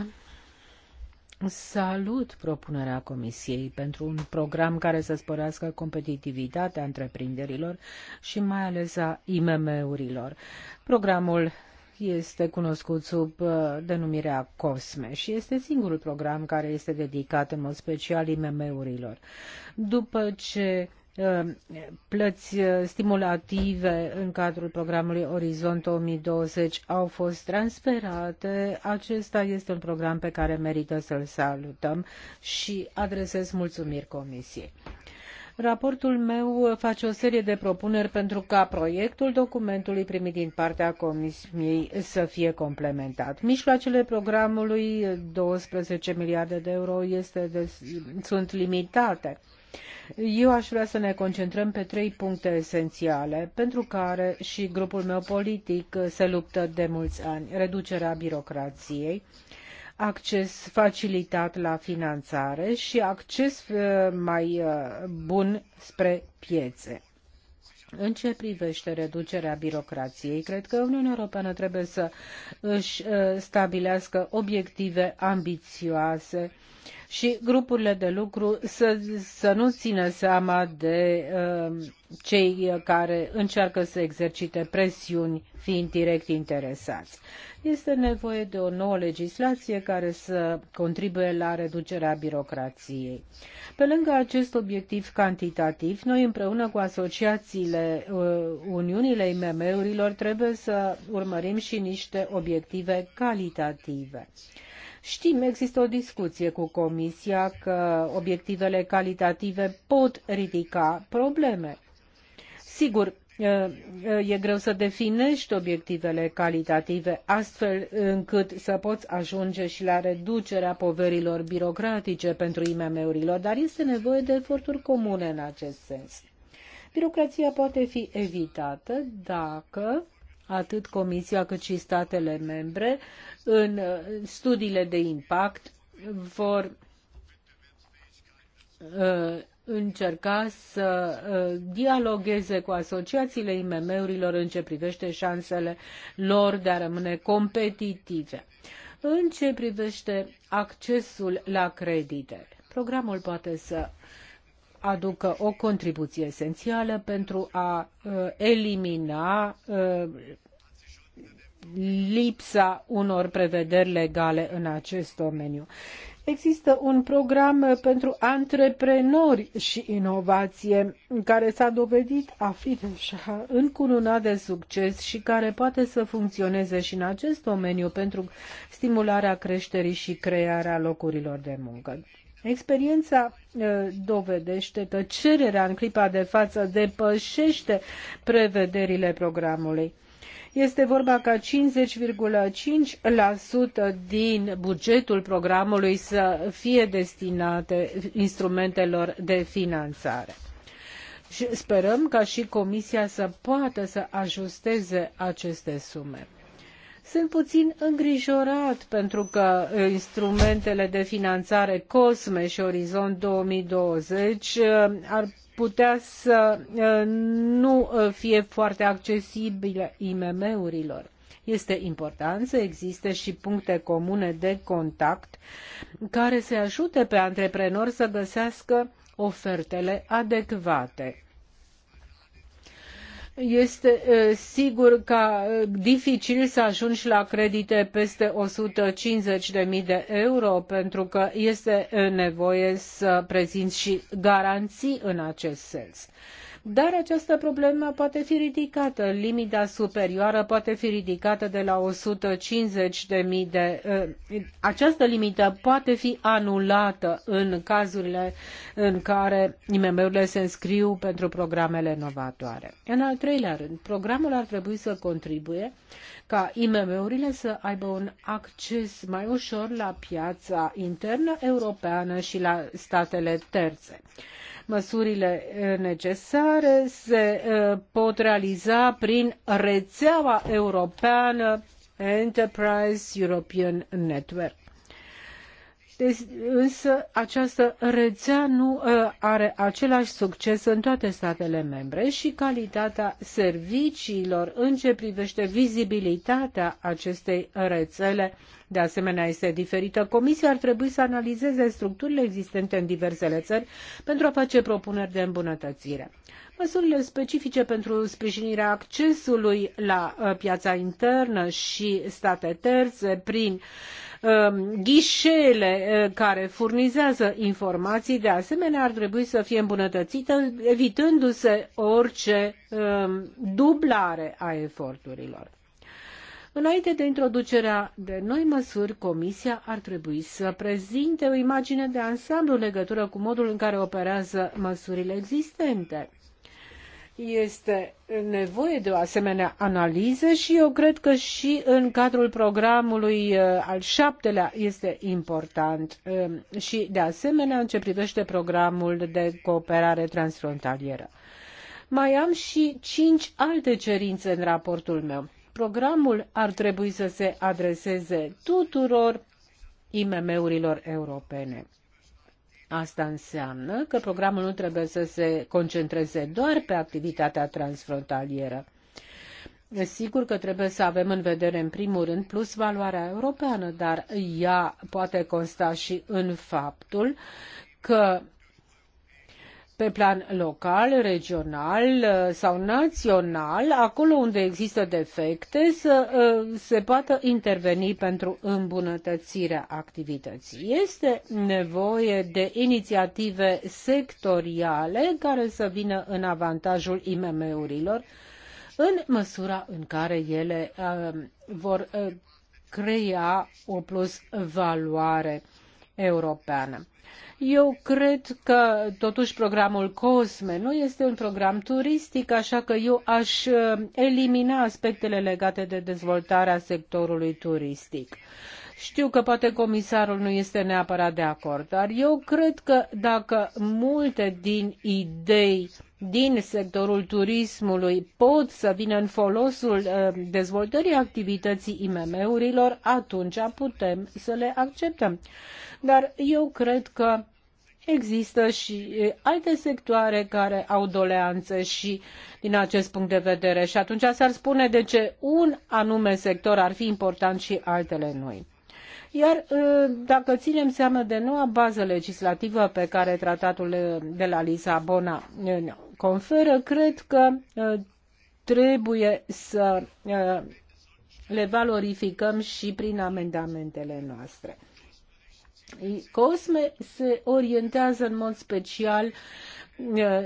Salut propunerea Comisiei pentru un program care să sporească competitivitatea întreprinderilor și mai ales a IMM-urilor. Programul este cunoscut sub uh, denumirea COSME și este singurul program care este dedicat în mod special IMM-urilor. După ce Uh, plăți uh, stimulative în cadrul programului Orizont 2020 au fost transferate. Acesta este un program pe care merită să-l salutăm și adresez mulțumiri Comisiei. Raportul meu face o serie de propuneri pentru ca proiectul documentului primit din partea Comisiei să fie complementat. Mijloacele programului 12 miliarde de euro este de, sunt limitate eu aș vrea să ne concentrăm pe trei puncte esențiale pentru care și grupul meu politic se luptă de mulți ani. Reducerea birocrației, acces facilitat la finanțare și acces eh, mai eh, bun spre piețe. În ce privește reducerea birocrației, cred că Uniunea Europeană trebuie să își uh, stabilească obiective ambițioase și grupurile de lucru să, să nu țină seama de uh, cei care încearcă să exercite presiuni fiind direct interesați. Este nevoie de o nouă legislație care să contribuie la reducerea birocrației. Pe lângă acest obiectiv cantitativ, noi împreună cu asociațiile uh, Uniunile IMM-urilor trebuie să urmărim și niște obiective calitative. Știm, există o discuție cu Comisia că obiectivele calitative pot ridica probleme. Sigur, e greu să definești obiectivele calitative astfel încât să poți ajunge și la reducerea poverilor birocratice pentru IMM-urilor, dar este nevoie de eforturi comune în acest sens. Birocrația poate fi evitată dacă atât Comisia cât și statele membre în studiile de impact vor încerca să uh, dialogueze cu asociațiile IMM-urilor în ce privește șansele lor de a rămâne competitive. În ce privește accesul la credite, programul poate să aducă o contribuție esențială pentru a uh, elimina uh, lipsa unor prevederi legale în acest domeniu. Există un program uh, pentru antreprenori și inovație care s-a dovedit a fi deja încununat de succes și care poate să funcționeze și în acest domeniu pentru stimularea creșterii și crearea locurilor de muncă. Experiența uh, dovedește că cererea în clipa de față depășește prevederile programului. Este vorba ca 50,5% din bugetul programului să fie destinate instrumentelor de finanțare. Și sperăm ca și Comisia să poată să ajusteze aceste sume. Sunt puțin îngrijorat pentru că instrumentele de finanțare COSME și Orizont 2020 uh, ar putea să nu fie foarte accesibile IMM-urilor. Este important să existe și puncte comune de contact care să ajute pe antreprenori să găsească ofertele adecvate este sigur că dificil să ajungi la credite peste 150.000 de euro pentru că este nevoie să prezinți și garanții în acest sens dar această problemă poate fi ridicată. Limita superioară poate fi ridicată de la 150 de mii eh, Această limită poate fi anulată în cazurile în care IMM-urile se înscriu pentru programele novatoare. În al treilea rând, programul ar trebui să contribuie ca IMM-urile să aibă un acces mai ușor la piața internă europeană și la statele terțe măsurile eh, necesare se eh, pot realiza prin rețeaua europeană Enterprise European Network. Deci, însă această rețea nu eh, are același succes în toate statele membre și calitatea serviciilor în ce privește vizibilitatea acestei rețele de asemenea este diferită. Comisia ar trebui să analizeze structurile existente în diversele țări pentru a face propuneri de îmbunătățire. Măsurile specifice pentru sprijinirea accesului la uh, piața internă și state terțe prin um, ghișele uh, care furnizează informații, de asemenea, ar trebui să fie îmbunătățite evitându-se orice um, dublare a eforturilor. Înainte de introducerea de noi măsuri, Comisia ar trebui să prezinte o imagine de ansamblu în legătură cu modul în care operează măsurile existente. Este nevoie de o asemenea analiză și eu cred că și în cadrul programului uh, al șaptelea este important um, și de asemenea în ce privește programul de cooperare transfrontalieră. Mai am și cinci alte cerințe în raportul meu. Programul ar trebui să se adreseze tuturor IMM-urilor europene. Asta înseamnă că programul nu trebuie să se concentreze doar pe activitatea transfrontalieră. Sigur că trebuie să avem în vedere, în primul rând, plus valoarea europeană, dar ea poate consta și în faptul că pe plan local, regional uh, sau național, acolo unde există defecte, să uh, se poată interveni pentru îmbunătățirea activității. Este nevoie de inițiative sectoriale care să vină în avantajul IMM-urilor în măsura în care ele uh, vor crea o plus valoare europeană. Eu cred că totuși programul COSME nu este un program turistic, așa că eu aș uh, elimina aspectele legate de dezvoltarea sectorului turistic. Știu că poate comisarul nu este neapărat de acord, dar eu cred că dacă multe din idei din sectorul turismului pot să vină în folosul uh, dezvoltării activității IMM-urilor, atunci putem să le acceptăm. Dar eu cred că Există și uh, alte sectoare care au doleanțe și din acest punct de vedere și atunci s-ar spune de ce un anume sector ar fi important și altele noi. Iar ă, dacă ținem seama de noua bază legislativă pe care tratatul ă, de la Lisabona ă, conferă, cred că trebuie să le valorificăm și prin amendamentele noastre. COSME se orientează în mod special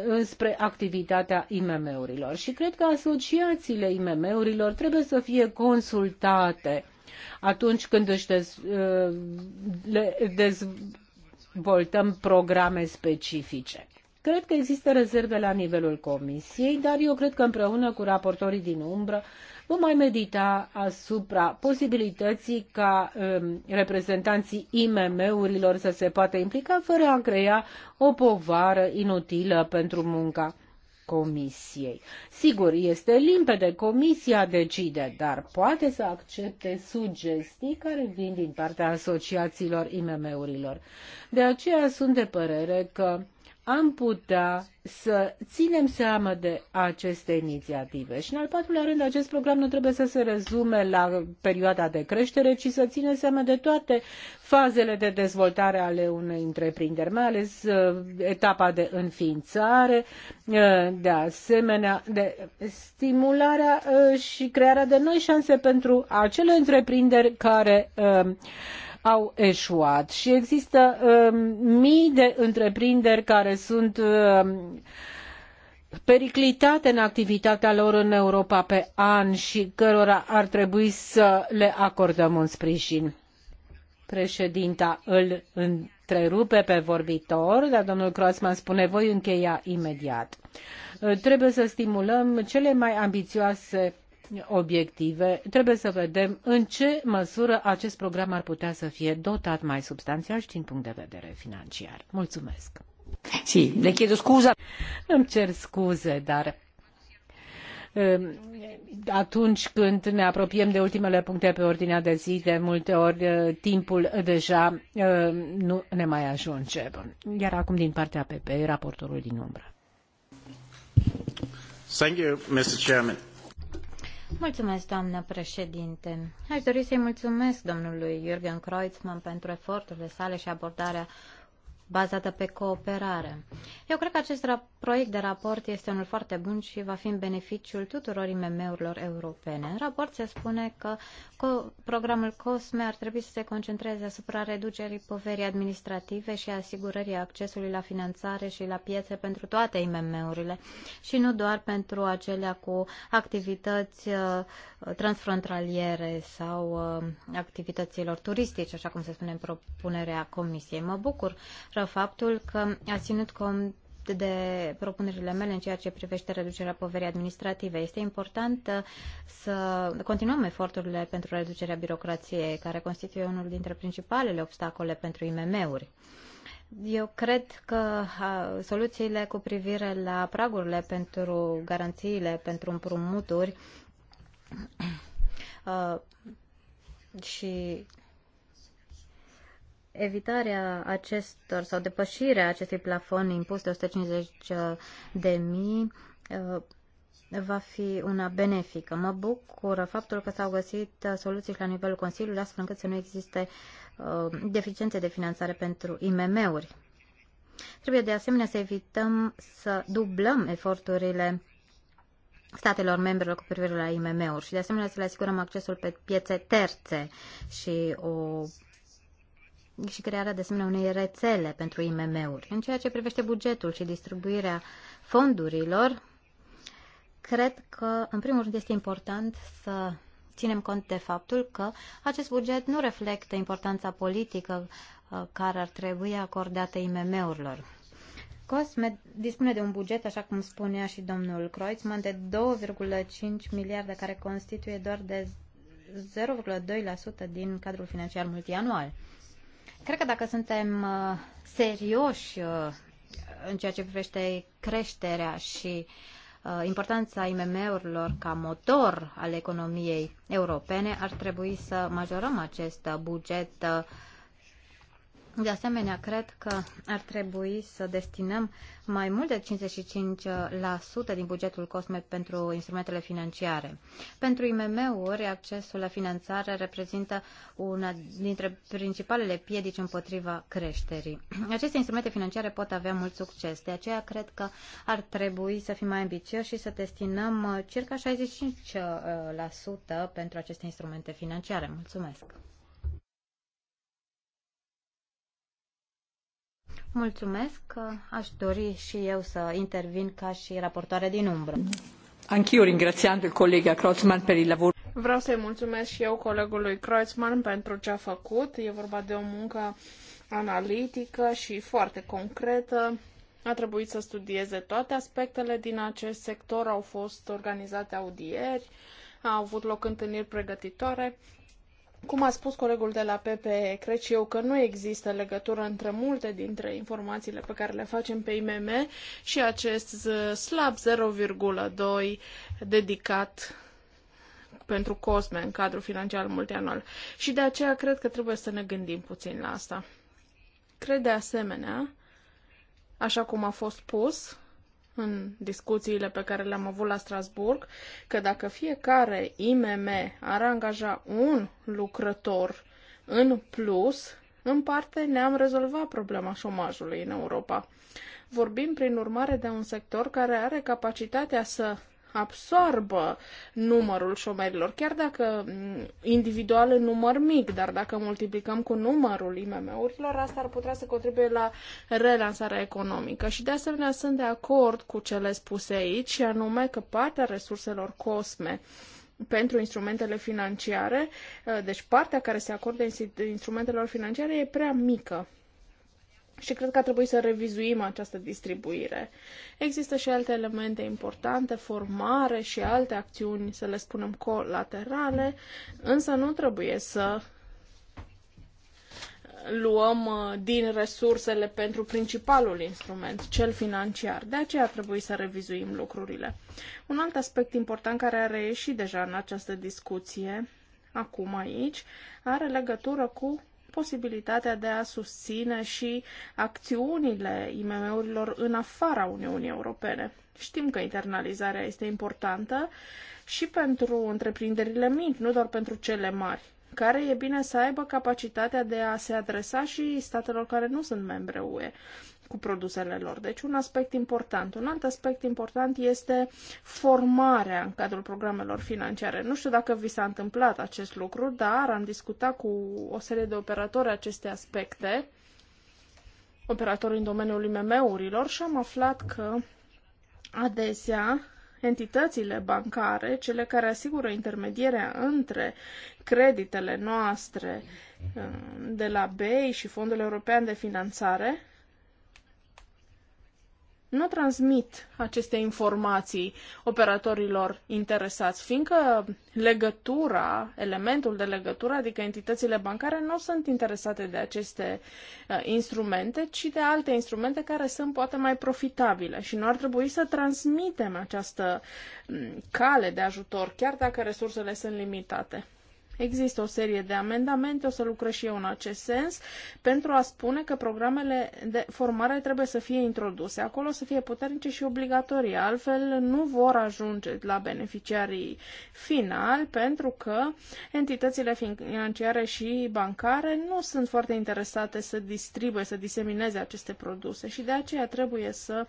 înspre activitatea IMM-urilor și cred că asociațiile IMM-urilor trebuie să fie consultate atunci când își dez, uh, le dezvoltăm programe specifice. Cred că există rezerve la nivelul comisiei, dar eu cred că împreună cu raportorii din umbră vom mai medita asupra posibilității ca um, reprezentanții IMM-urilor să se poată implica fără a crea o povară inutilă pentru munca Comisiei. Sigur, este limpede, Comisia decide, dar poate să accepte sugestii care vin din partea asociațiilor IMM-urilor. De aceea sunt de părere că am putea să ținem seama de aceste inițiative. Și în al patrulea rând, acest program nu trebuie să se rezume la perioada de creștere, ci să ține seama de toate fazele de dezvoltare ale unei întreprinderi, mai ales uh, etapa de înființare, uh, de asemenea de stimularea uh, și crearea de noi șanse pentru acele întreprinderi care au eșuat și există um, mii de întreprinderi care sunt um, periclitate în activitatea lor în Europa pe an și cărora ar trebui să le acordăm un sprijin. Președinta îl întrerupe pe vorbitor, dar domnul Croasman spune, voi încheia imediat. Trebuie să stimulăm cele mai ambițioase obiective, trebuie să vedem în ce măsură acest program ar putea să fie dotat mai substanțial și din punct de vedere financiar. Mulțumesc! Si, le chiedo scuza. Îmi cer scuze, dar um, atunci când ne apropiem de ultimele puncte pe ordinea de zi, de multe ori uh, timpul deja uh, nu ne mai ajunge. Iar acum din partea PP, raportorul din umbră. Thank you, Mr. Chairman. Mulțumesc, doamnă președinte. Aș dori să-i mulțumesc domnului Jürgen Kreutzmann pentru eforturile sale și abordarea bazată pe cooperare. Eu cred că acest proiect de raport este unul foarte bun și va fi în beneficiul tuturor IMM-urilor europene. În raport se spune că co- programul COSME ar trebui să se concentreze asupra reducerii poverii administrative și asigurării accesului la finanțare și la piețe pentru toate IMM-urile și nu doar pentru acelea cu activități uh, transfrontaliere sau uh, activităților turistice, așa cum se spune în propunerea Comisiei. Mă bucur faptul că a ținut cont de propunerile mele în ceea ce privește reducerea poverii administrative. Este important uh, să continuăm eforturile pentru reducerea birocrației, care constituie unul dintre principalele obstacole pentru IMM-uri. Eu cred că soluțiile cu privire la pragurile pentru garanțiile, pentru împrumuturi uh, și evitarea acestor sau depășirea acestui plafon impus de 150 de mii uh, va fi una benefică. Mă bucură faptul că s-au găsit uh, soluții și la nivelul Consiliului, astfel încât să nu existe uh, deficiențe de finanțare pentru IMM-uri. Trebuie de asemenea să evităm să dublăm eforturile statelor membre cu privire la IMM-uri și de asemenea să le asigurăm accesul pe piețe terțe și o și crearea de asemenea unei rețele pentru IMM-uri. În ceea ce privește bugetul și distribuirea fondurilor, cred că, în primul rând, este important să ținem cont de faptul că acest buget nu reflectă importanța politică uh, care ar trebui acordată IMM-urilor. COSME dispune de un buget, așa cum spunea și domnul Kreutzmann, de 2,5 miliarde, care constituie doar de 0,2% din cadrul financiar multianual. Cred că dacă suntem uh, serioși uh, în ceea ce privește creșterea și uh, importanța IMM-urilor ca motor al economiei europene, ar trebui să majorăm acest buget de asemenea, cred că ar trebui să destinăm mai mult de 55% din bugetul COSME pentru instrumentele financiare. Pentru IMM-uri, accesul la finanțare reprezintă una dintre principalele piedici împotriva creșterii. Aceste instrumente financiare pot avea mult succes, de aceea cred că ar trebui să fim mai ambițioși și să destinăm circa 65% pentru aceste instrumente financiare. Mulțumesc! Mulțumesc. Aș dori și eu să intervin ca și raportoare din umbră. Anch'io ringraziando il collega Kreutzmann per il lavoro. Vreau să-i mulțumesc și eu colegului Kreutzmann pentru ce a făcut. E vorba de o muncă analitică și foarte concretă. A trebuit să studieze toate aspectele din acest sector, au fost organizate audieri, au avut loc întâlniri pregătitoare cum a spus colegul de la PPE, cred și eu că nu există legătură între multe dintre informațiile pe care le facem pe IMM și acest slab 0,2 dedicat pentru COSME în cadrul financiar multianual. Și de aceea cred că trebuie să ne gândim puțin la asta. Cred de asemenea, așa cum a fost pus, în discuțiile pe care le-am avut la Strasburg că dacă fiecare IMM ar angaja un lucrător în plus, în parte ne-am rezolvat problema șomajului în Europa. Vorbim, prin urmare, de un sector care are capacitatea să absorbă numărul șomerilor, chiar dacă mm, individual în număr mic, dar dacă multiplicăm cu numărul IMM-urilor, asta ar putea să contribuie la relansarea economică. Și de asemenea sunt de acord cu cele spuse aici, și anume că partea resurselor COSME pentru instrumentele financiare, eh, deci partea care se acordă instrumentelor financiare e prea mică și cred că ar trebui să revizuim această distribuire. Există și alte elemente importante, formare și alte acțiuni, să le spunem, colaterale, însă nu trebuie să luăm uh, din resursele pentru principalul instrument, cel financiar. De aceea ar trebui să revizuim lucrurile. Un alt aspect important care a reieșit deja în această discuție, acum aici, are legătură cu posibilitatea de a susține și acțiunile IMM-urilor în afara Uniunii Europene. Știm că internalizarea este importantă și pentru întreprinderile mici, nu doar pentru cele mari, care e bine să aibă capacitatea de a se adresa și statelor care nu sunt membre UE cu produsele lor. Deci un aspect important. Un alt aspect important este formarea în cadrul programelor financiare. Nu știu dacă vi s-a întâmplat acest lucru, dar am discutat cu o serie de operatori aceste aspecte, operatori în domeniul IMM-urilor și am aflat că adesea entitățile bancare, cele care asigură intermedierea între creditele noastre uh, de la BEI și Fondul European de Finanțare, nu transmit aceste informații operatorilor interesați, fiindcă legătura, elementul de legătură, adică entitățile bancare, nu sunt interesate de aceste uh, instrumente, ci de alte instrumente care sunt poate mai profitabile și nu ar trebui să transmitem această mm, cale de ajutor, chiar dacă resursele sunt limitate. Există o serie de amendamente, o să lucrez și eu în acest sens, pentru a spune că programele de formare trebuie să fie introduse. Acolo să fie puternice și obligatorii, altfel nu vor ajunge la beneficiarii finali, pentru că entitățile financiare și bancare nu sunt foarte interesate să distribuie, să disemineze aceste produse și de aceea trebuie să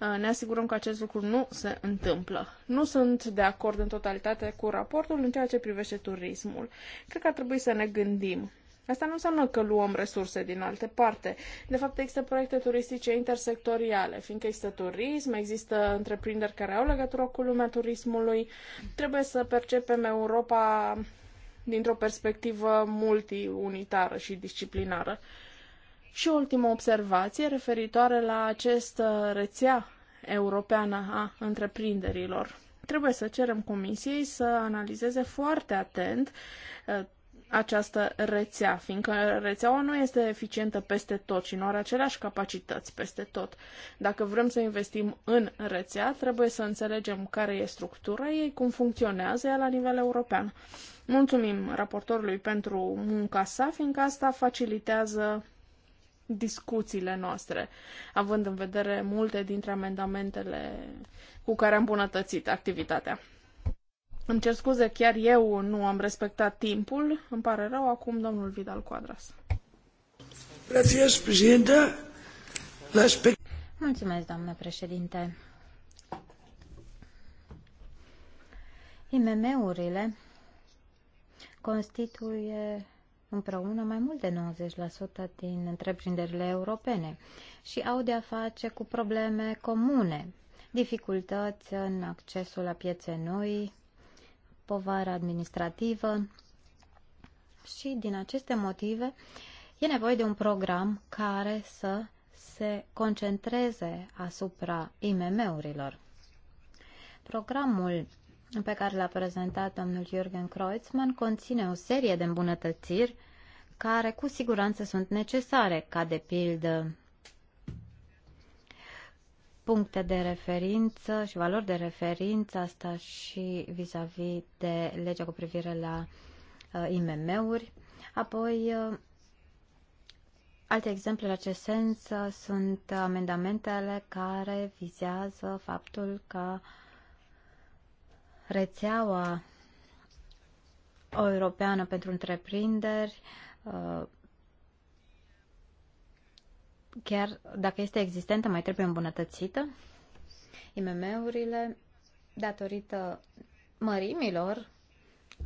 uh, ne asigurăm că acest lucru nu se întâmplă. Nu sunt de acord în totalitate cu raportul în ceea ce privește turismul sistemul. Cred că ar trebui să ne gândim. Asta nu înseamnă că luăm resurse din alte parte. De fapt, există proiecte turistice intersectoriale, fiindcă există turism, există întreprinderi care au legătură cu lumea turismului. Trebuie să percepem Europa dintr-o perspectivă multiunitară și disciplinară. Și o ultimă observație referitoare la această uh, rețea europeană a întreprinderilor. Trebuie să cerem comisiei să analizeze foarte atent uh, această rețea, fiindcă rețeaua nu este eficientă peste tot și nu are aceleași capacități peste tot. Dacă vrem să investim în rețea, trebuie să înțelegem care e structura ei, cum funcționează ea la nivel european. Mulțumim raportorului pentru munca sa, fiindcă asta facilitează discuțiile noastre, având în vedere multe dintre amendamentele cu care am bunătățit activitatea. Îmi cer scuze, chiar eu nu am respectat timpul. Îmi pare rău acum, domnul Vidal Coadras. Gracias, Mulțumesc, doamnă președinte. IMM-urile constituie împreună mai mult de 90% din întreprinderile europene și au de-a face cu probleme comune dificultăți în accesul la piețe noi, povară administrativă și din aceste motive e nevoie de un program care să se concentreze asupra IMM-urilor. Programul pe care l-a prezentat domnul Jürgen Kreutzmann conține o serie de îmbunătățiri care cu siguranță sunt necesare, ca de pildă puncte de referință și valori de referință, asta și vis-a-vis -vis de legea cu privire la uh, IMM-uri. Apoi, uh, alte exemple la acest sens uh, sunt amendamentele care vizează faptul că rețeaua europeană pentru întreprinderi uh, chiar dacă este existentă, mai trebuie îmbunătățită. IMM-urile, datorită mărimilor,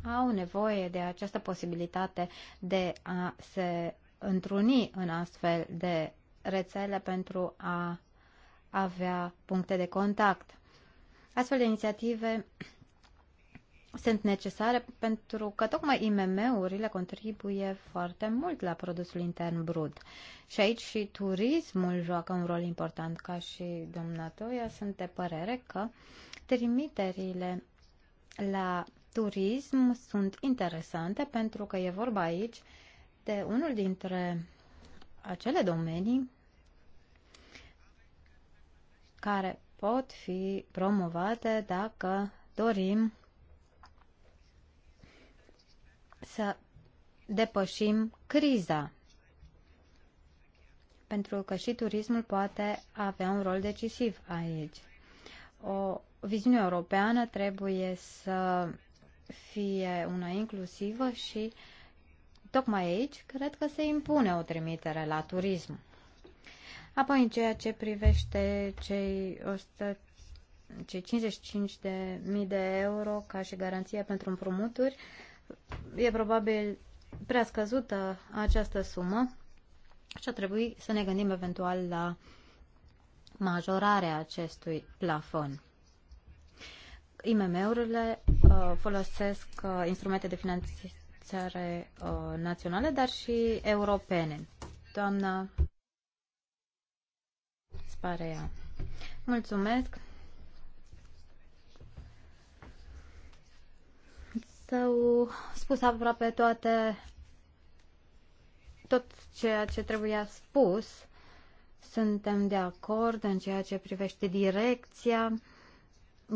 au nevoie de această posibilitate de a se întruni în astfel de rețele pentru a avea puncte de contact. Astfel de inițiative sunt necesare pentru că tocmai IMM-urile contribuie foarte mult la produsul intern brut. Și aici și turismul joacă un rol important, ca și domna Toia, sunt de părere că trimiterile la turism sunt interesante pentru că e vorba aici de unul dintre acele domenii care pot fi promovate dacă dorim să depășim criza. Pentru că și turismul poate avea un rol decisiv aici. O viziune europeană trebuie să fie una inclusivă și tocmai aici cred că se impune o trimitere la turism. Apoi, în ceea ce privește cei 100 cei 55.000 de, mii de euro ca și garanție pentru împrumuturi, e probabil prea scăzută această sumă și a trebui să ne gândim eventual la majorarea acestui plafon. IMM-urile uh, folosesc uh, instrumente de finanțare uh, naționale, dar și europene. Doamna Sparea. Mulțumesc. S-au spus aproape toate, tot ceea ce trebuia spus. Suntem de acord în ceea ce privește direcția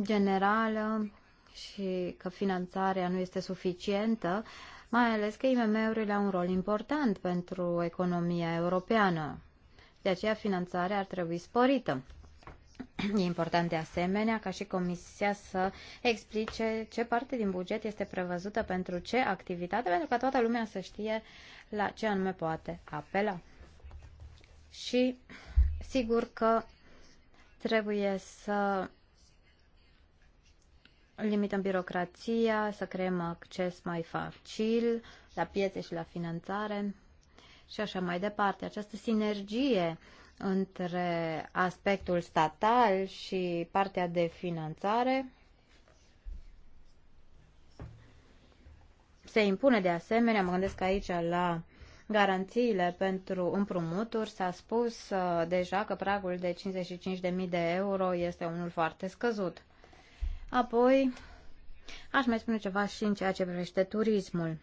generală și că finanțarea nu este suficientă, mai ales că IMM-urile au un rol important pentru economia europeană. De aceea finanțarea ar trebui sporită. E important de asemenea ca și Comisia să explice ce parte din buget este prevăzută pentru ce activitate, pentru ca toată lumea să știe la ce anume poate apela. Și sigur că trebuie să limităm birocrația, să creăm acces mai facil la piețe și la finanțare și așa mai departe. Această sinergie uh, între aspectul statal și partea de finanțare. Se impune de asemenea, mă gândesc aici la garanțiile pentru împrumuturi. S-a spus uh, deja că pragul de 55.000 de euro este unul foarte scăzut. Apoi, aș mai spune ceva și în ceea ce privește turismul.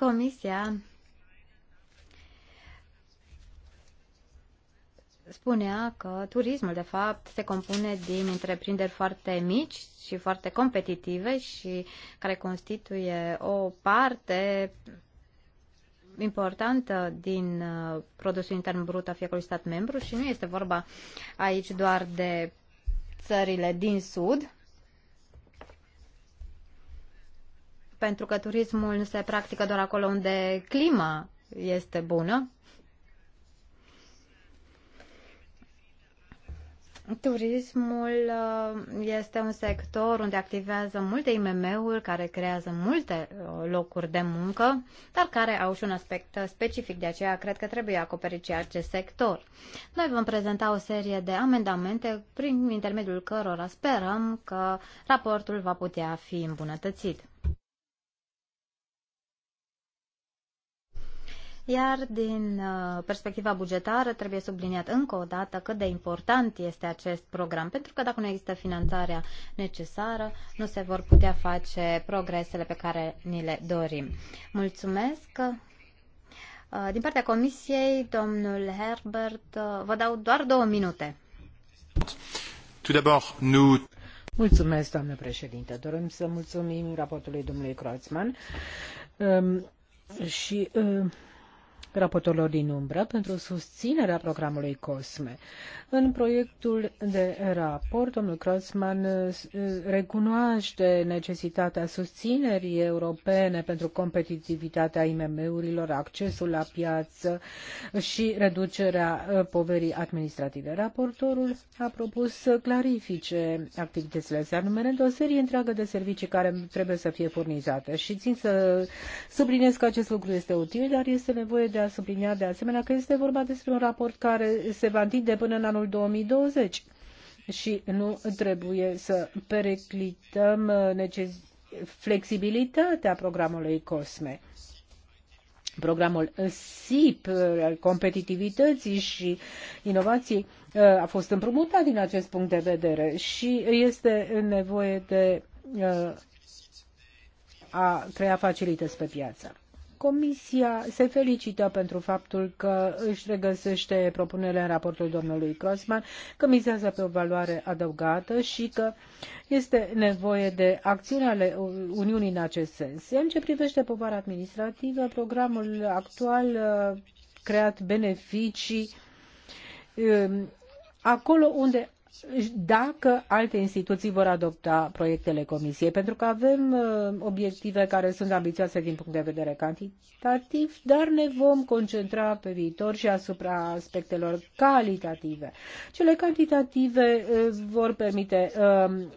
Comisia spunea că turismul, de fapt, se compune din întreprinderi foarte mici și foarte competitive și care constituie o parte importantă din uh, produsul intern brut a fiecărui stat membru și nu este vorba aici doar de țările din sud, pentru că turismul nu se practică doar acolo unde clima este bună. Turismul uh, este un sector unde activează multe IMM-uri care creează multe uh, locuri de muncă, dar care au și un aspect uh, specific, de aceea cred că trebuie acoperit și acest sector. Noi vom prezenta o serie de amendamente prin intermediul cărora sperăm că raportul va putea fi îmbunătățit. Iar din uh, perspectiva bugetară trebuie subliniat încă o dată cât de important este acest program, pentru că dacă nu există finanțarea necesară, nu se vor putea face progresele pe care ni le dorim. Mulțumesc! Uh, din partea Comisiei, domnul Herbert, uh, vă dau doar două minute. Mulțumesc, doamnă președinte. Dorim să mulțumim raportului domnului Um, și raportorilor din umbră pentru susținerea programului COSME. În proiectul de raport, domnul Crossman eh, recunoaște necesitatea susținerii europene pentru competitivitatea IMM-urilor, accesul la piață și reducerea eh, poverii administrative. Raportorul a propus să clarifice activitățile să numerând o serie întreagă de servicii care trebuie să fie furnizate și țin să sublinez că acest lucru este util, dar este nevoie de a subliniat de asemenea că este vorba despre un raport care se va întinde până în anul 2020 și nu trebuie să periclităm flexibilitatea programului COSME. Programul SIP al competitivității și inovației a fost împrumutat din acest punct de vedere și este nevoie de a crea facilități pe piață. Comisia se felicită pentru faptul că își regăsește propunerea în raportul domnului Crossman, că mizează pe o valoare adăugată și că este nevoie de acțiuni ale Uniunii în acest sens. În ce privește povara administrativă, programul actual uh, creat beneficii um, acolo unde dacă alte instituții vor adopta proiectele Comisiei, pentru că avem uh, obiective care sunt ambițioase din punct de vedere cantitativ, dar ne vom concentra pe viitor și asupra aspectelor calitative. Cele cantitative uh, vor permite um,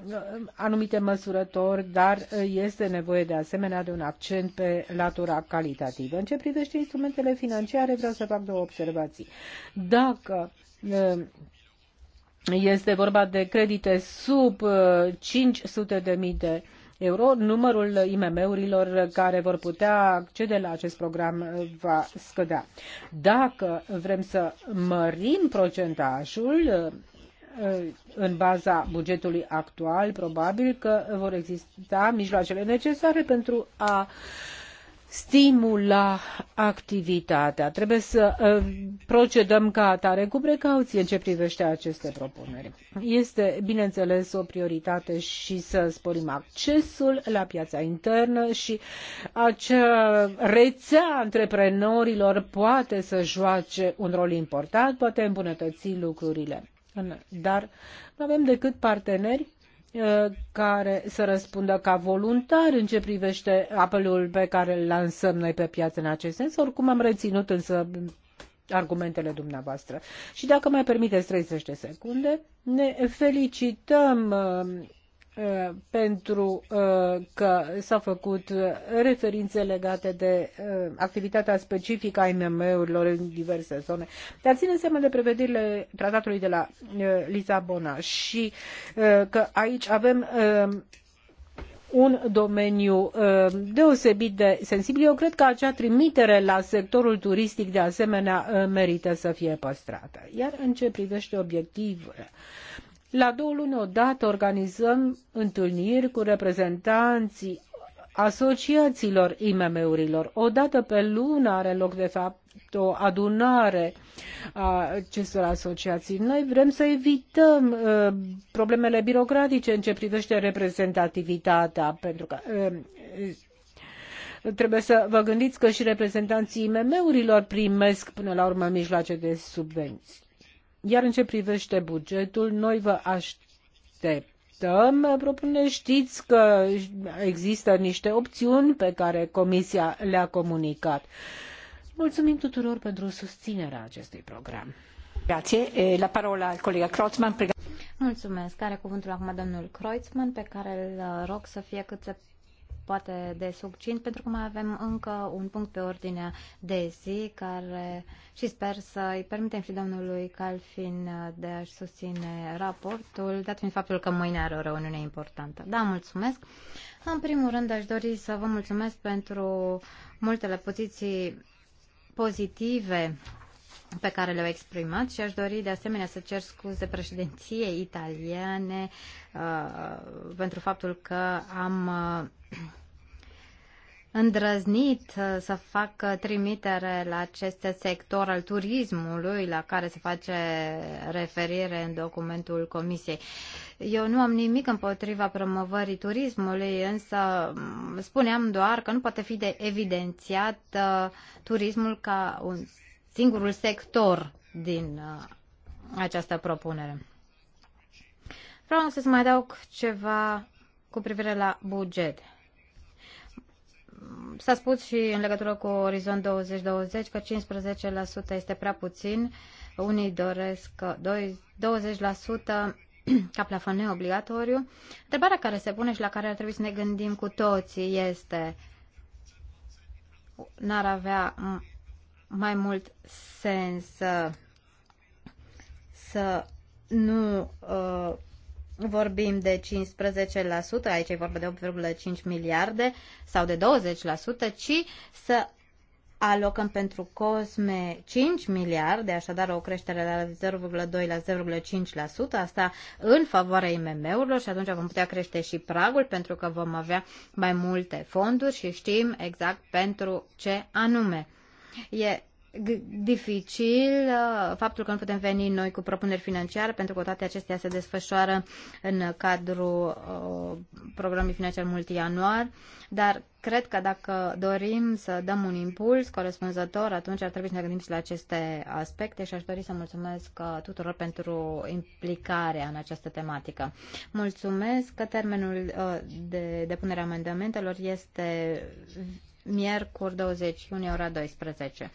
anumite măsurători, dar uh, este nevoie de asemenea de un accent pe latura calitativă. În ce privește instrumentele financiare, vreau să fac două observații. Dacă este vorba de credite sub 500.000 uh, de mii de euro. Numărul IMM-urilor care vor putea accede la acest program uh, va scădea. Dacă vrem să mărim procentajul, uh, în baza bugetului actual, probabil că vor exista mijloacele necesare pentru a uh, stimula activitatea. Trebuie să ă, procedăm ca atare cu precauție în ce privește aceste propuneri. Este, bineînțeles, o prioritate și să sporim accesul la piața internă și acea rețea antreprenorilor poate să joace un rol important, poate îmbunătăți lucrurile. Dar nu avem decât parteneri Uh, care să răspundă ca voluntar în ce privește apelul pe care îl lansăm noi pe piață în acest sens. Oricum am reținut însă argumentele dumneavoastră. Și dacă mai permiteți 30 de secunde, ne felicităm uh, Uh, pentru uh, că s-au făcut uh, referințe legate de activitatea specifică a IMM-urilor în diverse zone. Dar ține seama de prevederile tratatului de la Lisabona și că aici avem un domeniu deosebit de sensibil. Eu cred că acea trimitere la sectorul turistic de asemenea merită să fie păstrată. Iar în ce privește obiectivele la două luni odată organizăm întâlniri cu reprezentanții asociațiilor IMM-urilor. O dată pe lună are loc, de fapt, o adunare a acestor asociații. Noi vrem să evităm uh, problemele birocratice în ce privește reprezentativitatea, pentru că uh, trebuie să vă gândiți că și reprezentanții IMM-urilor primesc până la urmă mijloace de subvenții. Iar în ce privește bugetul, noi vă așteptăm propuneri. Știți că există niște opțiuni pe care Comisia le-a comunicat. Mulțumim tuturor pentru susținerea acestui program. Grazie. La parola al colega Kreutzmann. Mulțumesc. Are cuvântul acum domnul Kreutzmann, pe care îl rog să fie cât se poate de succint, pentru că mai avem încă un punct pe ordinea de zi care și sper să îi permitem și domnului Calfin uh, de a-și susține raportul, dat fiind faptul că mâine are o reuniune importantă. Da, mulțumesc. În primul rând aș dori să vă mulțumesc pentru multele poziții pozitive pe care le-au exprimat și aș dori de asemenea să cer scuze președinției italiene uh, pentru faptul că am uh, îndrăznit uh, să facă trimitere la acest sector al turismului la care se face referire în documentul Comisiei. Eu nu am nimic împotriva promovării turismului, însă mm, spuneam doar că nu poate fi de evidențiat uh, turismul ca un singurul sector din uh, această propunere. Vreau să-ți mai dau ceva cu privire la buget. S-a spus și în legătură cu Orizont 2020 că 15% este prea puțin. Unii doresc 20% ca plafon neobligatoriu. Întrebarea care se pune și la care ar trebui să ne gândim cu toții este n-ar avea mai mult sens să nu uh, vorbim de 15%, aici e vorba de 8,5 miliarde sau de 20%, ci să alocăm pentru COSME 5 miliarde, așadar o creștere de la 0,2 la 0,5%, asta în favoarea IMM-urilor și atunci vom putea crește și pragul pentru că vom avea mai multe fonduri și știm exact pentru ce anume. E dificil uh, faptul că nu putem veni noi cu propuneri financiare, pentru că toate acestea se desfășoară în cadrul uh, programului financiar multianuar, dar cred că dacă dorim să dăm un impuls corespunzător, atunci ar trebui să ne gândim și la aceste aspecte și aș dori să mulțumesc uh, tuturor pentru implicarea în această tematică. Mulțumesc că termenul uh, de depunere a amendamentelor este miercuri 20 iunie ora 12.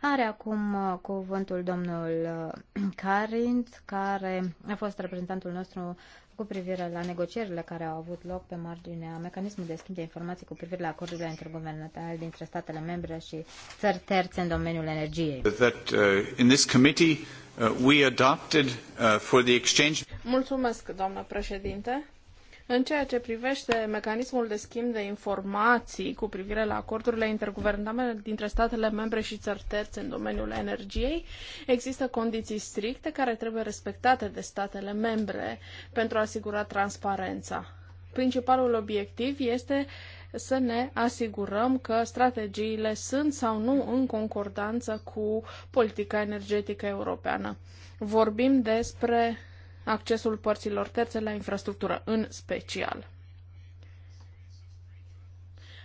Are acum uh, cuvântul domnul uh, Carint, care a fost reprezentantul nostru cu privire la negocierile care au avut loc pe marginea mecanismului de schimb de informații cu privire la acordurile interguvernamentale dintre statele membre și țări terțe în domeniul energiei. That, uh, in this committee, uh, we adopted, uh, for the exchange... Mulțumesc, doamnă președinte. În ceea ce privește mecanismul de schimb de informații cu privire la acordurile interguvernamentale dintre statele membre și țări terțe în domeniul energiei, există condiții stricte care trebuie respectate de statele membre pentru a asigura transparența. Principalul obiectiv este să ne asigurăm că strategiile sunt sau nu în concordanță cu politica energetică europeană. Vorbim despre accesul părților terțe la infrastructură, în special.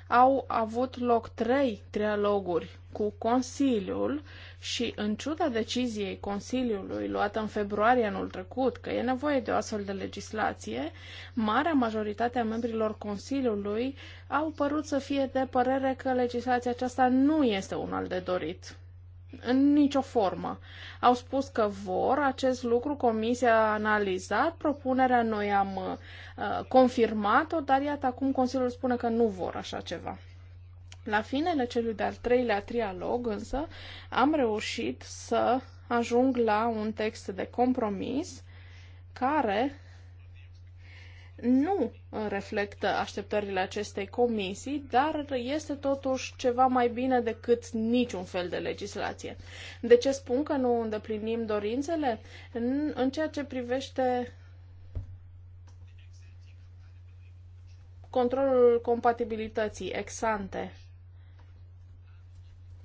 Au avut loc trei trialoguri cu Consiliul și, în ciuda deciziei Consiliului luată în februarie anul trecut că e nevoie de o astfel de legislație, marea majoritate a membrilor Consiliului au părut să fie de părere că legislația aceasta nu este unul de dorit în nicio formă. Au spus că vor acest lucru, comisia a analizat propunerea, noi am uh, confirmat-o, dar iată acum Consiliul spune că nu vor așa ceva. La finele celui de-al treilea trialog, însă, am reușit să ajung la un text de compromis care nu reflectă așteptările acestei comisii, dar este totuși ceva mai bine decât niciun fel de legislație. De ce spun că nu îndeplinim dorințele? În, în ceea ce privește controlul compatibilității ex ante,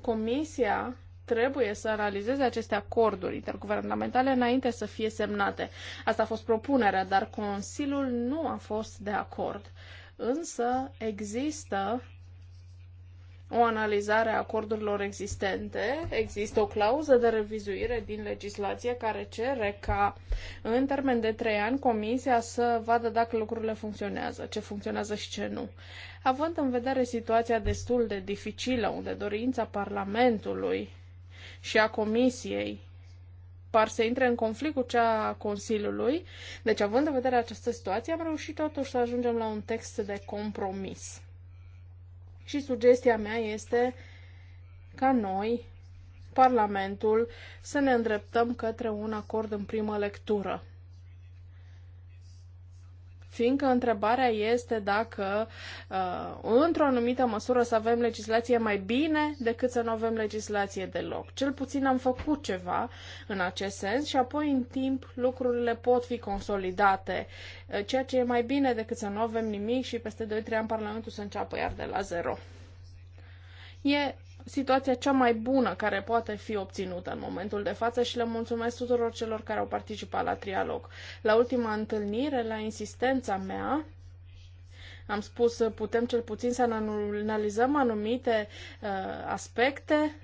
comisia trebuie să analizeze aceste acorduri interguvernamentale înainte să fie semnate. Asta a fost propunerea, dar Consiliul nu a fost de acord. Însă există o analizare a acordurilor existente, există o clauză de revizuire din legislație care cere ca în termen de trei ani comisia să vadă dacă lucrurile funcționează, ce funcționează și ce nu. Având în vedere situația destul de dificilă unde dorința Parlamentului și a Comisiei par să intre în conflict cu cea a Consiliului. Deci, având în vedere această situație, am reușit totuși să ajungem la un text de compromis. Și sugestia mea este ca noi, Parlamentul, să ne îndreptăm către un acord în primă lectură fiindcă întrebarea este dacă uh, într-o anumită măsură să avem legislație mai bine decât să nu avem legislație deloc. Cel puțin am făcut ceva în acest sens și apoi în timp lucrurile pot fi consolidate, uh, ceea ce e mai bine decât să nu avem nimic și peste 2-3 ani Parlamentul să înceapă iar de la zero. E situația cea mai bună care poate fi obținută în momentul de față și le mulțumesc tuturor celor care au participat la trialog. La ultima întâlnire, la insistența mea, am spus putem cel puțin să analizăm anumite uh, aspecte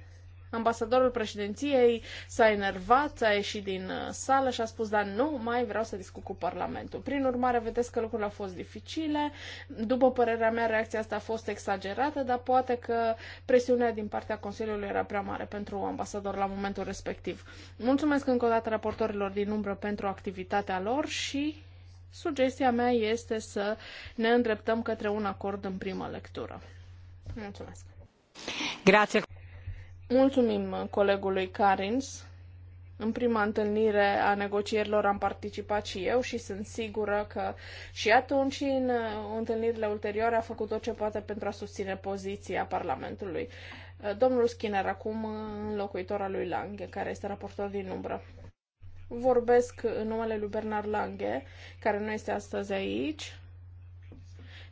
Ambasadorul președinției s-a enervat, a ieșit din uh, sală și a spus, dar nu mai vreau să discut cu Parlamentul. Prin urmare, vedeți că lucrurile au fost dificile. După părerea mea, reacția asta a fost exagerată, dar poate că presiunea din partea Consiliului era prea mare pentru ambasador la momentul respectiv. Mulțumesc încă o dată raportorilor din umbră pentru activitatea lor și sugestia mea este să ne îndreptăm către un acord în primă lectură. Mulțumesc! Grazie. Mulțumim uh, colegului Carins. În prima întâlnire a negocierilor am participat și eu și sunt sigură că și atunci și în uh, întâlnirile ulterioare a făcut tot ce poate pentru a susține poziția Parlamentului. Uh, domnul Skinner, acum înlocuitor al lui Lange, care este raportor din umbră. Vorbesc în numele lui Bernard Lange, care nu este astăzi aici,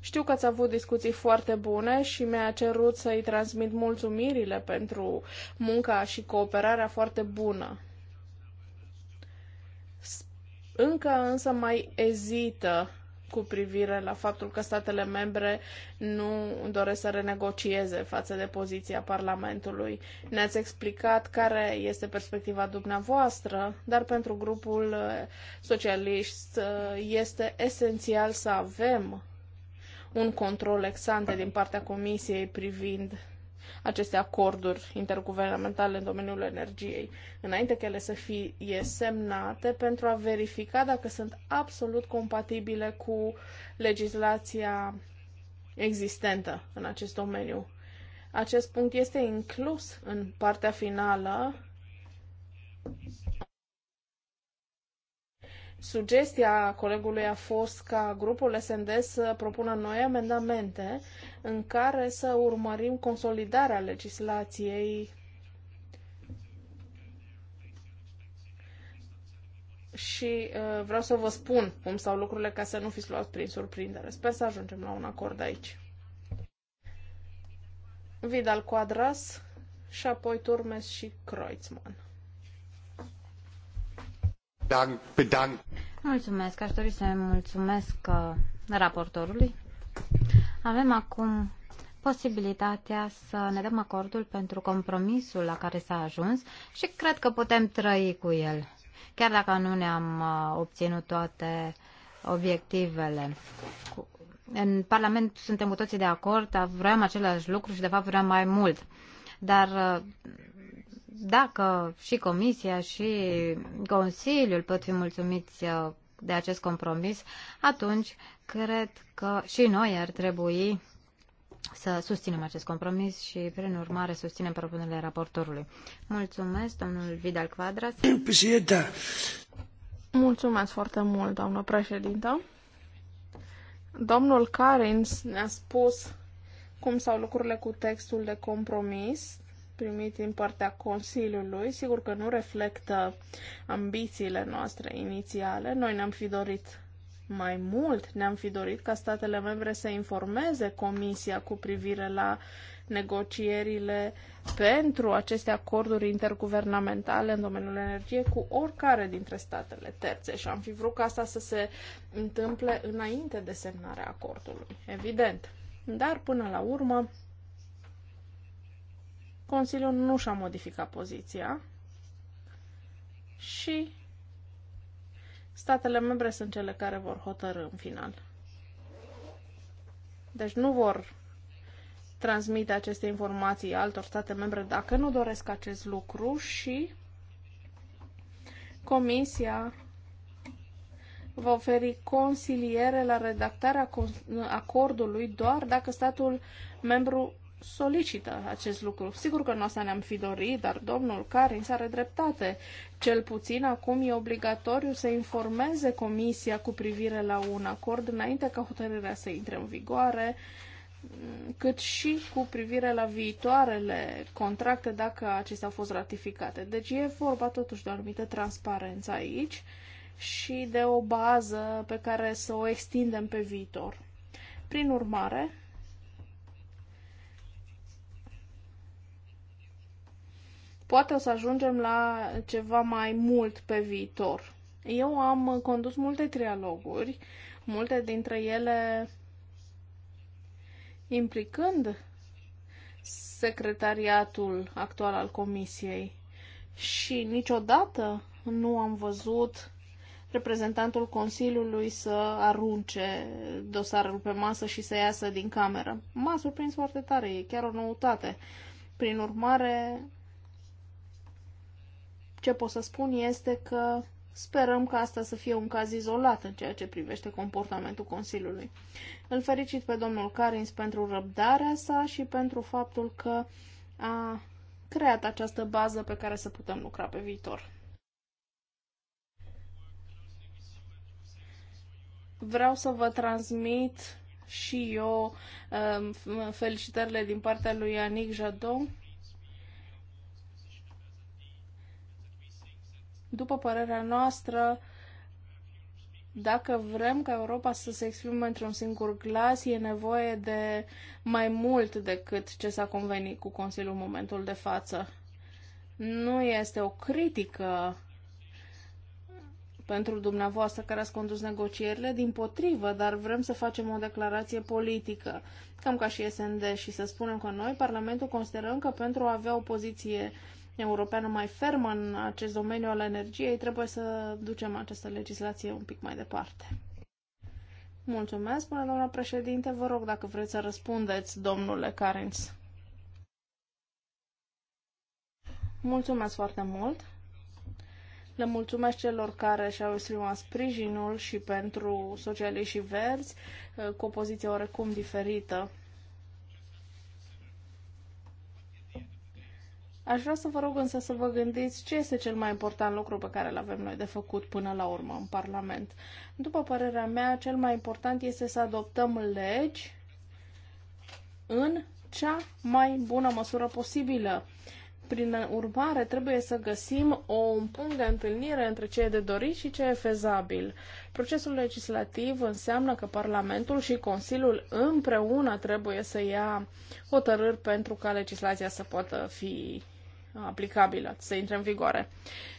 știu că ați avut discuții foarte bune și mi-a cerut să-i transmit mulțumirile pentru munca și cooperarea foarte bună. Încă însă mai ezită cu privire la faptul că statele membre nu doresc să renegocieze față de poziția Parlamentului. Ne-ați explicat care este perspectiva dumneavoastră, dar pentru grupul eh, socialist eh, este esențial să avem un control ex ante din partea Comisiei privind aceste acorduri interguvernamentale în domeniul energiei, înainte că ele să fie semnate, pentru a verifica dacă sunt absolut compatibile cu legislația existentă în acest domeniu. Acest punct este inclus în partea finală Sugestia colegului a fost ca grupul SND să propună noi amendamente în care să urmărim consolidarea legislației și uh, vreau să vă spun cum stau lucrurile ca să nu fiți luați prin surprindere. Sper să ajungem la un acord aici. Vidal Quadras și apoi Turmes și Kreutzmann. Mulțumesc. Aș dori să mulțumesc uh, raportorului. Avem acum posibilitatea să ne dăm acordul pentru compromisul la care s-a ajuns și cred că putem trăi cu el, chiar dacă nu ne-am uh, obținut toate obiectivele. În Parlament suntem cu toții de acord, vrem același lucru și de fapt vrem mai mult. Dar uh, dacă și Comisia și Consiliul pot fi mulțumiți uh, de acest compromis, atunci cred că și noi ar trebui să susținem acest compromis și, prin urmare, susținem propunerile raportorului. Mulțumesc, domnul Vidal Quadras. Președinte. Mulțumesc foarte mult, doamnă președintă. Domnul Carins ne-a spus cum s-au lucrurile cu textul de compromis primit din partea Consiliului. Sigur că nu reflectă ambițiile noastre inițiale. Noi ne-am fi dorit mai mult, ne-am fi dorit ca statele membre să informeze Comisia cu privire la negocierile pentru aceste acorduri interguvernamentale în domeniul energiei cu oricare dintre statele terțe și am fi vrut ca asta să se întâmple înainte de semnarea acordului, evident. Dar până la urmă, Consiliul nu și-a modificat poziția și statele membre sunt cele care vor hotărâ în final. Deci nu vor transmite aceste informații altor state membre dacă nu doresc acest lucru și Comisia va oferi consiliere la redactarea acordului doar dacă statul membru solicită acest lucru. Sigur că nu asta ne-am fi dorit, dar domnul Carins are dreptate. Cel puțin acum e obligatoriu să informeze Comisia cu privire la un acord înainte ca hotărârea să intre în vigoare, cât și cu privire la viitoarele contracte dacă acestea au fost ratificate. Deci e vorba totuși de o anumită transparență aici și de o bază pe care să o extindem pe viitor. Prin urmare, Poate o să ajungem la ceva mai mult pe viitor. Eu am condus multe trialoguri, multe dintre ele implicând secretariatul actual al comisiei și niciodată nu am văzut reprezentantul Consiliului să arunce dosarul pe masă și să iasă din cameră. M-a surprins foarte tare, e chiar o noutate. Prin urmare, ce pot să spun este că sperăm că asta să fie un caz izolat în ceea ce privește comportamentul Consiliului. Îl fericit pe domnul Carins pentru răbdarea sa și pentru faptul că a creat această bază pe care să putem lucra pe viitor. Vreau să vă transmit și eu um, felicitările din partea lui Anic Jadon. După părerea noastră, dacă vrem ca Europa să se exprime într-un singur glas, e nevoie de mai mult decât ce s-a convenit cu Consiliul în momentul de față. Nu este o critică pentru dumneavoastră care ați condus negocierile, din potrivă, dar vrem să facem o declarație politică, cam ca și SND, și să spunem că noi, Parlamentul, considerăm că pentru a avea o poziție uh, europeană mai fermă în acest domeniu al energiei, trebuie să ducem această legislație un pic mai departe. Mulțumesc, până doamna președinte. Vă rog dacă vreți să răspundeți, domnule Carens. Mulțumesc foarte mult. Le mulțumesc celor care și-au exprimat sprijinul și pentru socialiști și verzi, cu o poziție oarecum diferită Aș vrea să vă rog însă să vă gândiți ce este cel mai important lucru pe care îl avem noi de făcut până la urmă în Parlament. După părerea mea, cel mai important este să adoptăm legi în cea mai bună măsură posibilă. Prin urmare, trebuie să găsim o, un punct de întâlnire între ce e de dorit și ce e fezabil. Procesul legislativ înseamnă că Parlamentul și Consiliul împreună trebuie să ia hotărâri pentru ca legislația să poată fi aplicabilă, să intre în vigoare.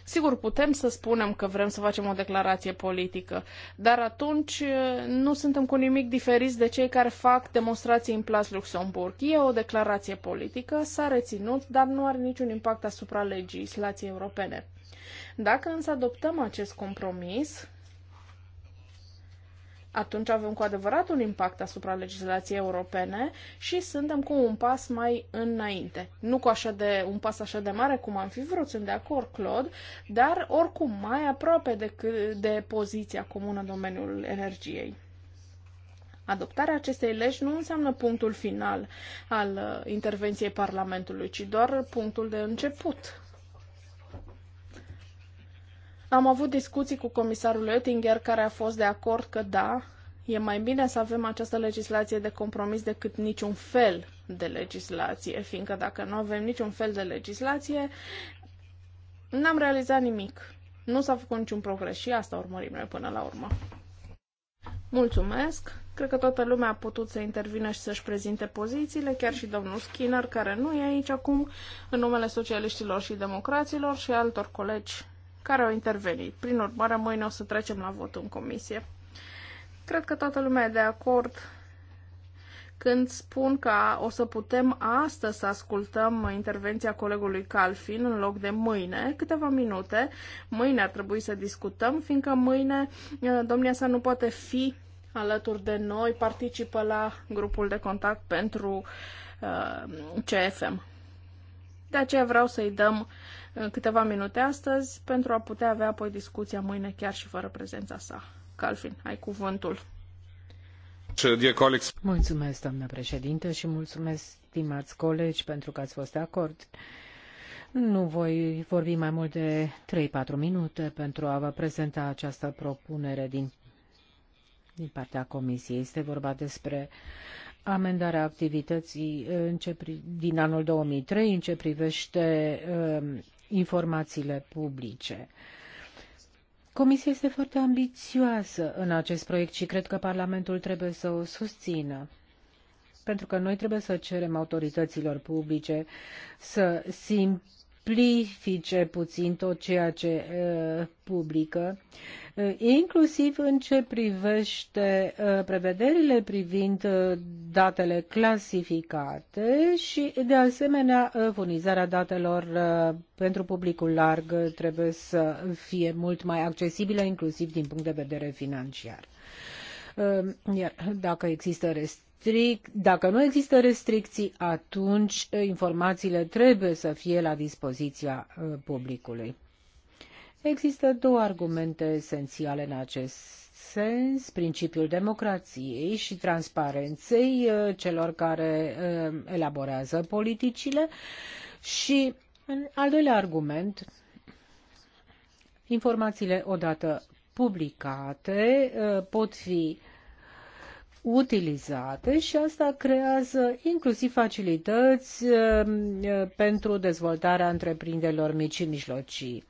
Sigur, putem să spunem că vrem să facem o declarație politică, dar atunci eh, nu suntem cu nimic diferiți de cei care fac demonstrații în Plas Luxemburg. E o declarație politică, s-a reținut, dar nu are niciun impact asupra legislației europene. Dacă însă adoptăm acest compromis, atunci avem cu adevărat un impact asupra legislației europene și suntem cu un pas mai înainte. Nu cu așa de, un pas așa de mare cum am fi vrut, sunt de acord, Claude, dar oricum mai aproape de, de poziția comună în domeniul energiei. Adoptarea acestei legi nu înseamnă punctul final al uh, intervenției Parlamentului, ci doar punctul de început am avut discuții cu comisarul Oettinger, care a fost de acord că da, e mai bine să avem această legislație de compromis decât niciun fel de legislație, fiindcă dacă nu avem niciun fel de legislație, n-am realizat nimic. Nu s-a făcut niciun progres și asta urmărim noi până la urmă. Mulțumesc! Cred că toată lumea a putut să intervină și să-și prezinte pozițiile, chiar și domnul Skinner, care nu e aici acum, în numele socialiștilor și democraților și altor colegi care au intervenit. Prin urmare, mâine o să trecem la vot în comisie. Cred că toată lumea e de acord când spun că o să putem astăzi să ascultăm intervenția colegului Calfin în loc de mâine, câteva minute. Mâine ar trebui să discutăm, fiindcă mâine domnia sa nu poate fi alături de noi, participă la grupul de contact pentru uh, CFM. De aceea vreau să-i dăm Uh, câteva minute astăzi pentru a putea avea apoi discuția mâine chiar și fără prezența sa. Calvin, ai cuvântul. Mulțumesc, doamnă președinte, și mulțumesc, stimați colegi, pentru că ați fost de acord. Nu voi vorbi mai mult de 3-4 minute pentru a vă prezenta această propunere din, din partea Comisiei. Este vorba despre amendarea activității în ce, din anul 2003 în ce privește um, informațiile publice. Comisia este foarte ambițioasă în acest proiect și cred că Parlamentul trebuie să o susțină. Pentru că noi trebuie să cerem autorităților publice să simt simplifice puțin tot ceea ce uh, publică, uh, inclusiv în ce privește uh, prevederile privind datele clasificate și, de asemenea, furnizarea datelor pentru publicul larg trebuie să fie mult mai accesibile, inclusiv din punct de vedere financiar. Iar dacă există rest dacă nu există restricții, atunci eh, informațiile trebuie să fie la dispoziția eh, publicului. Există două argumente esențiale în acest sens, principiul democrației și transparenței eh, celor care elaborează politicile și al doilea argument, informațiile odată publicate pot fi uh, utilizate și asta creează inclusiv facilități uh, uh, pentru dezvoltarea întreprinderilor mici și mijlocii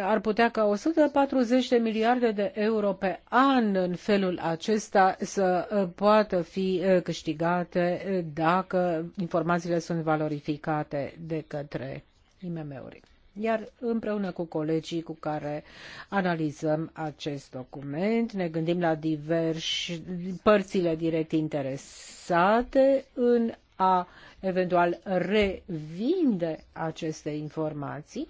ar putea ca 140 de miliarde de euro pe an în felul acesta să uh, poată fi câștigate dacă informațiile sunt valorificate de către IMM-uri. Iar împreună cu colegii cu care analizăm acest document, ne gândim la diversi părțile direct interesate în a eventual revinde aceste informații,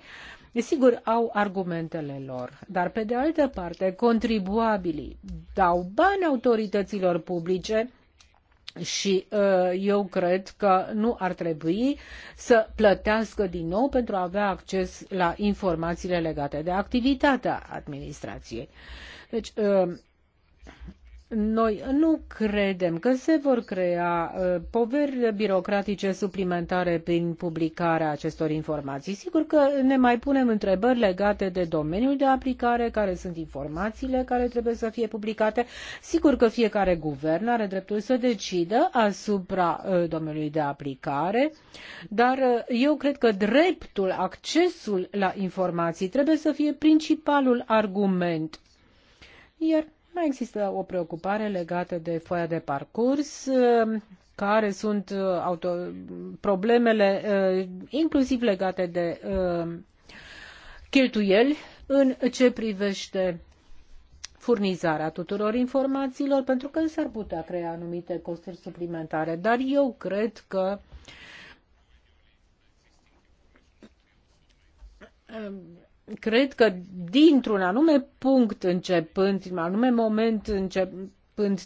desigur au argumentele lor, dar pe de altă parte contribuabilii dau bani autorităților publice și uh, eu cred că nu ar trebui să plătească din nou pentru a avea acces la informațiile legate de activitatea administrației. Deci, uh, noi nu credem că se vor crea uh, poveri birocratice suplimentare prin publicarea acestor informații. Sigur că ne mai punem întrebări legate de domeniul de aplicare, care sunt informațiile care trebuie să fie publicate. Sigur că fiecare guvern are dreptul să decidă asupra uh, domeniului de aplicare, dar uh, eu cred că dreptul, accesul la informații trebuie să fie principalul argument. Iar mai există o preocupare legată de foaia de parcurs, care sunt uh, auto, problemele uh, inclusiv legate de uh, cheltuieli în ce privește furnizarea tuturor informațiilor, pentru că s-ar putea crea anumite costuri suplimentare. Dar eu cred că cred că dintr-un anume punct începând, din un anume moment începând,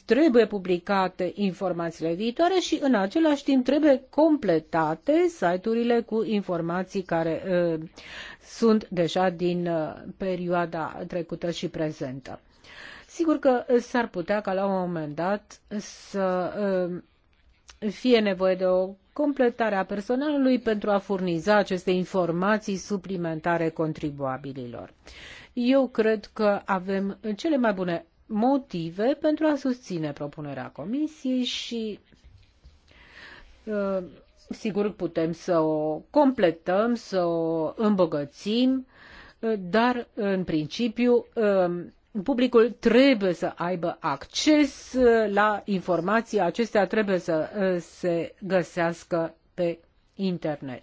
trebuie publicate informațiile viitoare și în același timp trebuie completate site-urile cu informații care uh, sunt deja din uh, perioada trecută și prezentă. Sigur că s-ar putea ca la un moment dat să uh, fie nevoie de o completare a personalului pentru a furniza aceste informații suplimentare contribuabililor. Eu cred că avem cele mai bune motive pentru a susține propunerea Comisiei și uh, sigur putem să o completăm, să o îmbogățim, uh, dar în principiu uh, publicul trebuie să aibă acces uh, la informații, acestea trebuie să uh, se găsească pe internet.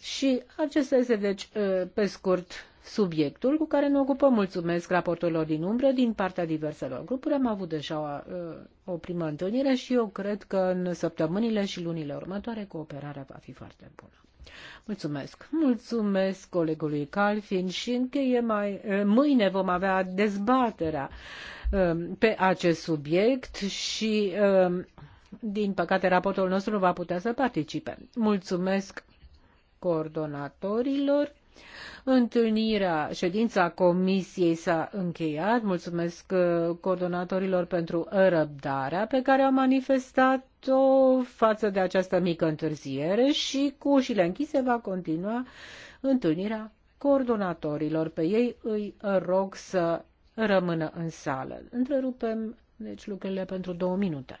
Și acesta este, deci, uh, pe scurt, subiectul cu care ne ocupăm. Mulțumesc raportorilor din umbră, din partea diverselor grupuri. Am avut deja o, o primă întâlnire și eu cred că în săptămânile și lunile următoare cooperarea va fi foarte bună. Mulțumesc. Mulțumesc colegului Calfin și încheie mai eh, mâine vom avea dezbaterea eh, pe acest subiect și eh, din păcate raportul nostru nu va putea să participe. Mulțumesc coordonatorilor. Întâlnirea, ședința comisiei s-a încheiat. Mulțumesc coordonatorilor pentru răbdarea pe care au manifestat Mato față de această mică întârziere și cu ușile închise va continua întâlnirea coordonatorilor. Pe ei îi rog să rămână în sală. Întrerupem deci lucrurile pentru două minute.